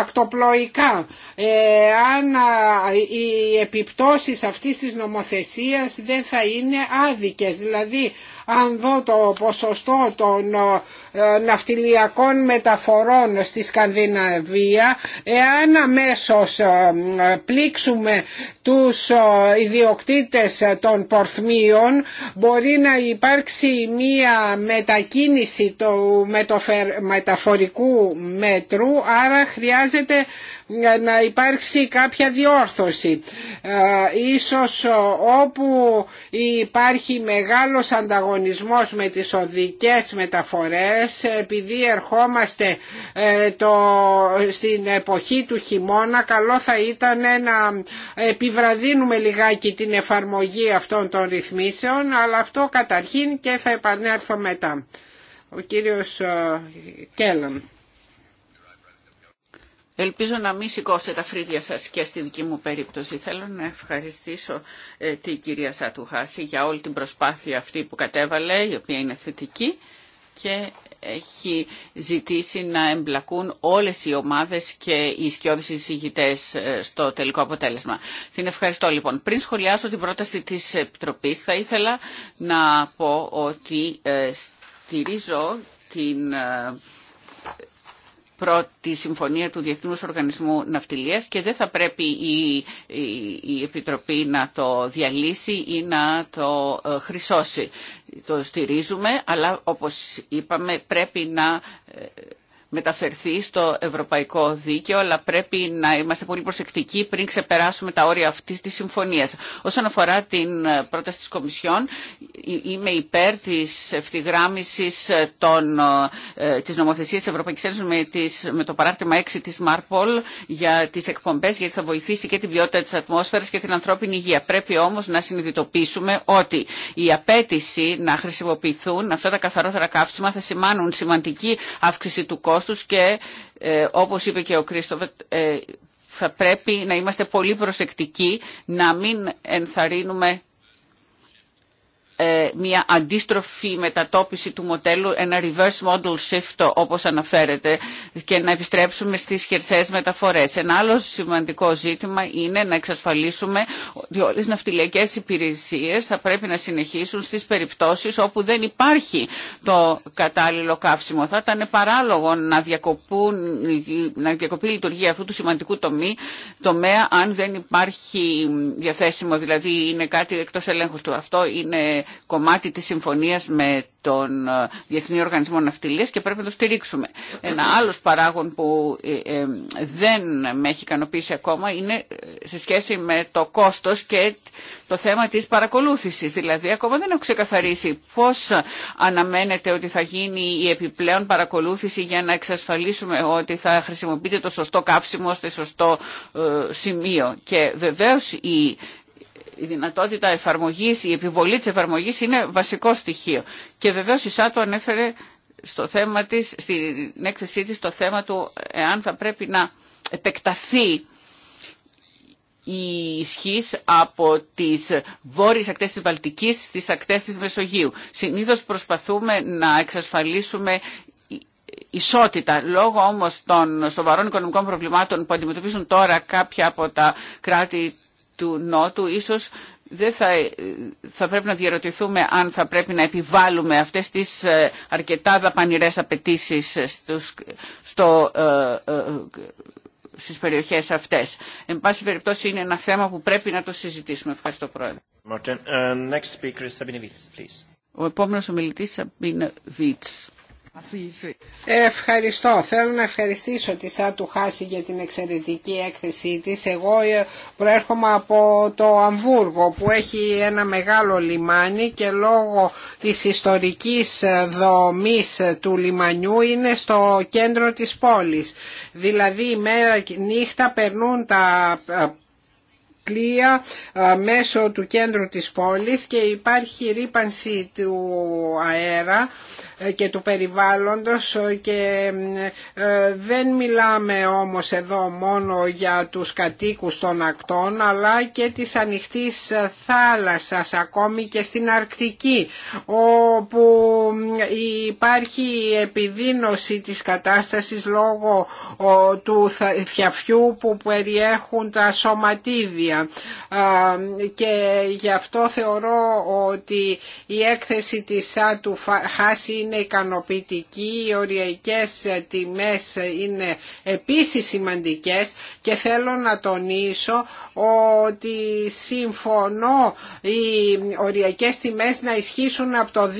ακτοπλοϊκά. αν οι επιπτώσεις αυτής της νομοθεσίας δεν θα είναι άδικες, δηλαδή αν δω το ποσοστό των ε, ναυτιλιακών μεταφορών στη Σκανδιναβία, εάν αμέσως ε, πλήξουμε τους ε, ιδιοκτήτες των πορθμίων, μπορεί να υπάρξει μία μετακίνηση του μεταφορικού μέτρου, άρα χρειάζεται να υπάρξει κάποια διόρθωση. Ε, ίσως όπου υπάρχει μεγάλος ανταγωνισμός με τις οδικές μεταφορές επειδή ερχόμαστε ε, το, στην εποχή του χειμώνα καλό θα ήταν να επιβραδύνουμε λιγάκι την εφαρμογή αυτών των ρυθμίσεων αλλά αυτό καταρχήν και θα επανέλθω μετά. Ο κύριος ε, Κέλλον. Ελπίζω να μην σηκώσετε τα φρύδια σας και στη δική μου περίπτωση. Θέλω να ευχαριστήσω ε, την κυρία Σατουχάση για όλη την προσπάθεια αυτή που κατέβαλε, η οποία είναι θετική και έχει ζητήσει να εμπλακούν όλες οι ομάδες και οι σκιώδεις εισηγητές ε, στο τελικό αποτέλεσμα. Την ευχαριστώ λοιπόν. Πριν σχολιάσω την πρόταση της Επιτροπής θα ήθελα να πω ότι ε, στηρίζω την πρώτη συμφωνία του Διεθνούς Οργανισμού Ναυτιλίας και δεν θα πρέπει η, η, Επιτροπή να το διαλύσει ή να το ε, χρυσώσει. Το στηρίζουμε, αλλά όπως είπαμε πρέπει να... Ε, μεταφερθεί στο ευρωπαϊκό δίκαιο, αλλά πρέπει να είμαστε πολύ προσεκτικοί πριν ξεπεράσουμε τα όρια αυτής της συμφωνίας. Όσον αφορά την ε, πρόταση της Κομισιόν, είμαι υπέρ της ευθυγράμμισης ε, των, ε, ε, της νομοθεσίας της Ευρωπαϊκής Ένωσης με, το παράρτημα 6 της Μάρπολ για τις εκπομπές, γιατί θα βοηθήσει και την ποιότητα της ατμόσφαιρας και την ανθρώπινη υγεία. Πρέπει όμως να συνειδητοποιήσουμε ότι η απέτηση να χρησιμοποιηθούν αυτά τα καθαρότερα καύσιμα θα σημάνουν σημαντική αύξηση του και ε, όπως είπε και ο Κρίστοβε, ε, θα πρέπει να είμαστε πολύ προσεκτικοί να μην ενθαρρύνουμε ε, μια αντίστροφη μετατόπιση του μοντέλου, ένα reverse model shift όπως αναφέρεται και να επιστρέψουμε στις χερσαίες μεταφορές. Ένα άλλο σημαντικό ζήτημα είναι να εξασφαλίσουμε ότι όλες οι ναυτιλιακές υπηρεσίες θα πρέπει να συνεχίσουν στις περιπτώσεις όπου δεν υπάρχει το κατάλληλο καύσιμο. Θα ήταν παράλογο να, διακοπούν, να διακοπεί η λειτουργία αυτού του σημαντικού τομή, τομέα αν δεν υπάρχει διαθέσιμο, δηλαδή είναι κάτι εκτός ελέγχου του. Αυτό είναι κομμάτι της συμφωνίας με τον ε, Διεθνή Οργανισμό Ναυτιλίας και πρέπει να το στηρίξουμε. Ένα άλλος παράγον που ε, ε, δεν με έχει ικανοποιήσει ακόμα είναι σε σχέση με το κόστος και το θέμα της παρακολούθησης. Δηλαδή ακόμα δεν έχω ξεκαθαρίσει πώς αναμένεται ότι θα γίνει η επιπλέον παρακολούθηση για να εξασφαλίσουμε ότι θα χρησιμοποιείται το σωστό κάψιμο στο σωστό σημείο. Και βεβαίως η η δυνατότητα εφαρμογής, η επιβολή της εφαρμογής είναι βασικό στοιχείο. Και βεβαίως η ΣΑΤΟ ανέφερε στο θέμα στην έκθεσή της το θέμα του εάν θα πρέπει να επεκταθεί η ισχύ από τις βόρειες ακτές της Βαλτικής στις ακτές της Μεσογείου. Συνήθως προσπαθούμε να εξασφαλίσουμε ισότητα. Λόγω όμως των σοβαρών οικονομικών προβλημάτων που αντιμετωπίζουν τώρα κάποια από τα κράτη του Νότου, ίσως δεν θα, θα πρέπει να διαρωτηθούμε αν θα πρέπει να επιβάλλουμε αυτές τις ε, αρκετά δαπανηρές απαιτήσει στους, στο, ε, ε, στις περιοχές αυτές. Εν πάση περιπτώσει είναι ένα θέμα που πρέπει να το συζητήσουμε. Ευχαριστώ Πρόεδρε. uh, speaker Ο επόμενος ομιλητής Σαμπίνε Ευχαριστώ. Θέλω να ευχαριστήσω τη Σάτου Χάση για την εξαιρετική έκθεσή της. Εγώ ε, προέρχομαι από το Αμβούργο που έχει ένα μεγάλο λιμάνι και λόγω της ιστορικής ε, δομής ε, του λιμανιού είναι στο κέντρο της πόλης. Δηλαδή μέρα και νύχτα περνούν τα πλοία μέσω του κέντρου της πόλης και υπάρχει ρήπανση του αέρα ε, και του περιβάλλοντος ε, και ε, δεν μιλάμε όμως εδώ μόνο για τους κατοίκους των ακτών αλλά και της ανοιχτής θάλασσας ακόμη και στην Αρκτική όπου υπάρχει επιδίνωση της κατάστασης λόγω του θιαφιού που περιέχουν τα σωματίδια και γι' αυτό θεωρώ ότι η έκθεση της Σάτου Χάση είναι ικανοποιητική, οι οριακές ε, τιμές ε, είναι επίσης σημαντικές και θέλω να τονίσω ότι συμφωνώ οι οριακές τιμές να ισχύσουν από το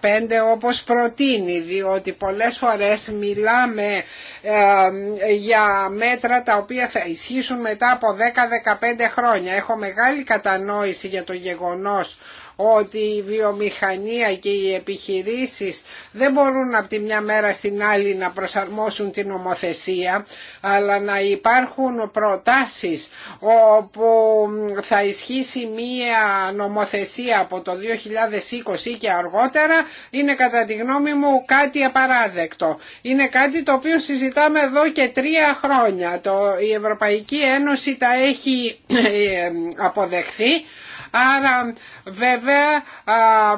2015 όπως προτείνει διότι πολλές φορές μιλάμε ε, για μέτρα τα οποία θα ισχύσουν μετά από 10-15 χρόνια. Έχω μεγάλη κατανόηση για το γεγονός ότι η βιομηχανία και οι επιχειρήσεις δεν μπορούν από τη μια μέρα στην άλλη να προσαρμόσουν την νομοθεσία αλλά να υπάρχουν προτάσεις όπου θα ισχύσει μία νομοθεσία από το 2020 και αργότερα είναι κατά τη γνώμη μου κάτι απαράδεκτο. Είναι κάτι το οποίο συζητάμε εδώ και τρία χρόνια. Το, η Ευρωπαϊκή Ένωση τα έχει ε, αποδεχθεί Άρα βέβαια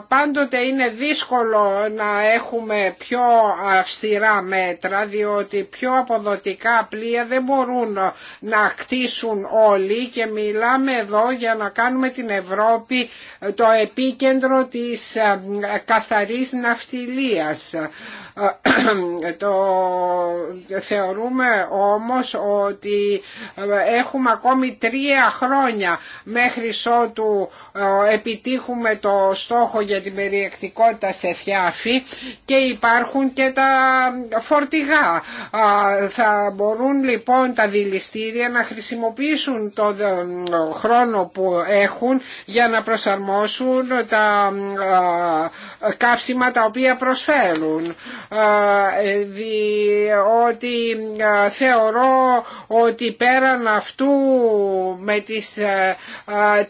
πάντοτε είναι δύσκολο να έχουμε πιο αυστηρά μέτρα διότι πιο αποδοτικά πλοία δεν μπορούν να κτίσουν όλοι και μιλάμε εδώ για να κάνουμε την Ευρώπη ε, το επίκεντρο της ε, καθαρής ναυτιλίας το θεωρούμε όμως ότι έχουμε ακόμη τρία χρόνια μέχρι ότου ε, επιτύχουμε το στόχο για την περιεκτικότητα σε θιάφη και υπάρχουν και τα φορτηγά. Θα μπορούν λοιπόν τα δηληστήρια να χρησιμοποιήσουν το ε, χρόνο που έχουν για να προσαρμόσουν τα ε, καύσιμα τα οποία προσφέρουν ε, ότι θεωρώ ότι πέραν αυτού με τις ε,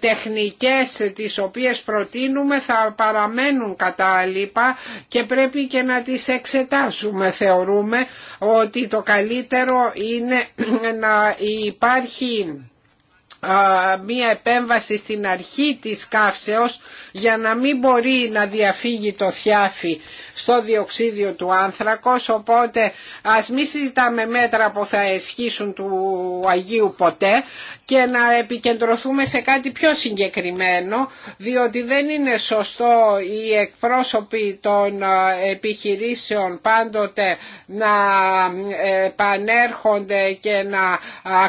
τεχνικές τις οποίες προτείνουμε θα παραμένουν κατάλοιπα και πρέπει και να τις εξετάσουμε θεωρούμε ότι το καλύτερο είναι να υπάρχει μία επέμβαση στην αρχή της καύσεως για να μην μπορεί να διαφύγει το θιάφι στο διοξίδιο του άνθρακος οπότε ας μην συζητάμε μέτρα που θα εσχίσουν του Αγίου ποτέ και να επικεντρωθούμε σε κάτι πιο συγκεκριμένο διότι δεν είναι σωστό οι εκπρόσωποι των ε, επιχειρήσεων πάντοτε να ε, πανέρχονται και να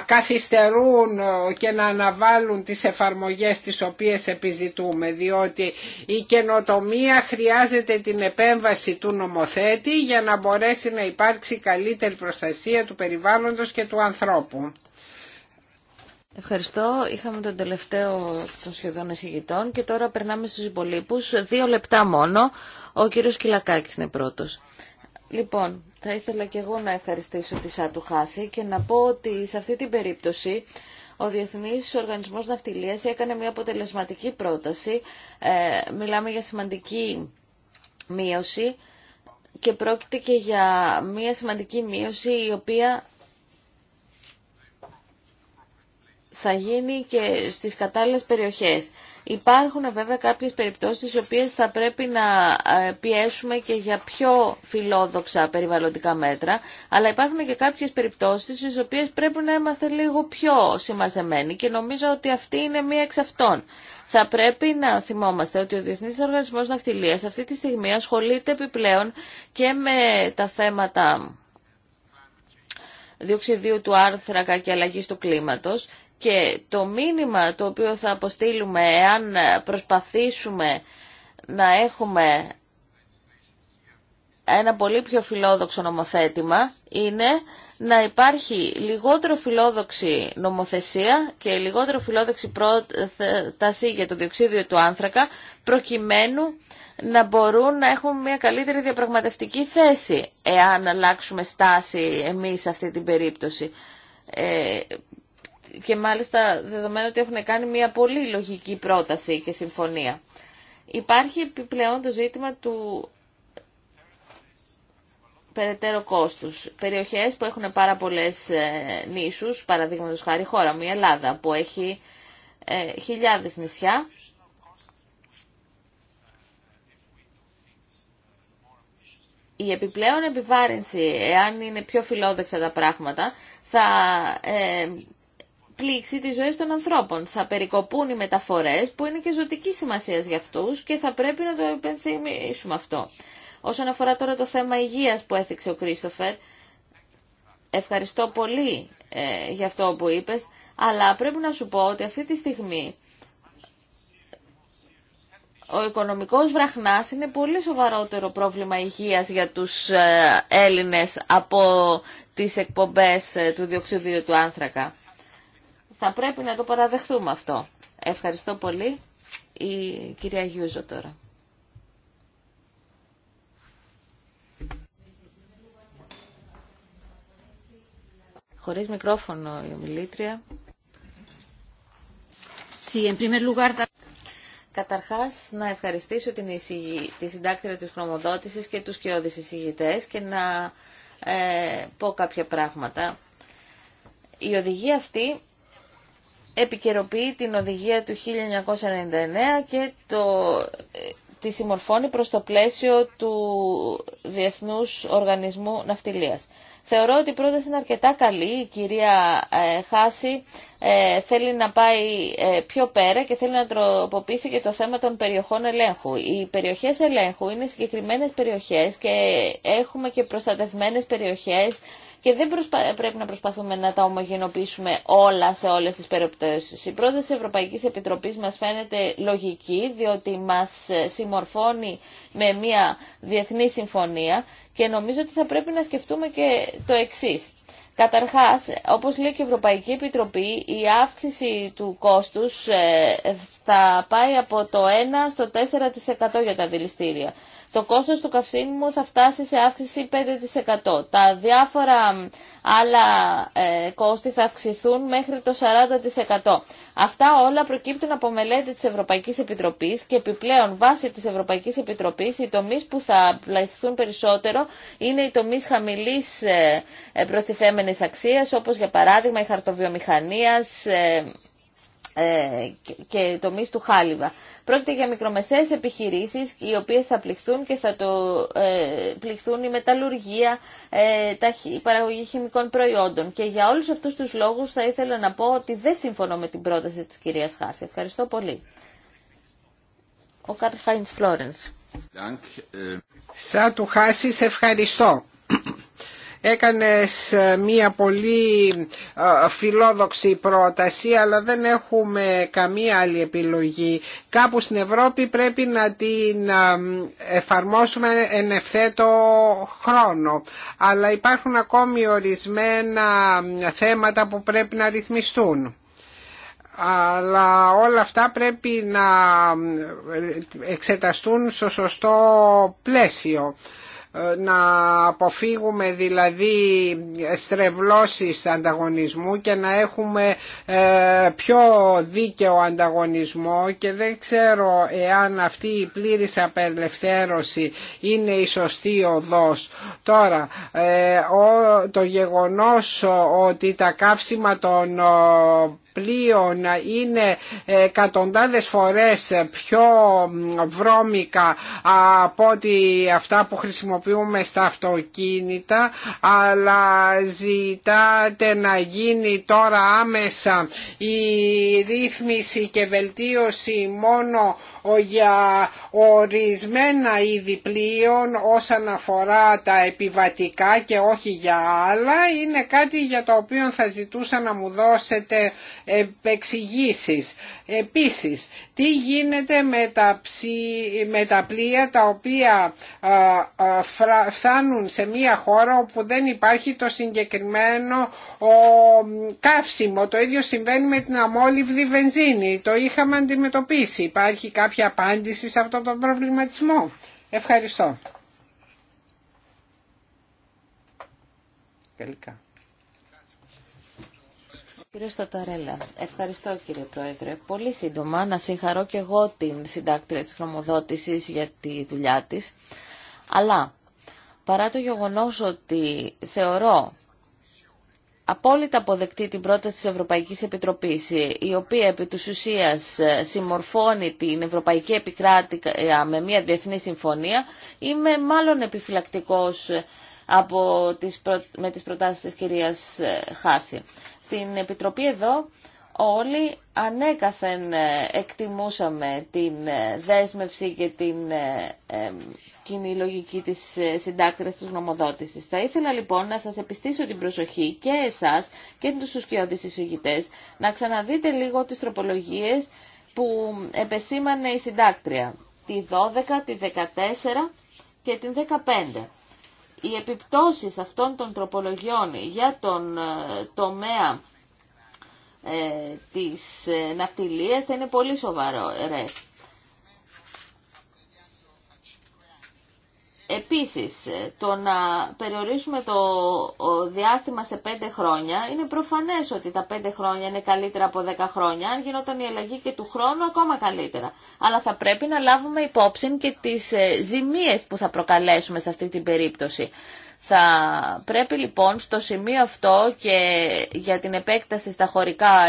καθυστερούν ε, και να αναβάλουν τις εφαρμογές τις οποίες επιζητούμε διότι η καινοτομία χρειάζεται την επέμβαση του νομοθέτη για να μπορέσει να υπάρξει καλύτερη προστασία του περιβάλλοντος και του ανθρώπου. Ευχαριστώ. Είχαμε τον τελευταίο των σχεδόν εισηγητών και τώρα περνάμε στους υπολείπους. Δύο λεπτά μόνο. Ο κύριος Κυλακάκης είναι πρώτος. Λοιπόν, θα ήθελα και εγώ να ευχαριστήσω τη Σάτου Χάση και να πω ότι σε αυτή την περίπτωση ο Διεθνής Οργανισμός Ναυτιλίας έκανε μια αποτελεσματική πρόταση. Ε, μιλάμε για σημαντική μείωση και πρόκειται και για μια σημαντική μείωση η οποία θα γίνει και στις κατάλληλες περιοχές. Υπάρχουν βέβαια κάποιες περιπτώσεις τις οποίες θα πρέπει να ε, πιέσουμε και για πιο φιλόδοξα περιβαλλοντικά μέτρα, αλλά υπάρχουν και κάποιες περιπτώσεις στις οποίες πρέπει να είμαστε λίγο πιο συμμαζεμένοι και νομίζω ότι αυτή είναι μία εξ αυτών. Θα πρέπει να θυμόμαστε ότι ο Διεθνής Οργανισμός Ναυτιλίας αυτή τη στιγμή ασχολείται επιπλέον και με τα θέματα διοξιδίου του άρθρακα και αλλαγής του κλίματος και το μήνυμα το οποίο θα αποστείλουμε εάν προσπαθήσουμε να έχουμε ένα πολύ πιο φιλόδοξο νομοθέτημα είναι να υπάρχει λιγότερο φιλόδοξη νομοθεσία και λιγότερο φιλόδοξη πρόταση για το διοξίδιο του άνθρακα προκειμένου να μπορούν να έχουν μια καλύτερη διαπραγματευτική θέση εάν αλλάξουμε στάση εμείς σε αυτή την περίπτωση. Ε, και μάλιστα δεδομένου ότι έχουν κάνει μια πολύ λογική πρόταση και συμφωνία. Υπάρχει επιπλέον το ζήτημα του περαιτέρω κόστους. Περιοχές που έχουν πάρα πολλές ε, νήσους, παραδείγματος χάρη χώρα μου, η Ελλάδα, που έχει ε, χιλιάδες νησιά, η επιπλέον επιβάρυνση, εάν είναι πιο φιλόδεξα τα πράγματα, θα ε, τη τις ζωές των ανθρώπων. Θα περικοπούν οι μεταφορές που είναι και ζωτική σημασία για αυτούς και θα πρέπει να το υπενθυμίσουμε αυτό. Όσον αφορά τώρα το θέμα υγείας που έθιξε ο Κρίστοφερ, ευχαριστώ πολύ ε, για αυτό που είπες, αλλά πρέπει να σου πω ότι αυτή τη στιγμή ο οικονομικός βραχνάς είναι πολύ σοβαρότερο πρόβλημα υγείας για τους ε, Έλληνες από τις εκπομπές ε, του διοξιδίου του άνθρακα. Θα πρέπει να το παραδεχθούμε αυτό. Ευχαριστώ πολύ. Η κυρία Γιούζο τώρα. Χωρίς μικρόφωνο η ομιλήτρια. Καταρχάς, να ευχαριστήσω την εισηγη... τη συντάκτηρα της χρωμοδότησης και τους κοιόδης εισηγητές και να ε, πω κάποια πράγματα. Η οδηγία αυτή επικαιροποιεί την οδηγία του 1999 και το, ε, τη συμμορφώνει προς το πλαίσιο του Διεθνούς Οργανισμού Ναυτιλίας. Θεωρώ ότι η πρόταση είναι αρκετά καλή. Η κυρία ε, Χάση ε, θέλει να πάει ε, πιο πέρα και θέλει να τροποποιήσει και το θέμα των περιοχών ελέγχου. Οι περιοχές ελέγχου είναι συγκεκριμένες περιοχές και έχουμε και προστατευμένες περιοχές και δεν πρέπει να προσπαθούμε να τα ομογενοποιήσουμε όλα σε όλες τις περιπτώσεις. Η πρόταση της Ευρωπαϊκής Επιτροπής μας φαίνεται λογική, διότι μας συμμορφώνει με μια διεθνή συμφωνία και νομίζω ότι θα πρέπει να σκεφτούμε και το εξής. Καταρχάς, όπως λέει και η Ευρωπαϊκή Επιτροπή, η αύξηση του κόστους ε, θα πάει από το 1% στο 4% για τα δηληστήρια το κόστος του καυσίμου θα φτάσει σε αύξηση 5%. Τα διάφορα άλλα ε, κόστη θα αυξηθούν μέχρι το 40%. Αυτά όλα προκύπτουν από μελέτη της Ευρωπαϊκής Επιτροπής και επιπλέον βάσει της Ευρωπαϊκής Επιτροπής οι τομείς που θα πλαχθούν περισσότερο είναι οι τομείς χαμηλής ε, ε, προστιθέμενης αξίας όπως για παράδειγμα η χαρτοβιομηχανίας, ε, και τομείς του Χάλιβα. Πρόκειται για μικρομεσαίες επιχειρήσεις οι οποίες θα πληχθούν και θα το ε, πληχθούν η μεταλλουργία, ε, τα, η παραγωγή χημικών προϊόντων. Και για όλους αυτούς τους λόγους θα ήθελα να πω ότι δεν συμφωνώ με την πρόταση της κυρίας Χάση. Ευχαριστώ πολύ. Ο Καρτφάινς Φλόρενς. Σαν του Χάσης ευχαριστώ. Έκανες ε, μία πολύ ε, φιλόδοξη πρόταση αλλά δεν έχουμε καμία άλλη επιλογή. Κάπου στην Ευρώπη πρέπει να την ε, εφαρμόσουμε εν ευθέτω χρόνο. Αλλά υπάρχουν ακόμη ορισμένα θέματα που πρέπει να ρυθμιστούν αλλά όλα αυτά πρέπει να εξεταστούν στο σωστό πλαίσιο. Ε, να αποφύγουμε δηλαδή στρεβλώσεις ανταγωνισμού και να έχουμε ε, πιο δίκαιο ανταγωνισμό και δεν ξέρω εάν αυτή η πλήρης απελευθέρωση είναι η σωστή οδός. Τώρα, ε, το γεγονός ότι τα καύσιμα των πλοίο να είναι εκατοντάδες φορές πιο βρώμικα από ότι αυτά που χρησιμοποιούμε στα αυτοκίνητα αλλά ζητάτε να γίνει τώρα άμεσα η ρύθμιση και βελτίωση μόνο για ορισμένα είδη πλοίων όσον αφορά τα επιβατικά και όχι για άλλα είναι κάτι για το οποίο θα ζητούσα να μου δώσετε επεξηγήσει. Επίσης, τι γίνεται με τα, τα πλοία τα οποία φτάνουν σε μία χώρα όπου δεν υπάρχει το συγκεκριμένο καύσιμο. Το ίδιο συμβαίνει με την αμόλυβδη βενζίνη. Το είχαμε αντιμετωπίσει. Υπάρχει κάποια απάντηση σε αυτό τον προβληματισμό. Ευχαριστώ. Τελικά. Κύριε Σταταρέλα, ευχαριστώ κύριε Πρόεδρε. Πολύ σύντομα να συγχαρώ και εγώ την συντάκτρια της χρωμοδότησης για τη δουλειά της. Αλλά παρά το γεγονός ότι θεωρώ απόλυτα αποδεκτή την πρόταση της Ευρωπαϊκής Επιτροπής, η οποία επί της ουσίας ε, συμμορφώνει την Ευρωπαϊκή Επικράτεια με μια διεθνή συμφωνία, είμαι μάλλον επιφυλακτικός ε, από τις με τις προτάσεις της κυρίας ε, Χάση. Στην Επιτροπή εδώ όλοι ανέκαθεν εκτιμούσαμε την δέσμευση και την κοινή η λογική της ε, συντάκτρας της γνωμοδότησης. Θα ήθελα λοιπόν να σας επιστήσω την προσοχή και εσάς και τους ουσκιώδεις εισηγητές να ξαναδείτε λίγο τις τροπολογίες που επεσήμανε η συντάκτρια. Τη 12, τη 14 και την 15. Οι επιπτώσεις αυτών των τροπολογιών για τον ε, τομέα ε, της ε, ναυτιλίας θα είναι πολύ ρε. Επίσης, το να περιορίσουμε το διάστημα σε πέντε χρόνια, είναι προφανές ότι τα πέντε χρόνια είναι καλύτερα από δέκα χρόνια, αν γινόταν η αλλαγή και του χρόνου ακόμα καλύτερα. Αλλά θα πρέπει να λάβουμε υπόψη και τις ε, ζημίες που θα προκαλέσουμε σε αυτή την περίπτωση. Θα πρέπει λοιπόν στο σημείο αυτό και για την επέκταση στα χωρικά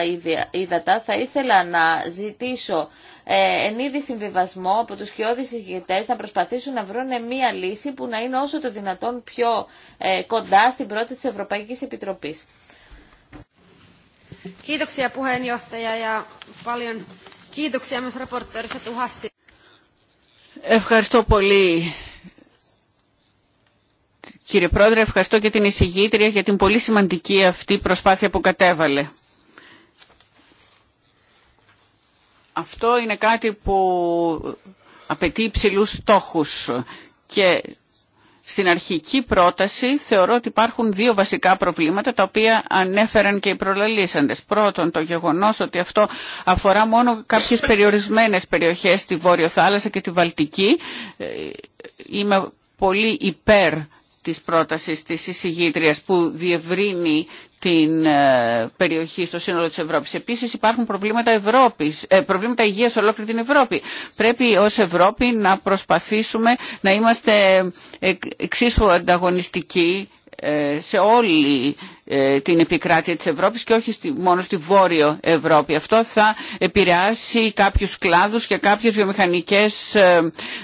ύδατα θα ήθελα να ζητήσω ε, εν είδη συμβιβασμό από τους χειώδεις ηγετές να προσπαθήσουν να βρουν μία λύση που να είναι όσο το δυνατόν πιο ε, κοντά στην πρώτη της Ευρωπαϊκής Επιτροπής. Ευχαριστώ πολύ κύριε Πρόεδρε, ευχαριστώ και την εισηγήτρια για την πολύ σημαντική αυτή προσπάθεια που κατέβαλε. Αυτό είναι κάτι που απαιτεί υψηλού στόχους και στην αρχική πρόταση θεωρώ ότι υπάρχουν δύο βασικά προβλήματα τα οποία ανέφεραν και οι προλαλήσαντες. Πρώτον, το γεγονός ότι αυτό αφορά μόνο κάποιες περιορισμένες περιοχές στη Βόρειο Θάλασσα και τη Βαλτική. Ε, είμαι πολύ υπέρ της πρότασης της εισηγήτριας που διευρύνει την ε, περιοχή στο σύνολο της Ευρώπης. Επίσης υπάρχουν προβλήματα, Ευρώπης, ε, προβλήματα υγείας σε ολόκληρη την Ευρώπη. Πρέπει ως Ευρώπη να προσπαθήσουμε να είμαστε εξίσου ανταγωνιστικοί ε, σε όλη την επικράτεια της Ευρώπης και όχι μόνο στη Βόρειο Ευρώπη. Αυτό θα επηρεάσει κάποιους κλάδους και κάποιες βιομηχανικές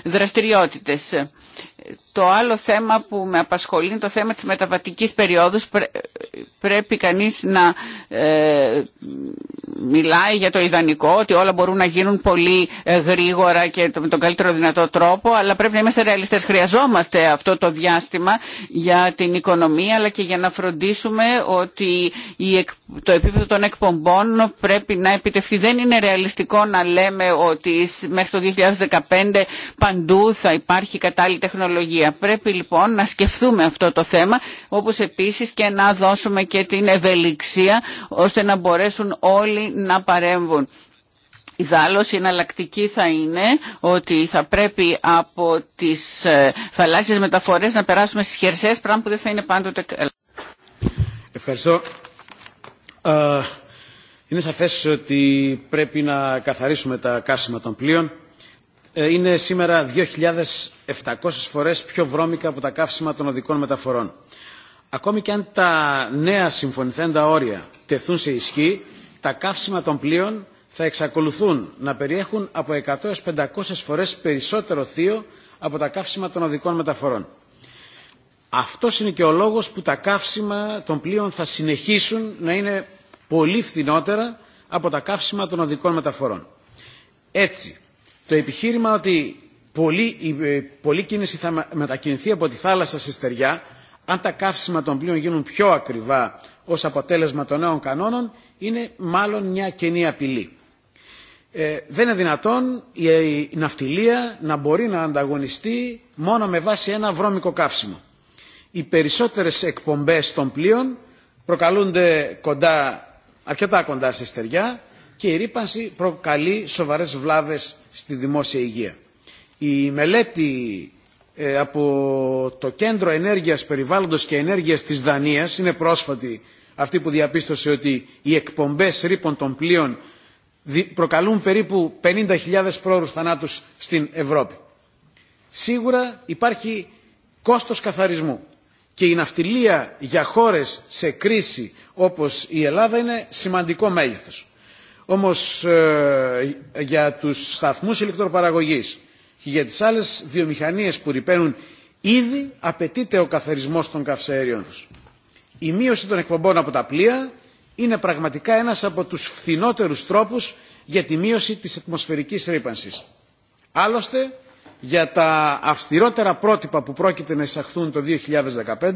δραστηριότητες. Το άλλο θέμα που με απασχολεί είναι το θέμα της μεταβατικής περίοδου. Πρέπει κανείς να ε, μιλάει για το ιδανικό, ότι όλα μπορούν να γίνουν πολύ ε, γρήγορα και με τον καλύτερο δυνατό τρόπο, αλλά πρέπει να είμαστε ρεαλιστές. Χρειαζόμαστε αυτό το διάστημα για την οικονομία, αλλά και για να φροντίσουμε ότι το επίπεδο των εκπομπών πρέπει να επιτευχθεί. Δεν είναι ρεαλιστικό να λέμε ότι μέχρι το 2015 παντού θα υπάρχει κατάλληλη τεχνολογία. Πρέπει λοιπόν να σκεφτούμε αυτό το θέμα, όπως επίσης και να δώσουμε και την ευελιξία, ώστε να μπορέσουν όλοι να παρέμβουν. Η δάλωση εναλλακτική θα είναι ότι θα πρέπει από τις ε, θαλάσσιες μεταφορές να περάσουμε στις χερσές, πράγμα που δεν θα είναι πάντοτε καλά. Ευχαριστώ. Είναι σαφές ότι πρέπει να καθαρίσουμε τα κάσιμα των πλοίων. Ε, είναι σήμερα 2.700 φορές πιο βρώμικα από τα καύσιμα των οδικών μεταφορών. Ακόμη και αν τα νέα συμφωνηθέντα όρια τεθούν σε ισχύ, τα καύσιμα των πλοίων θα εξακολουθούν να περιέχουν από 100 έως 500 φορές περισσότερο θείο από τα καύσιμα των οδικών μεταφορών. Αυτός είναι και ο λόγος που τα καύσιμα των πλοίων θα συνεχίσουν να είναι πολύ φθηνότερα από τα καύσιμα των οδικών μεταφορών. Έτσι, το επιχείρημα ότι πολλή, ε, πολλή κίνηση θα μετακινηθεί από τη θάλασσα στη στεριά, αν τα καύσιμα των πλοίων γίνουν πιο ακριβά ως αποτέλεσμα των νέων κανόνων, είναι μάλλον μια κενή απειλή. Ε, δεν είναι δυνατόν ε, η ναυτιλία να μπορεί να ανταγωνιστεί μόνο με βάση ένα βρώμικο καύσιμο. Οι περισσότερες εκπομπές των πλοίων προκαλούνται κοντά, αρκετά κοντά σε στεριά και η ρήπανση προκαλεί σοβαρές βλάβες στη δημόσια υγεία. Η μελέτη ε, από το Κέντρο Ενέργειας Περιβάλλοντος και Ενέργειας της Δανίας είναι πρόσφατη αυτή που διαπίστωσε ότι οι εκπομπές ρήπων των πλοίων προκαλούν περίπου 50.000 πρόωρους θανάτους στην Ευρώπη. Σίγουρα υπάρχει κόστος καθαρισμού και η ναυτιλία για χώρες σε κρίση όπως η Ελλάδα είναι σημαντικό μέγεθος. Όμως ε, για τους σταθμούς ηλεκτροπαραγωγής και για τις άλλες βιομηχανίες που ρηπαίνουν ήδη απαιτείται ο καθαρισμός των καυσαερίων τους. Η μείωση των εκπομπών από τα πλοία είναι πραγματικά ένας από τους φθηνότερους τρόπους για τη μείωση της ατμοσφαιρικής ρήπανσης. Άλλωστε, για τα αυστηρότερα πρότυπα που πρόκειται να εισαχθούν το 2015,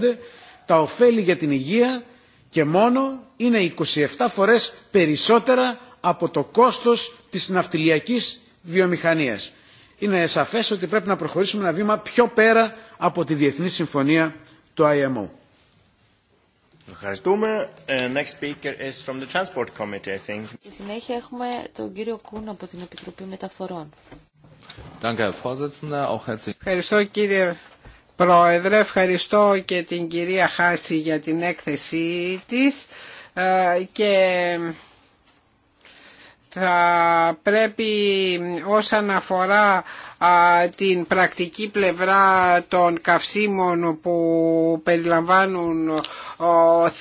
τα ωφέλη για την υγεία και μόνο είναι 27 φορές περισσότερα από το κόστος της ναυτιλιακής βιομηχανίας. Είναι σαφές ότι πρέπει να προχωρήσουμε ένα βήμα πιο πέρα από τη Διεθνή Συμφωνία του IMO. Ευχαριστούμε. Ε, next speaker is from the Transport Committee, I think. Στη συνέχεια έχουμε τον κύριο Κούν από την Επιτροπή Μεταφορών. Ευχαριστώ κύριε Πρόεδρε, ευχαριστώ και την κυρία Χάση για την έκθεσή της ε, και θα πρέπει όσον αφορά την πρακτική πλευρά των καυσίμων που περιλαμβάνουν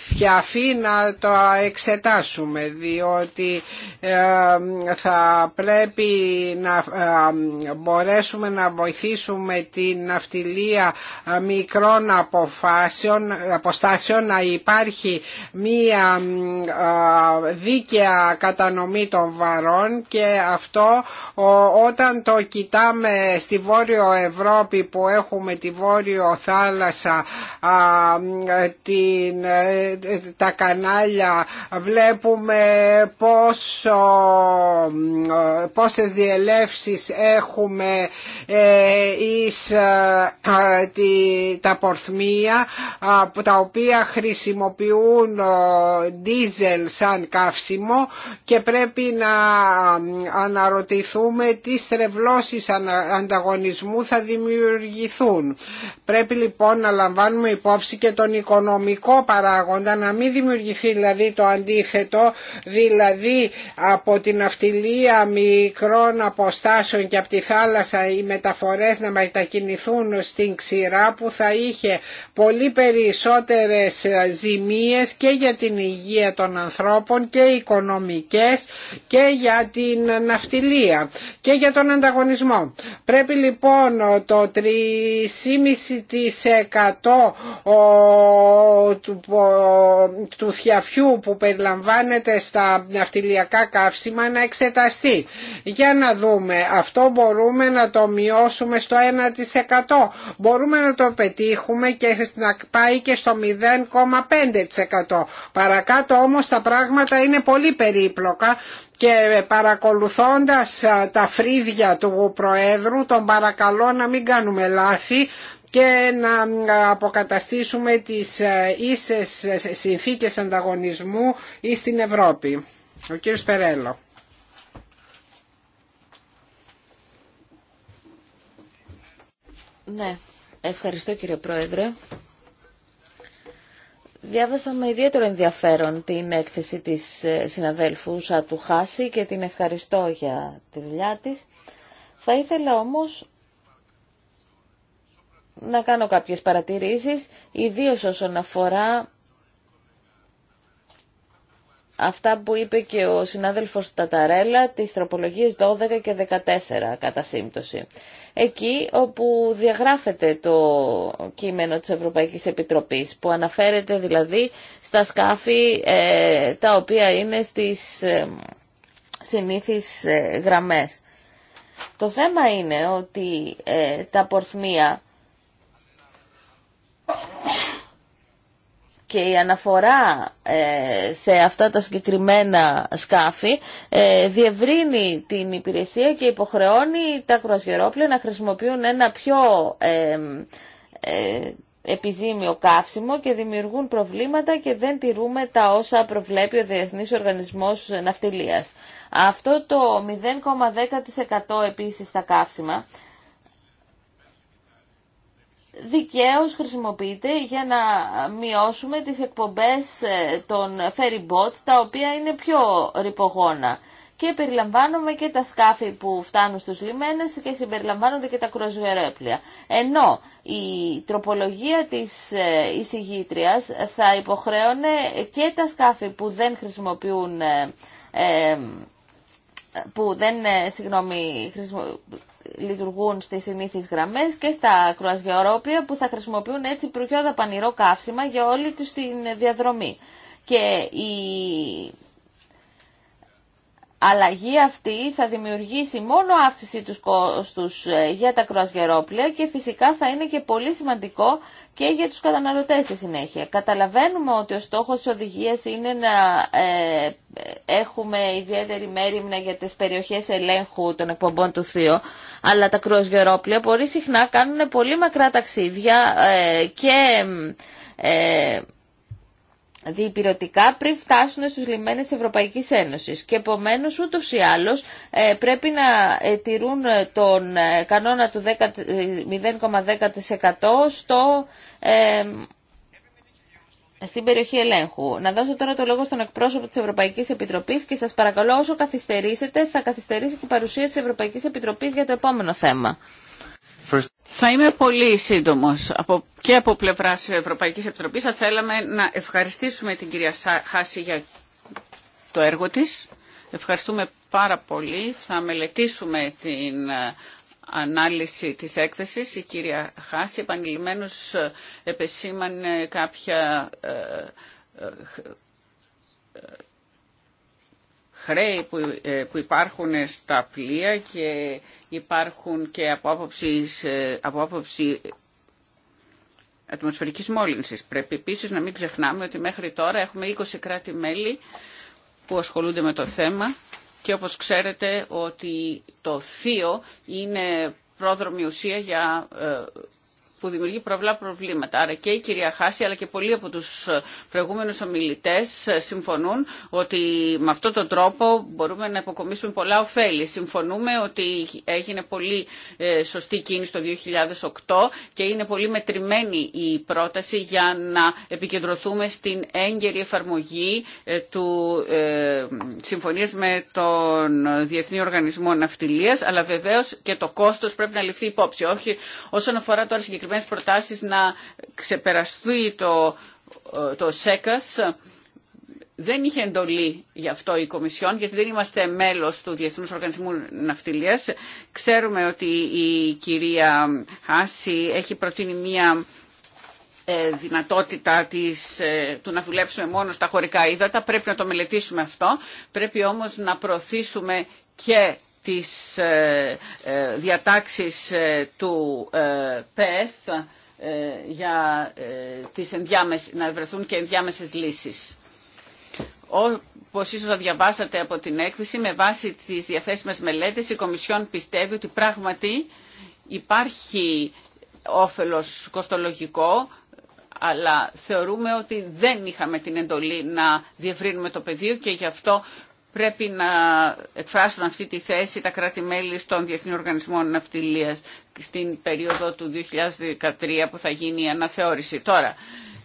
θιαφή να το εξετάσουμε διότι ε, θα πρέπει να ε, μπορέσουμε να βοηθήσουμε την ναυτιλία ε, μικρών αποφάσεων, αποστάσεων να υπάρχει μία δίκαια κατανομή των βαρών και αυτό όταν το κοιτάμε στη Βόρειο Ευρώπη που έχουμε τη Βόρειο Θάλασσα, την, ε, τα κανάλια, βλέπουμε πόσο, ε, πόσες διελεύσεις έχουμε ε, εις τα πορθμία τα οποία χρησιμοποιούν δίζελ σαν καύσιμο και πρέπει να αναρωτηθούμε τι στρεβλώσεις ανα ανταγωνισμού θα δημιουργηθούν. Πρέπει λοιπόν να λαμβάνουμε υπόψη και τον οικονομικό παράγοντα, να μην δημιουργηθεί δηλαδή το αντίθετο, δηλαδή από την αυτιλία μικρών αποστάσεων και από τη θάλασσα οι μεταφορές να μετακινηθούν στην ξηρά που θα είχε πολύ περισσότερες ζημίες και για την υγεία των ανθρώπων και οικονομικές και για την ναυτιλία και για τον ανταγωνισμό. Πρέπει λοιπόν ε, το 3,5% του θιαφιού που περιλαμβάνεται στα ναυτιλιακά καύσιμα να εξεταστεί. Για να δούμε, αυτό μπορούμε να το μειώσουμε στο 1%. Μπορούμε να το πετύχουμε και να πάει και στο 0,5%. Παρακάτω όμως τα πράγματα είναι πολύ περίπλοκα και παρακολουθώντας τα φρύδια του Προέδρου τον παρακαλώ να μην κάνουμε λάθη και να αποκαταστήσουμε τις ίσες συνθήκες ανταγωνισμού στην Ευρώπη. Ο κύριος Περέλο. Ναι, ευχαριστώ κύριε Πρόεδρε. Διάβασα με ιδιαίτερο ενδιαφέρον την έκθεση της ε, συναδέλφου του Χάση και την ευχαριστώ για τη δουλειά της. Θα ήθελα όμως να κάνω κάποιες παρατηρήσεις, ιδίως όσον αφορά αυτά που είπε και ο συνάδελφος Ταταρέλα, τις τροπολογίες 12 και 14 κατά σύμπτωση εκεί όπου διαγράφεται το κείμενο της Ευρωπαϊκής Επιτροπής, που αναφέρεται δηλαδή στα σκάφη ε, τα οποία είναι στις ε, συνήθεις ε, γραμμές. Το θέμα είναι ότι τα πορθμία και η αναφορά ε, σε αυτά τα συγκεκριμένα σκάφη ε, διευρύνει την υπηρεσία και υποχρεώνει τα κρουαζιερόπλαια να χρησιμοποιούν ένα πιο ε, επιζήμιο καύσιμο και δημιουργούν προβλήματα και δεν τηρούμε τα όσα προβλέπει ο Διεθνής Οργανισμός Ναυτιλίας. Αυτό το 0,10% επίσης στα καύσιμα δικαίως χρησιμοποιείται για να μειώσουμε τις εκπομπές ε, των ferry boat, τα οποία είναι πιο ρηπογόνα. Και περιλαμβάνουμε και τα σκάφη που φτάνουν στους λιμένες και συμπεριλαμβάνονται και τα κρουαζιερόπλια. Ενώ η τροπολογία της ε, εισηγήτριας θα υποχρέωνε και τα σκάφη που δεν χρησιμοποιούν ε, που δεν συγγνώμη, λειτουργούν στι συνήθει γραμμέ και στα κρουαζιορόπια που θα χρησιμοποιούν έτσι πιο πανηρό καύσιμα για όλη του τη διαδρομή. Και η αλλαγή αυτή θα δημιουργήσει μόνο αύξηση τους κόστους ε, για τα κρουαζιερόπλια και φυσικά θα είναι και πολύ σημαντικό και για τους καταναλωτές στη συνέχεια. Καταλαβαίνουμε ότι ο στόχος της οδηγίας είναι να ε, έχουμε ιδιαίτερη μέρημνα για τις περιοχές ελέγχου των εκπομπών του θείου, αλλά τα κρουαζιερόπλια πολύ συχνά κάνουν πολύ μακρά ταξίδια ε, και διπυρωτικά πριν φτάσουν στους λιμένες της Ευρωπαϊκής Ένωσης και επομένως ούτως ή άλλως ε, πρέπει να ε, τηρούν ε, τον κανόνα του 0,10% στο στην περιοχή ελέγχου. Να δώσω τώρα το λόγο στον εκπρόσωπο της Ευρωπαϊκής Επιτροπής και σας παρακαλώ όσο καθυστερήσετε θα καθυστερήσει και η παρουσία της Ευρωπαϊκής Επιτροπής για το επόμενο θέμα. Θα είμαι πολύ σύντομο από, και από πλευράς Ευρωπαϊκή Επιτροπής. Θα θέλαμε να ευχαριστήσουμε την κυρία Χάση για το έργο της. Ευχαριστούμε πάρα πολύ. Θα μελετήσουμε την ε, ανάλυση της έκθεσης. Η κυρία Χάση επανειλημμένως ε, επεσήμανε κάποια ε, χρέη ε, που υπάρχουν στα πλοία και υπάρχουν και από άποψη, ε, από άποψη ατμοσφαιρικής μόλυνσης. Πρέπει επίσης να μην ξεχνάμε ότι μέχρι τώρα έχουμε 20 κράτη-μέλη που ασχολούνται με το θέμα και όπως ξέρετε ότι το θείο είναι πρόδρομη ουσία για ε, που δημιουργεί προβλά προβλήματα. Άρα και η κυρία Χάση αλλά και πολλοί από τους προηγούμενους ομιλητές ε, συμφωνούν ότι με αυτόν τον τρόπο μπορούμε να υποκομίσουμε πολλά ωφέλη. Συμφωνούμε ότι έγινε πολύ ε, σωστή κίνηση το 2008 και είναι πολύ μετρημένη η πρόταση για να επικεντρωθούμε στην έγκαιρη εφαρμογή ε, του συμφωνίας με τον Διεθνή Οργανισμό Ναυτιλίας αλλά βεβαίως και το κόστος πρέπει να ληφθεί υπόψη. Όχι όσον αφορά τώρα συγκεκριμένα συγκεκριμένες προτάσεις να ξεπεραστεί το, ε, το ΣΕΚΑΣ. Δεν είχε εντολή γι' αυτό η Κομισιόν, γιατί δεν είμαστε μέλος του Διεθνούς Οργανισμού Ναυτιλίας. Ξέρουμε ότι η κυρία Άση έχει προτείνει μία ε, δυνατότητα της, ε, του να δουλέψουμε μόνο στα χωρικά ύδατα. Πρέπει να το μελετήσουμε αυτό. Πρέπει όμως να προωθήσουμε και τις ε, ε, διατάξεις ε, του ΠΕΘ για τις ενδιάμεσες, να βρεθούν και ενδιάμεσες λύσεις. Όπως ίσως θα διαβάσατε από την έκθεση, με βάση τις διαθέσιμες μελέτες, η Κομισιόν πιστεύει ότι πράγματι υπάρχει όφελος κοστολογικό, αλλά θεωρούμε ότι δεν είχαμε την εντολή να διευρύνουμε το πεδίο και γι' αυτό πρέπει να εκφράσουν αυτή τη θέση τα κράτη-μέλη στον Διεθνή Οργανισμό Ναυτιλίας στην περίοδο του 2013 που θα γίνει η αναθεώρηση. Τώρα,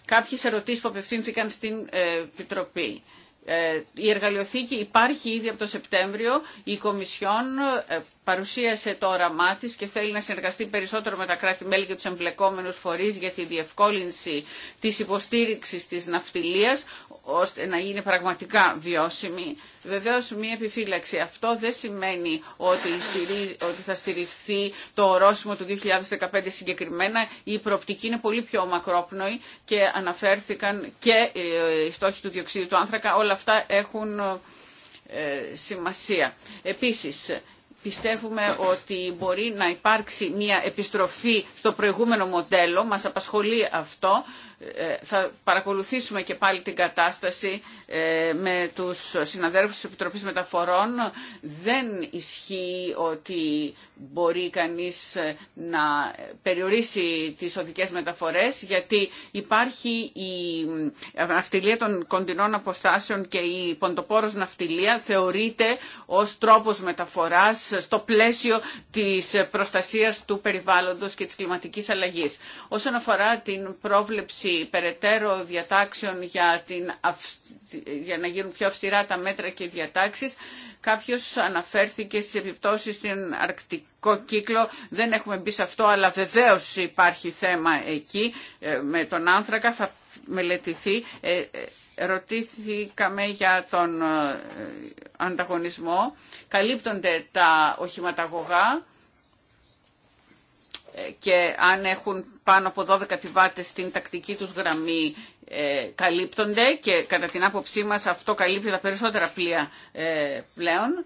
κάποιες ερωτήσεις που απευθύνθηκαν στην ε, Επιτροπή. Ε, η εργαλειοθήκη υπάρχει ήδη από το Σεπτέμβριο. Η Κομισιόν ε, παρουσίασε το όραμά της και θέλει να συνεργαστεί περισσότερο με τα κράτη-μέλη και τους εμπλεκόμενους φορείς για τη διευκόλυνση της υποστήριξης της ναυτιλίας, ώστε να είναι πραγματικά βιώσιμη. Βεβαίως, μία επιφύλαξη. Αυτό δεν σημαίνει ότι, ότι θα στηριχθεί το ορόσημο του 2015 συγκεκριμένα. Η προοπτική είναι πολύ πιο μακρόπνοη και αναφέρθηκαν και ε, οι στόχοι του διοξίδιου του άνθρακα. Όλα αυτά έχουν ε, σημασία. Επίσης, πιστεύουμε ότι μπορεί να υπάρξει μια επιστροφή στο προηγούμενο μοντέλο. Μας απασχολεί αυτό. Ε, θα παρακολουθήσουμε και πάλι την κατάσταση ε, με τους συναδέλφους της Επιτροπής Μεταφορών. Δεν ισχύει ότι μπορεί κανείς ε, να περιορίσει τις οδικές μεταφορές γιατί υπάρχει η ναυτιλία των κοντινών αποστάσεων και η ποντοπόρος ναυτιλία θεωρείται ως τρόπος μεταφοράς στο πλαίσιο της προστασίας του περιβάλλοντος και της κλιματικής αλλαγής. Όσον αφορά την πρόβλεψη υπεραιτέρω περαιτέρω διατάξεων για, την, για να γίνουν πιο αυστηρά τα μέτρα και οι διατάξεις. Κάποιος αναφέρθηκε στις επιπτώσεις στην αρκτικό κύκλο. Δεν έχουμε μπει σε αυτό, αλλά βεβαίως υπάρχει θέμα εκεί. Ε, με τον άνθρακα θα μελετηθεί. Ε, ε, ρωτήθηκαμε για τον ανταγωνισμό. Καλύπτονται τα οχηματαγωγά και αν έχουν πάνω από 12 επιβάτε στην τακτική τους γραμμή ε, καλύπτονται και κατά την άποψή μας αυτό καλύπτει τα περισσότερα πλοία ε, πλέον.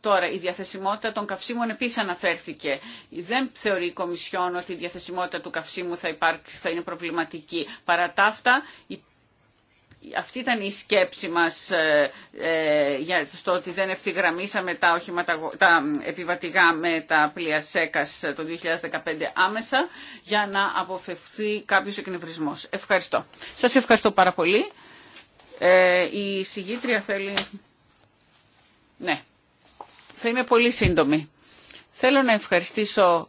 Τώρα, η διαθεσιμότητα των καυσίμων επίση αναφέρθηκε. Δεν θεωρεί η Κομισιόν ότι η διαθεσιμότητα του καυσίμου θα, υπάρξει, θα είναι προβληματική. Παρά τα αυτά, αυτή ήταν η σκέψη μας ε, ε, για, στο ότι δεν ευθυγραμμίσαμε τα, επιβατηγά τα επιβατικά με τα πλοία ΣΕΚΑΣ το 2015 άμεσα για να αποφευθεί κάποιος εκνευρισμός. Ευχαριστώ. Σας ευχαριστώ πάρα πολύ. Ε, η συγγήτρια θέλει... Ναι. Θα είμαι πολύ σύντομη. Θέλω να ευχαριστήσω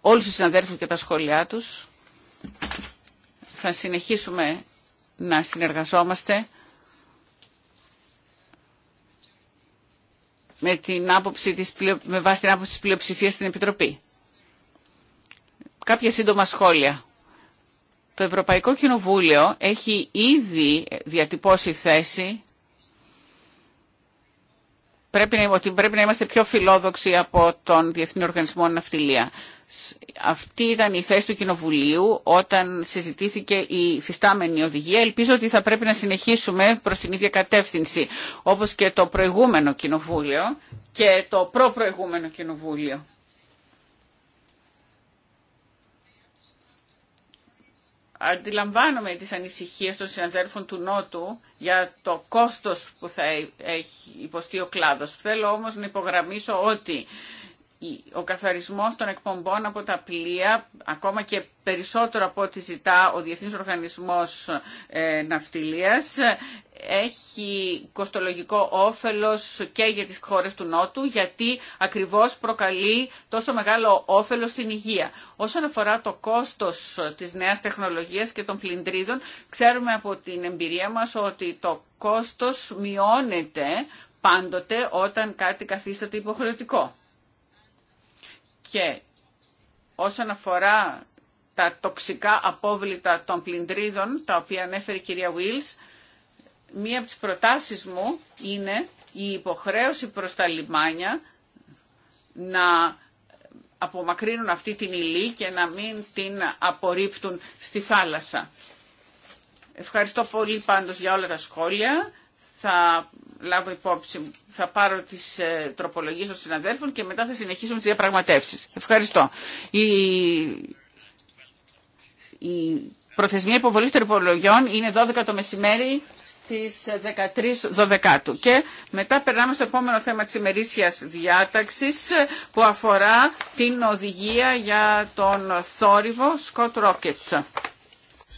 όλους τους συναδέρφους και τα σχόλιά τους. Θα συνεχίσουμε να συνεργαζόμαστε με, την άποψη της, με βάση την άποψη της πλειοψηφίας στην Επιτροπή. Κάποια σύντομα σχόλια. Το Ευρωπαϊκό Κοινοβούλιο έχει ήδη διατυπώσει θέση πρέπει, ότι πρέπει να είμαστε πιο φιλόδοξοι από τον Διεθνή Οργανισμό Ναυτιλία. Αυτή ήταν η θέση του Κοινοβουλίου όταν συζητήθηκε η φυστάμενη οδηγία. Ελπίζω ότι θα πρέπει να συνεχίσουμε προς την ίδια κατεύθυνση, όπως και το προηγούμενο Κοινοβούλιο και το προπροηγούμενο Κοινοβούλιο. Αντιλαμβάνομαι τις ανησυχίες των συναδέλφων του Νότου για το κόστος που θα έχει υποστεί ο κλάδος. Θέλω όμως να υπογραμμίσω ότι ο καθαρισμός των εκπομπών από τα πλοία, ακόμα και περισσότερο από ό,τι ζητά ο Διεθνής Οργανισμός ε, Ναυτιλίας, έχει κοστολογικό όφελος και για τις χώρες του Νότου, γιατί ακριβώς προκαλεί τόσο μεγάλο όφελος στην υγεία. Όσον αφορά το κόστος της νέας τεχνολογίας και των πλυντρίδων, ξέρουμε από την εμπειρία μας ότι το κόστος μειώνεται πάντοτε όταν κάτι καθίσταται υποχρεωτικό. Και όσον αφορά τα τοξικά απόβλητα των πλυντρίδων, τα οποία ανέφερε η κυρία Βίλς, μία από τις προτάσεις μου είναι η υποχρέωση προς τα λιμάνια να απομακρύνουν αυτή την ύλη και να μην την απορρίπτουν στη θάλασσα. Ευχαριστώ πολύ πάντως για όλα τα σχόλια λάβω υπόψη, θα πάρω τις ε, τροπολογίες των συναδέλφων και μετά θα συνεχίσουμε τι διαπραγματεύσει. Ευχαριστώ. Η, η προθεσμία υποβολής τροπολογιών είναι 12 το μεσημέρι στι 13 Και μετά περνάμε στο επόμενο θέμα τη ημερήσια διάταξης που αφορά την οδηγία για τον θόρυβο Scott Rocket.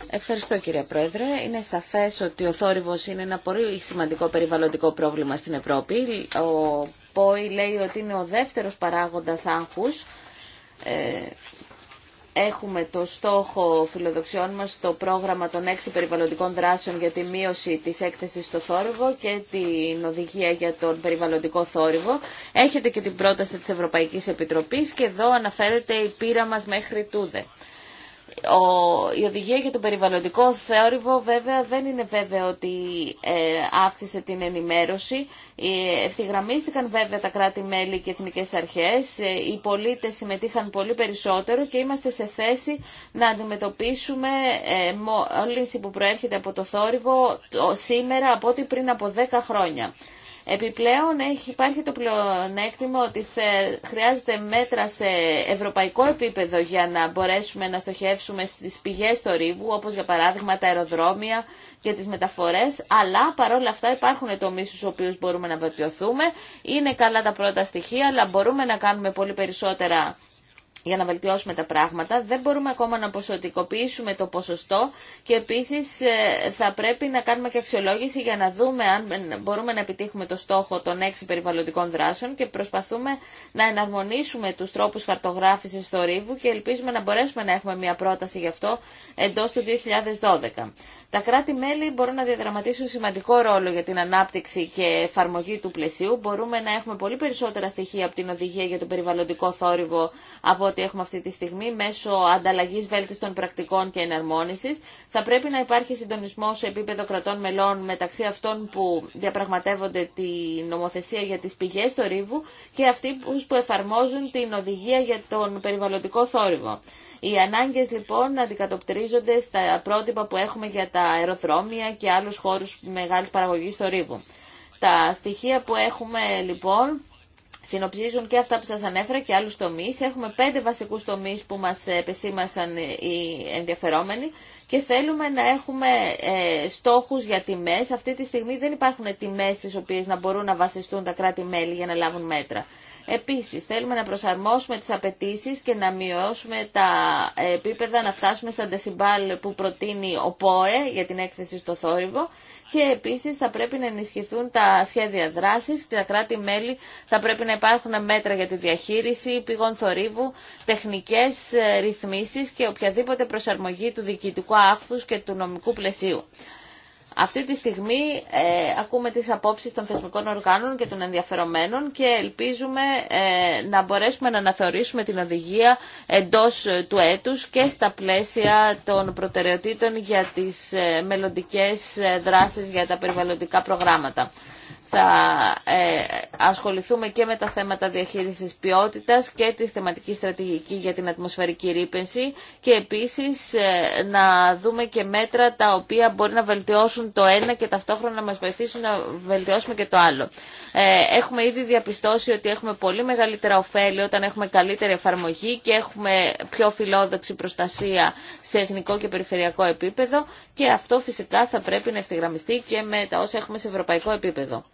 Ευχαριστώ κύριε Πρόεδρε. Είναι σαφές ότι ο θόρυβος είναι ένα πολύ σημαντικό περιβαλλοντικό πρόβλημα στην Ευρώπη. Ο ΠΟΗ λέει ότι είναι ο δεύτερος παράγοντας άγχους. Ε, έχουμε το στόχο φιλοδοξιών μας στο πρόγραμμα των έξι περιβαλλοντικών δράσεων για τη μείωση της έκθεσης στο θόρυβο και την οδηγία για τον περιβαλλοντικό θόρυβο. Έχετε και την πρόταση της Ευρωπαϊκής Επιτροπής και εδώ αναφέρεται η πείρα μας μέχρι τούδε. Ο, η οδηγία για τον περιβαλλοντικό θόρυβο βέβαια δεν είναι βέβαιο ότι ε, αύξησε την ενημέρωση. Ε, ευθυγραμμίστηκαν βέβαια τα κράτη-μέλη και εθνικές αρχές. Ε, οι πολίτες συμμετείχαν πολύ περισσότερο και είμαστε σε θέση να αντιμετωπίσουμε ε, που προέρχεται από το θόρυβο σήμερα από ό,τι πριν από 10 χρόνια. Επιπλέον υπάρχει το πλεονέκτημα ότι χρειάζεται μέτρα σε ευρωπαϊκό επίπεδο για να μπορέσουμε να στοχεύσουμε στις πηγές του ρήβου, όπως για παράδειγμα τα αεροδρόμια και τις μεταφορές, αλλά παρόλα αυτά υπάρχουν τομείς στους οποίους μπορούμε να βελτιωθούμε. Είναι καλά τα πρώτα στοιχεία, αλλά μπορούμε να κάνουμε πολύ περισσότερα για να βελτιώσουμε τα πράγματα. Δεν μπορούμε ακόμα να ποσοτικοποιήσουμε το ποσοστό και επίσης ε, θα πρέπει να κάνουμε και αξιολόγηση για να δούμε αν μπορούμε να επιτύχουμε το στόχο των έξι περιβαλλοντικών δράσεων και προσπαθούμε να εναρμονίσουμε τους τρόπους χαρτογράφησης θορύβου και ελπίζουμε να μπορέσουμε να έχουμε μια πρόταση γι' αυτό εντός του 2012. Τα κράτη-μέλη μπορούν να διαδραματίσουν σημαντικό ρόλο για την ανάπτυξη και εφαρμογή του πλαισίου. Μπορούμε να έχουμε πολύ περισσότερα στοιχεία από την οδηγία για τον περιβαλλοντικό θόρυβο από ό,τι έχουμε αυτή τη στιγμή μέσω ανταλλαγή βέλτιστων πρακτικών και εναρμόνιση. Θα πρέπει να υπάρχει συντονισμό σε επίπεδο κρατών μελών μεταξύ αυτών που διαπραγματεύονται τη νομοθεσία για τι πηγέ θορύβου και αυτοί που εφαρμόζουν την οδηγία για τον περιβαλλοντικό θόρυβο. Οι ανάγκες λοιπόν αντικατοπτρίζονται στα πρότυπα που έχουμε για τα αεροδρόμια και άλλους χώρους μεγάλης παραγωγής θορύβου. Τα στοιχεία που έχουμε λοιπόν συνοψίζουν και αυτά που σας ανέφερα και άλλους τομείς. Έχουμε πέντε βασικούς τομείς που μας επεσήμασαν οι ενδιαφερόμενοι και θέλουμε να έχουμε ε, στόχους για τιμές. Αυτή τη στιγμή δεν υπάρχουν τιμές στις οποίες να μπορούν να βασιστούν τα κράτη-μέλη για να λάβουν μέτρα. Επίσης, θέλουμε να προσαρμόσουμε τις απαιτήσει και να μειώσουμε τα επίπεδα να φτάσουμε στα ντεσιμπάλ που προτείνει ο ΠΟΕ για την έκθεση στο θόρυβο και επίσης θα πρέπει να ενισχυθούν τα σχέδια δράσης και τα κράτη-μέλη θα πρέπει να υπάρχουν μέτρα για τη διαχείριση πηγών θορύβου, τεχνικές ε, ρυθμίσεις και οποιαδήποτε προσαρμογή του διοικητικού άχθους και του νομικού πλαισίου. Αυτή τη στιγμή ε, ακούμε τις απόψεις των θεσμικών οργάνων και των ενδιαφερομένων και ελπίζουμε ε, να μπορέσουμε να αναθεωρήσουμε την οδηγία εντός ε, του έτους και στα πλαίσια των προτεραιοτήτων για τις μελλοντικές δράσεις για τα περιβαλλοντικά προγράμματα θα ε, ασχοληθούμε και με τα θέματα διαχείρισης ποιότητας και τη θεματική στρατηγική για την ατμοσφαιρική ρήπενση και επίσης ε, να δούμε και μέτρα τα οποία μπορεί να βελτιώσουν το ένα και ταυτόχρονα να μας βοηθήσουν να βελτιώσουμε και το άλλο. Ε, έχουμε ήδη διαπιστώσει ότι έχουμε πολύ μεγαλύτερα ωφέλη όταν έχουμε καλύτερη εφαρμογή και έχουμε πιο φιλόδοξη προστασία σε εθνικό και περιφερειακό επίπεδο και αυτό φυσικά θα πρέπει να ευθυγραμμιστεί και με τα όσα έχουμε σε ευρωπαϊκό επίπεδο.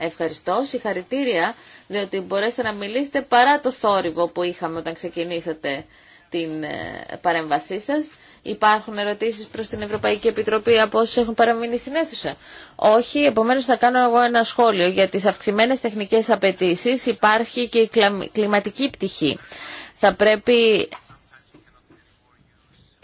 Ευχαριστώ, συγχαρητήρια, διότι μπορέσατε να μιλήσετε παρά το θόρυβο που είχαμε όταν ξεκινήσατε την ε, παρέμβασή σας. Υπάρχουν ερωτήσεις προς την Ευρωπαϊκή Επιτροπή από όσους έχουν παραμείνει στην αίθουσα. Όχι, επομένως θα κάνω εγώ ένα σχόλιο για τις αυξημένες τεχνικές απαιτήσεις. Υπάρχει και η κλιματική πτυχή. Θα πρέπει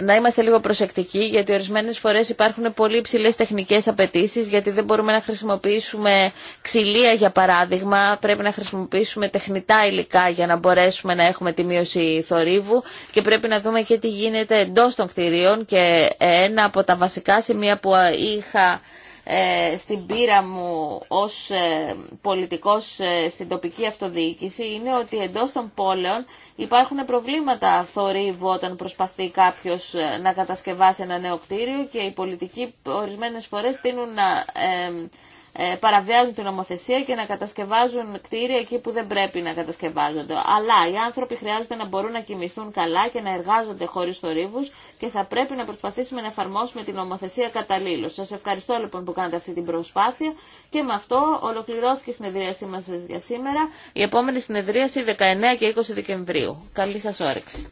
να είμαστε λίγο προσεκτικοί γιατί ορισμένες φορές υπάρχουν πολύ υψηλέ τεχνικές απαιτήσει γιατί δεν μπορούμε να χρησιμοποιήσουμε ξυλία για παράδειγμα, πρέπει να χρησιμοποιήσουμε τεχνητά υλικά για να μπορέσουμε να έχουμε τη μείωση θορύβου και πρέπει να δούμε και τι γίνεται εντό των κτηρίων και ένα από τα βασικά σημεία που είχα ε, στην πείρα μου ως ε, πολιτικός ε, στην τοπική αυτοδιοίκηση είναι ότι εντός των πόλεων υπάρχουν προβλήματα θορύβου όταν προσπαθεί κάποιος να κατασκευάσει ένα νέο κτίριο και οι πολιτικοί ορισμένες φορές τείνουν να ε, παραβιάζουν την νομοθεσία και να κατασκευάζουν κτίρια εκεί που δεν πρέπει να κατασκευάζονται. Αλλά οι άνθρωποι χρειάζονται να μπορούν να κοιμηθούν καλά και να εργάζονται χωρί θορύβου και θα πρέπει να προσπαθήσουμε να εφαρμόσουμε την νομοθεσία καταλήλω. Σα ευχαριστώ λοιπόν που κάνετε αυτή την προσπάθεια και με αυτό ολοκληρώθηκε η συνεδρίασή μα για σήμερα. Η επόμενη συνεδρίαση 19 και 20 Δεκεμβρίου. Καλή σα όρεξη.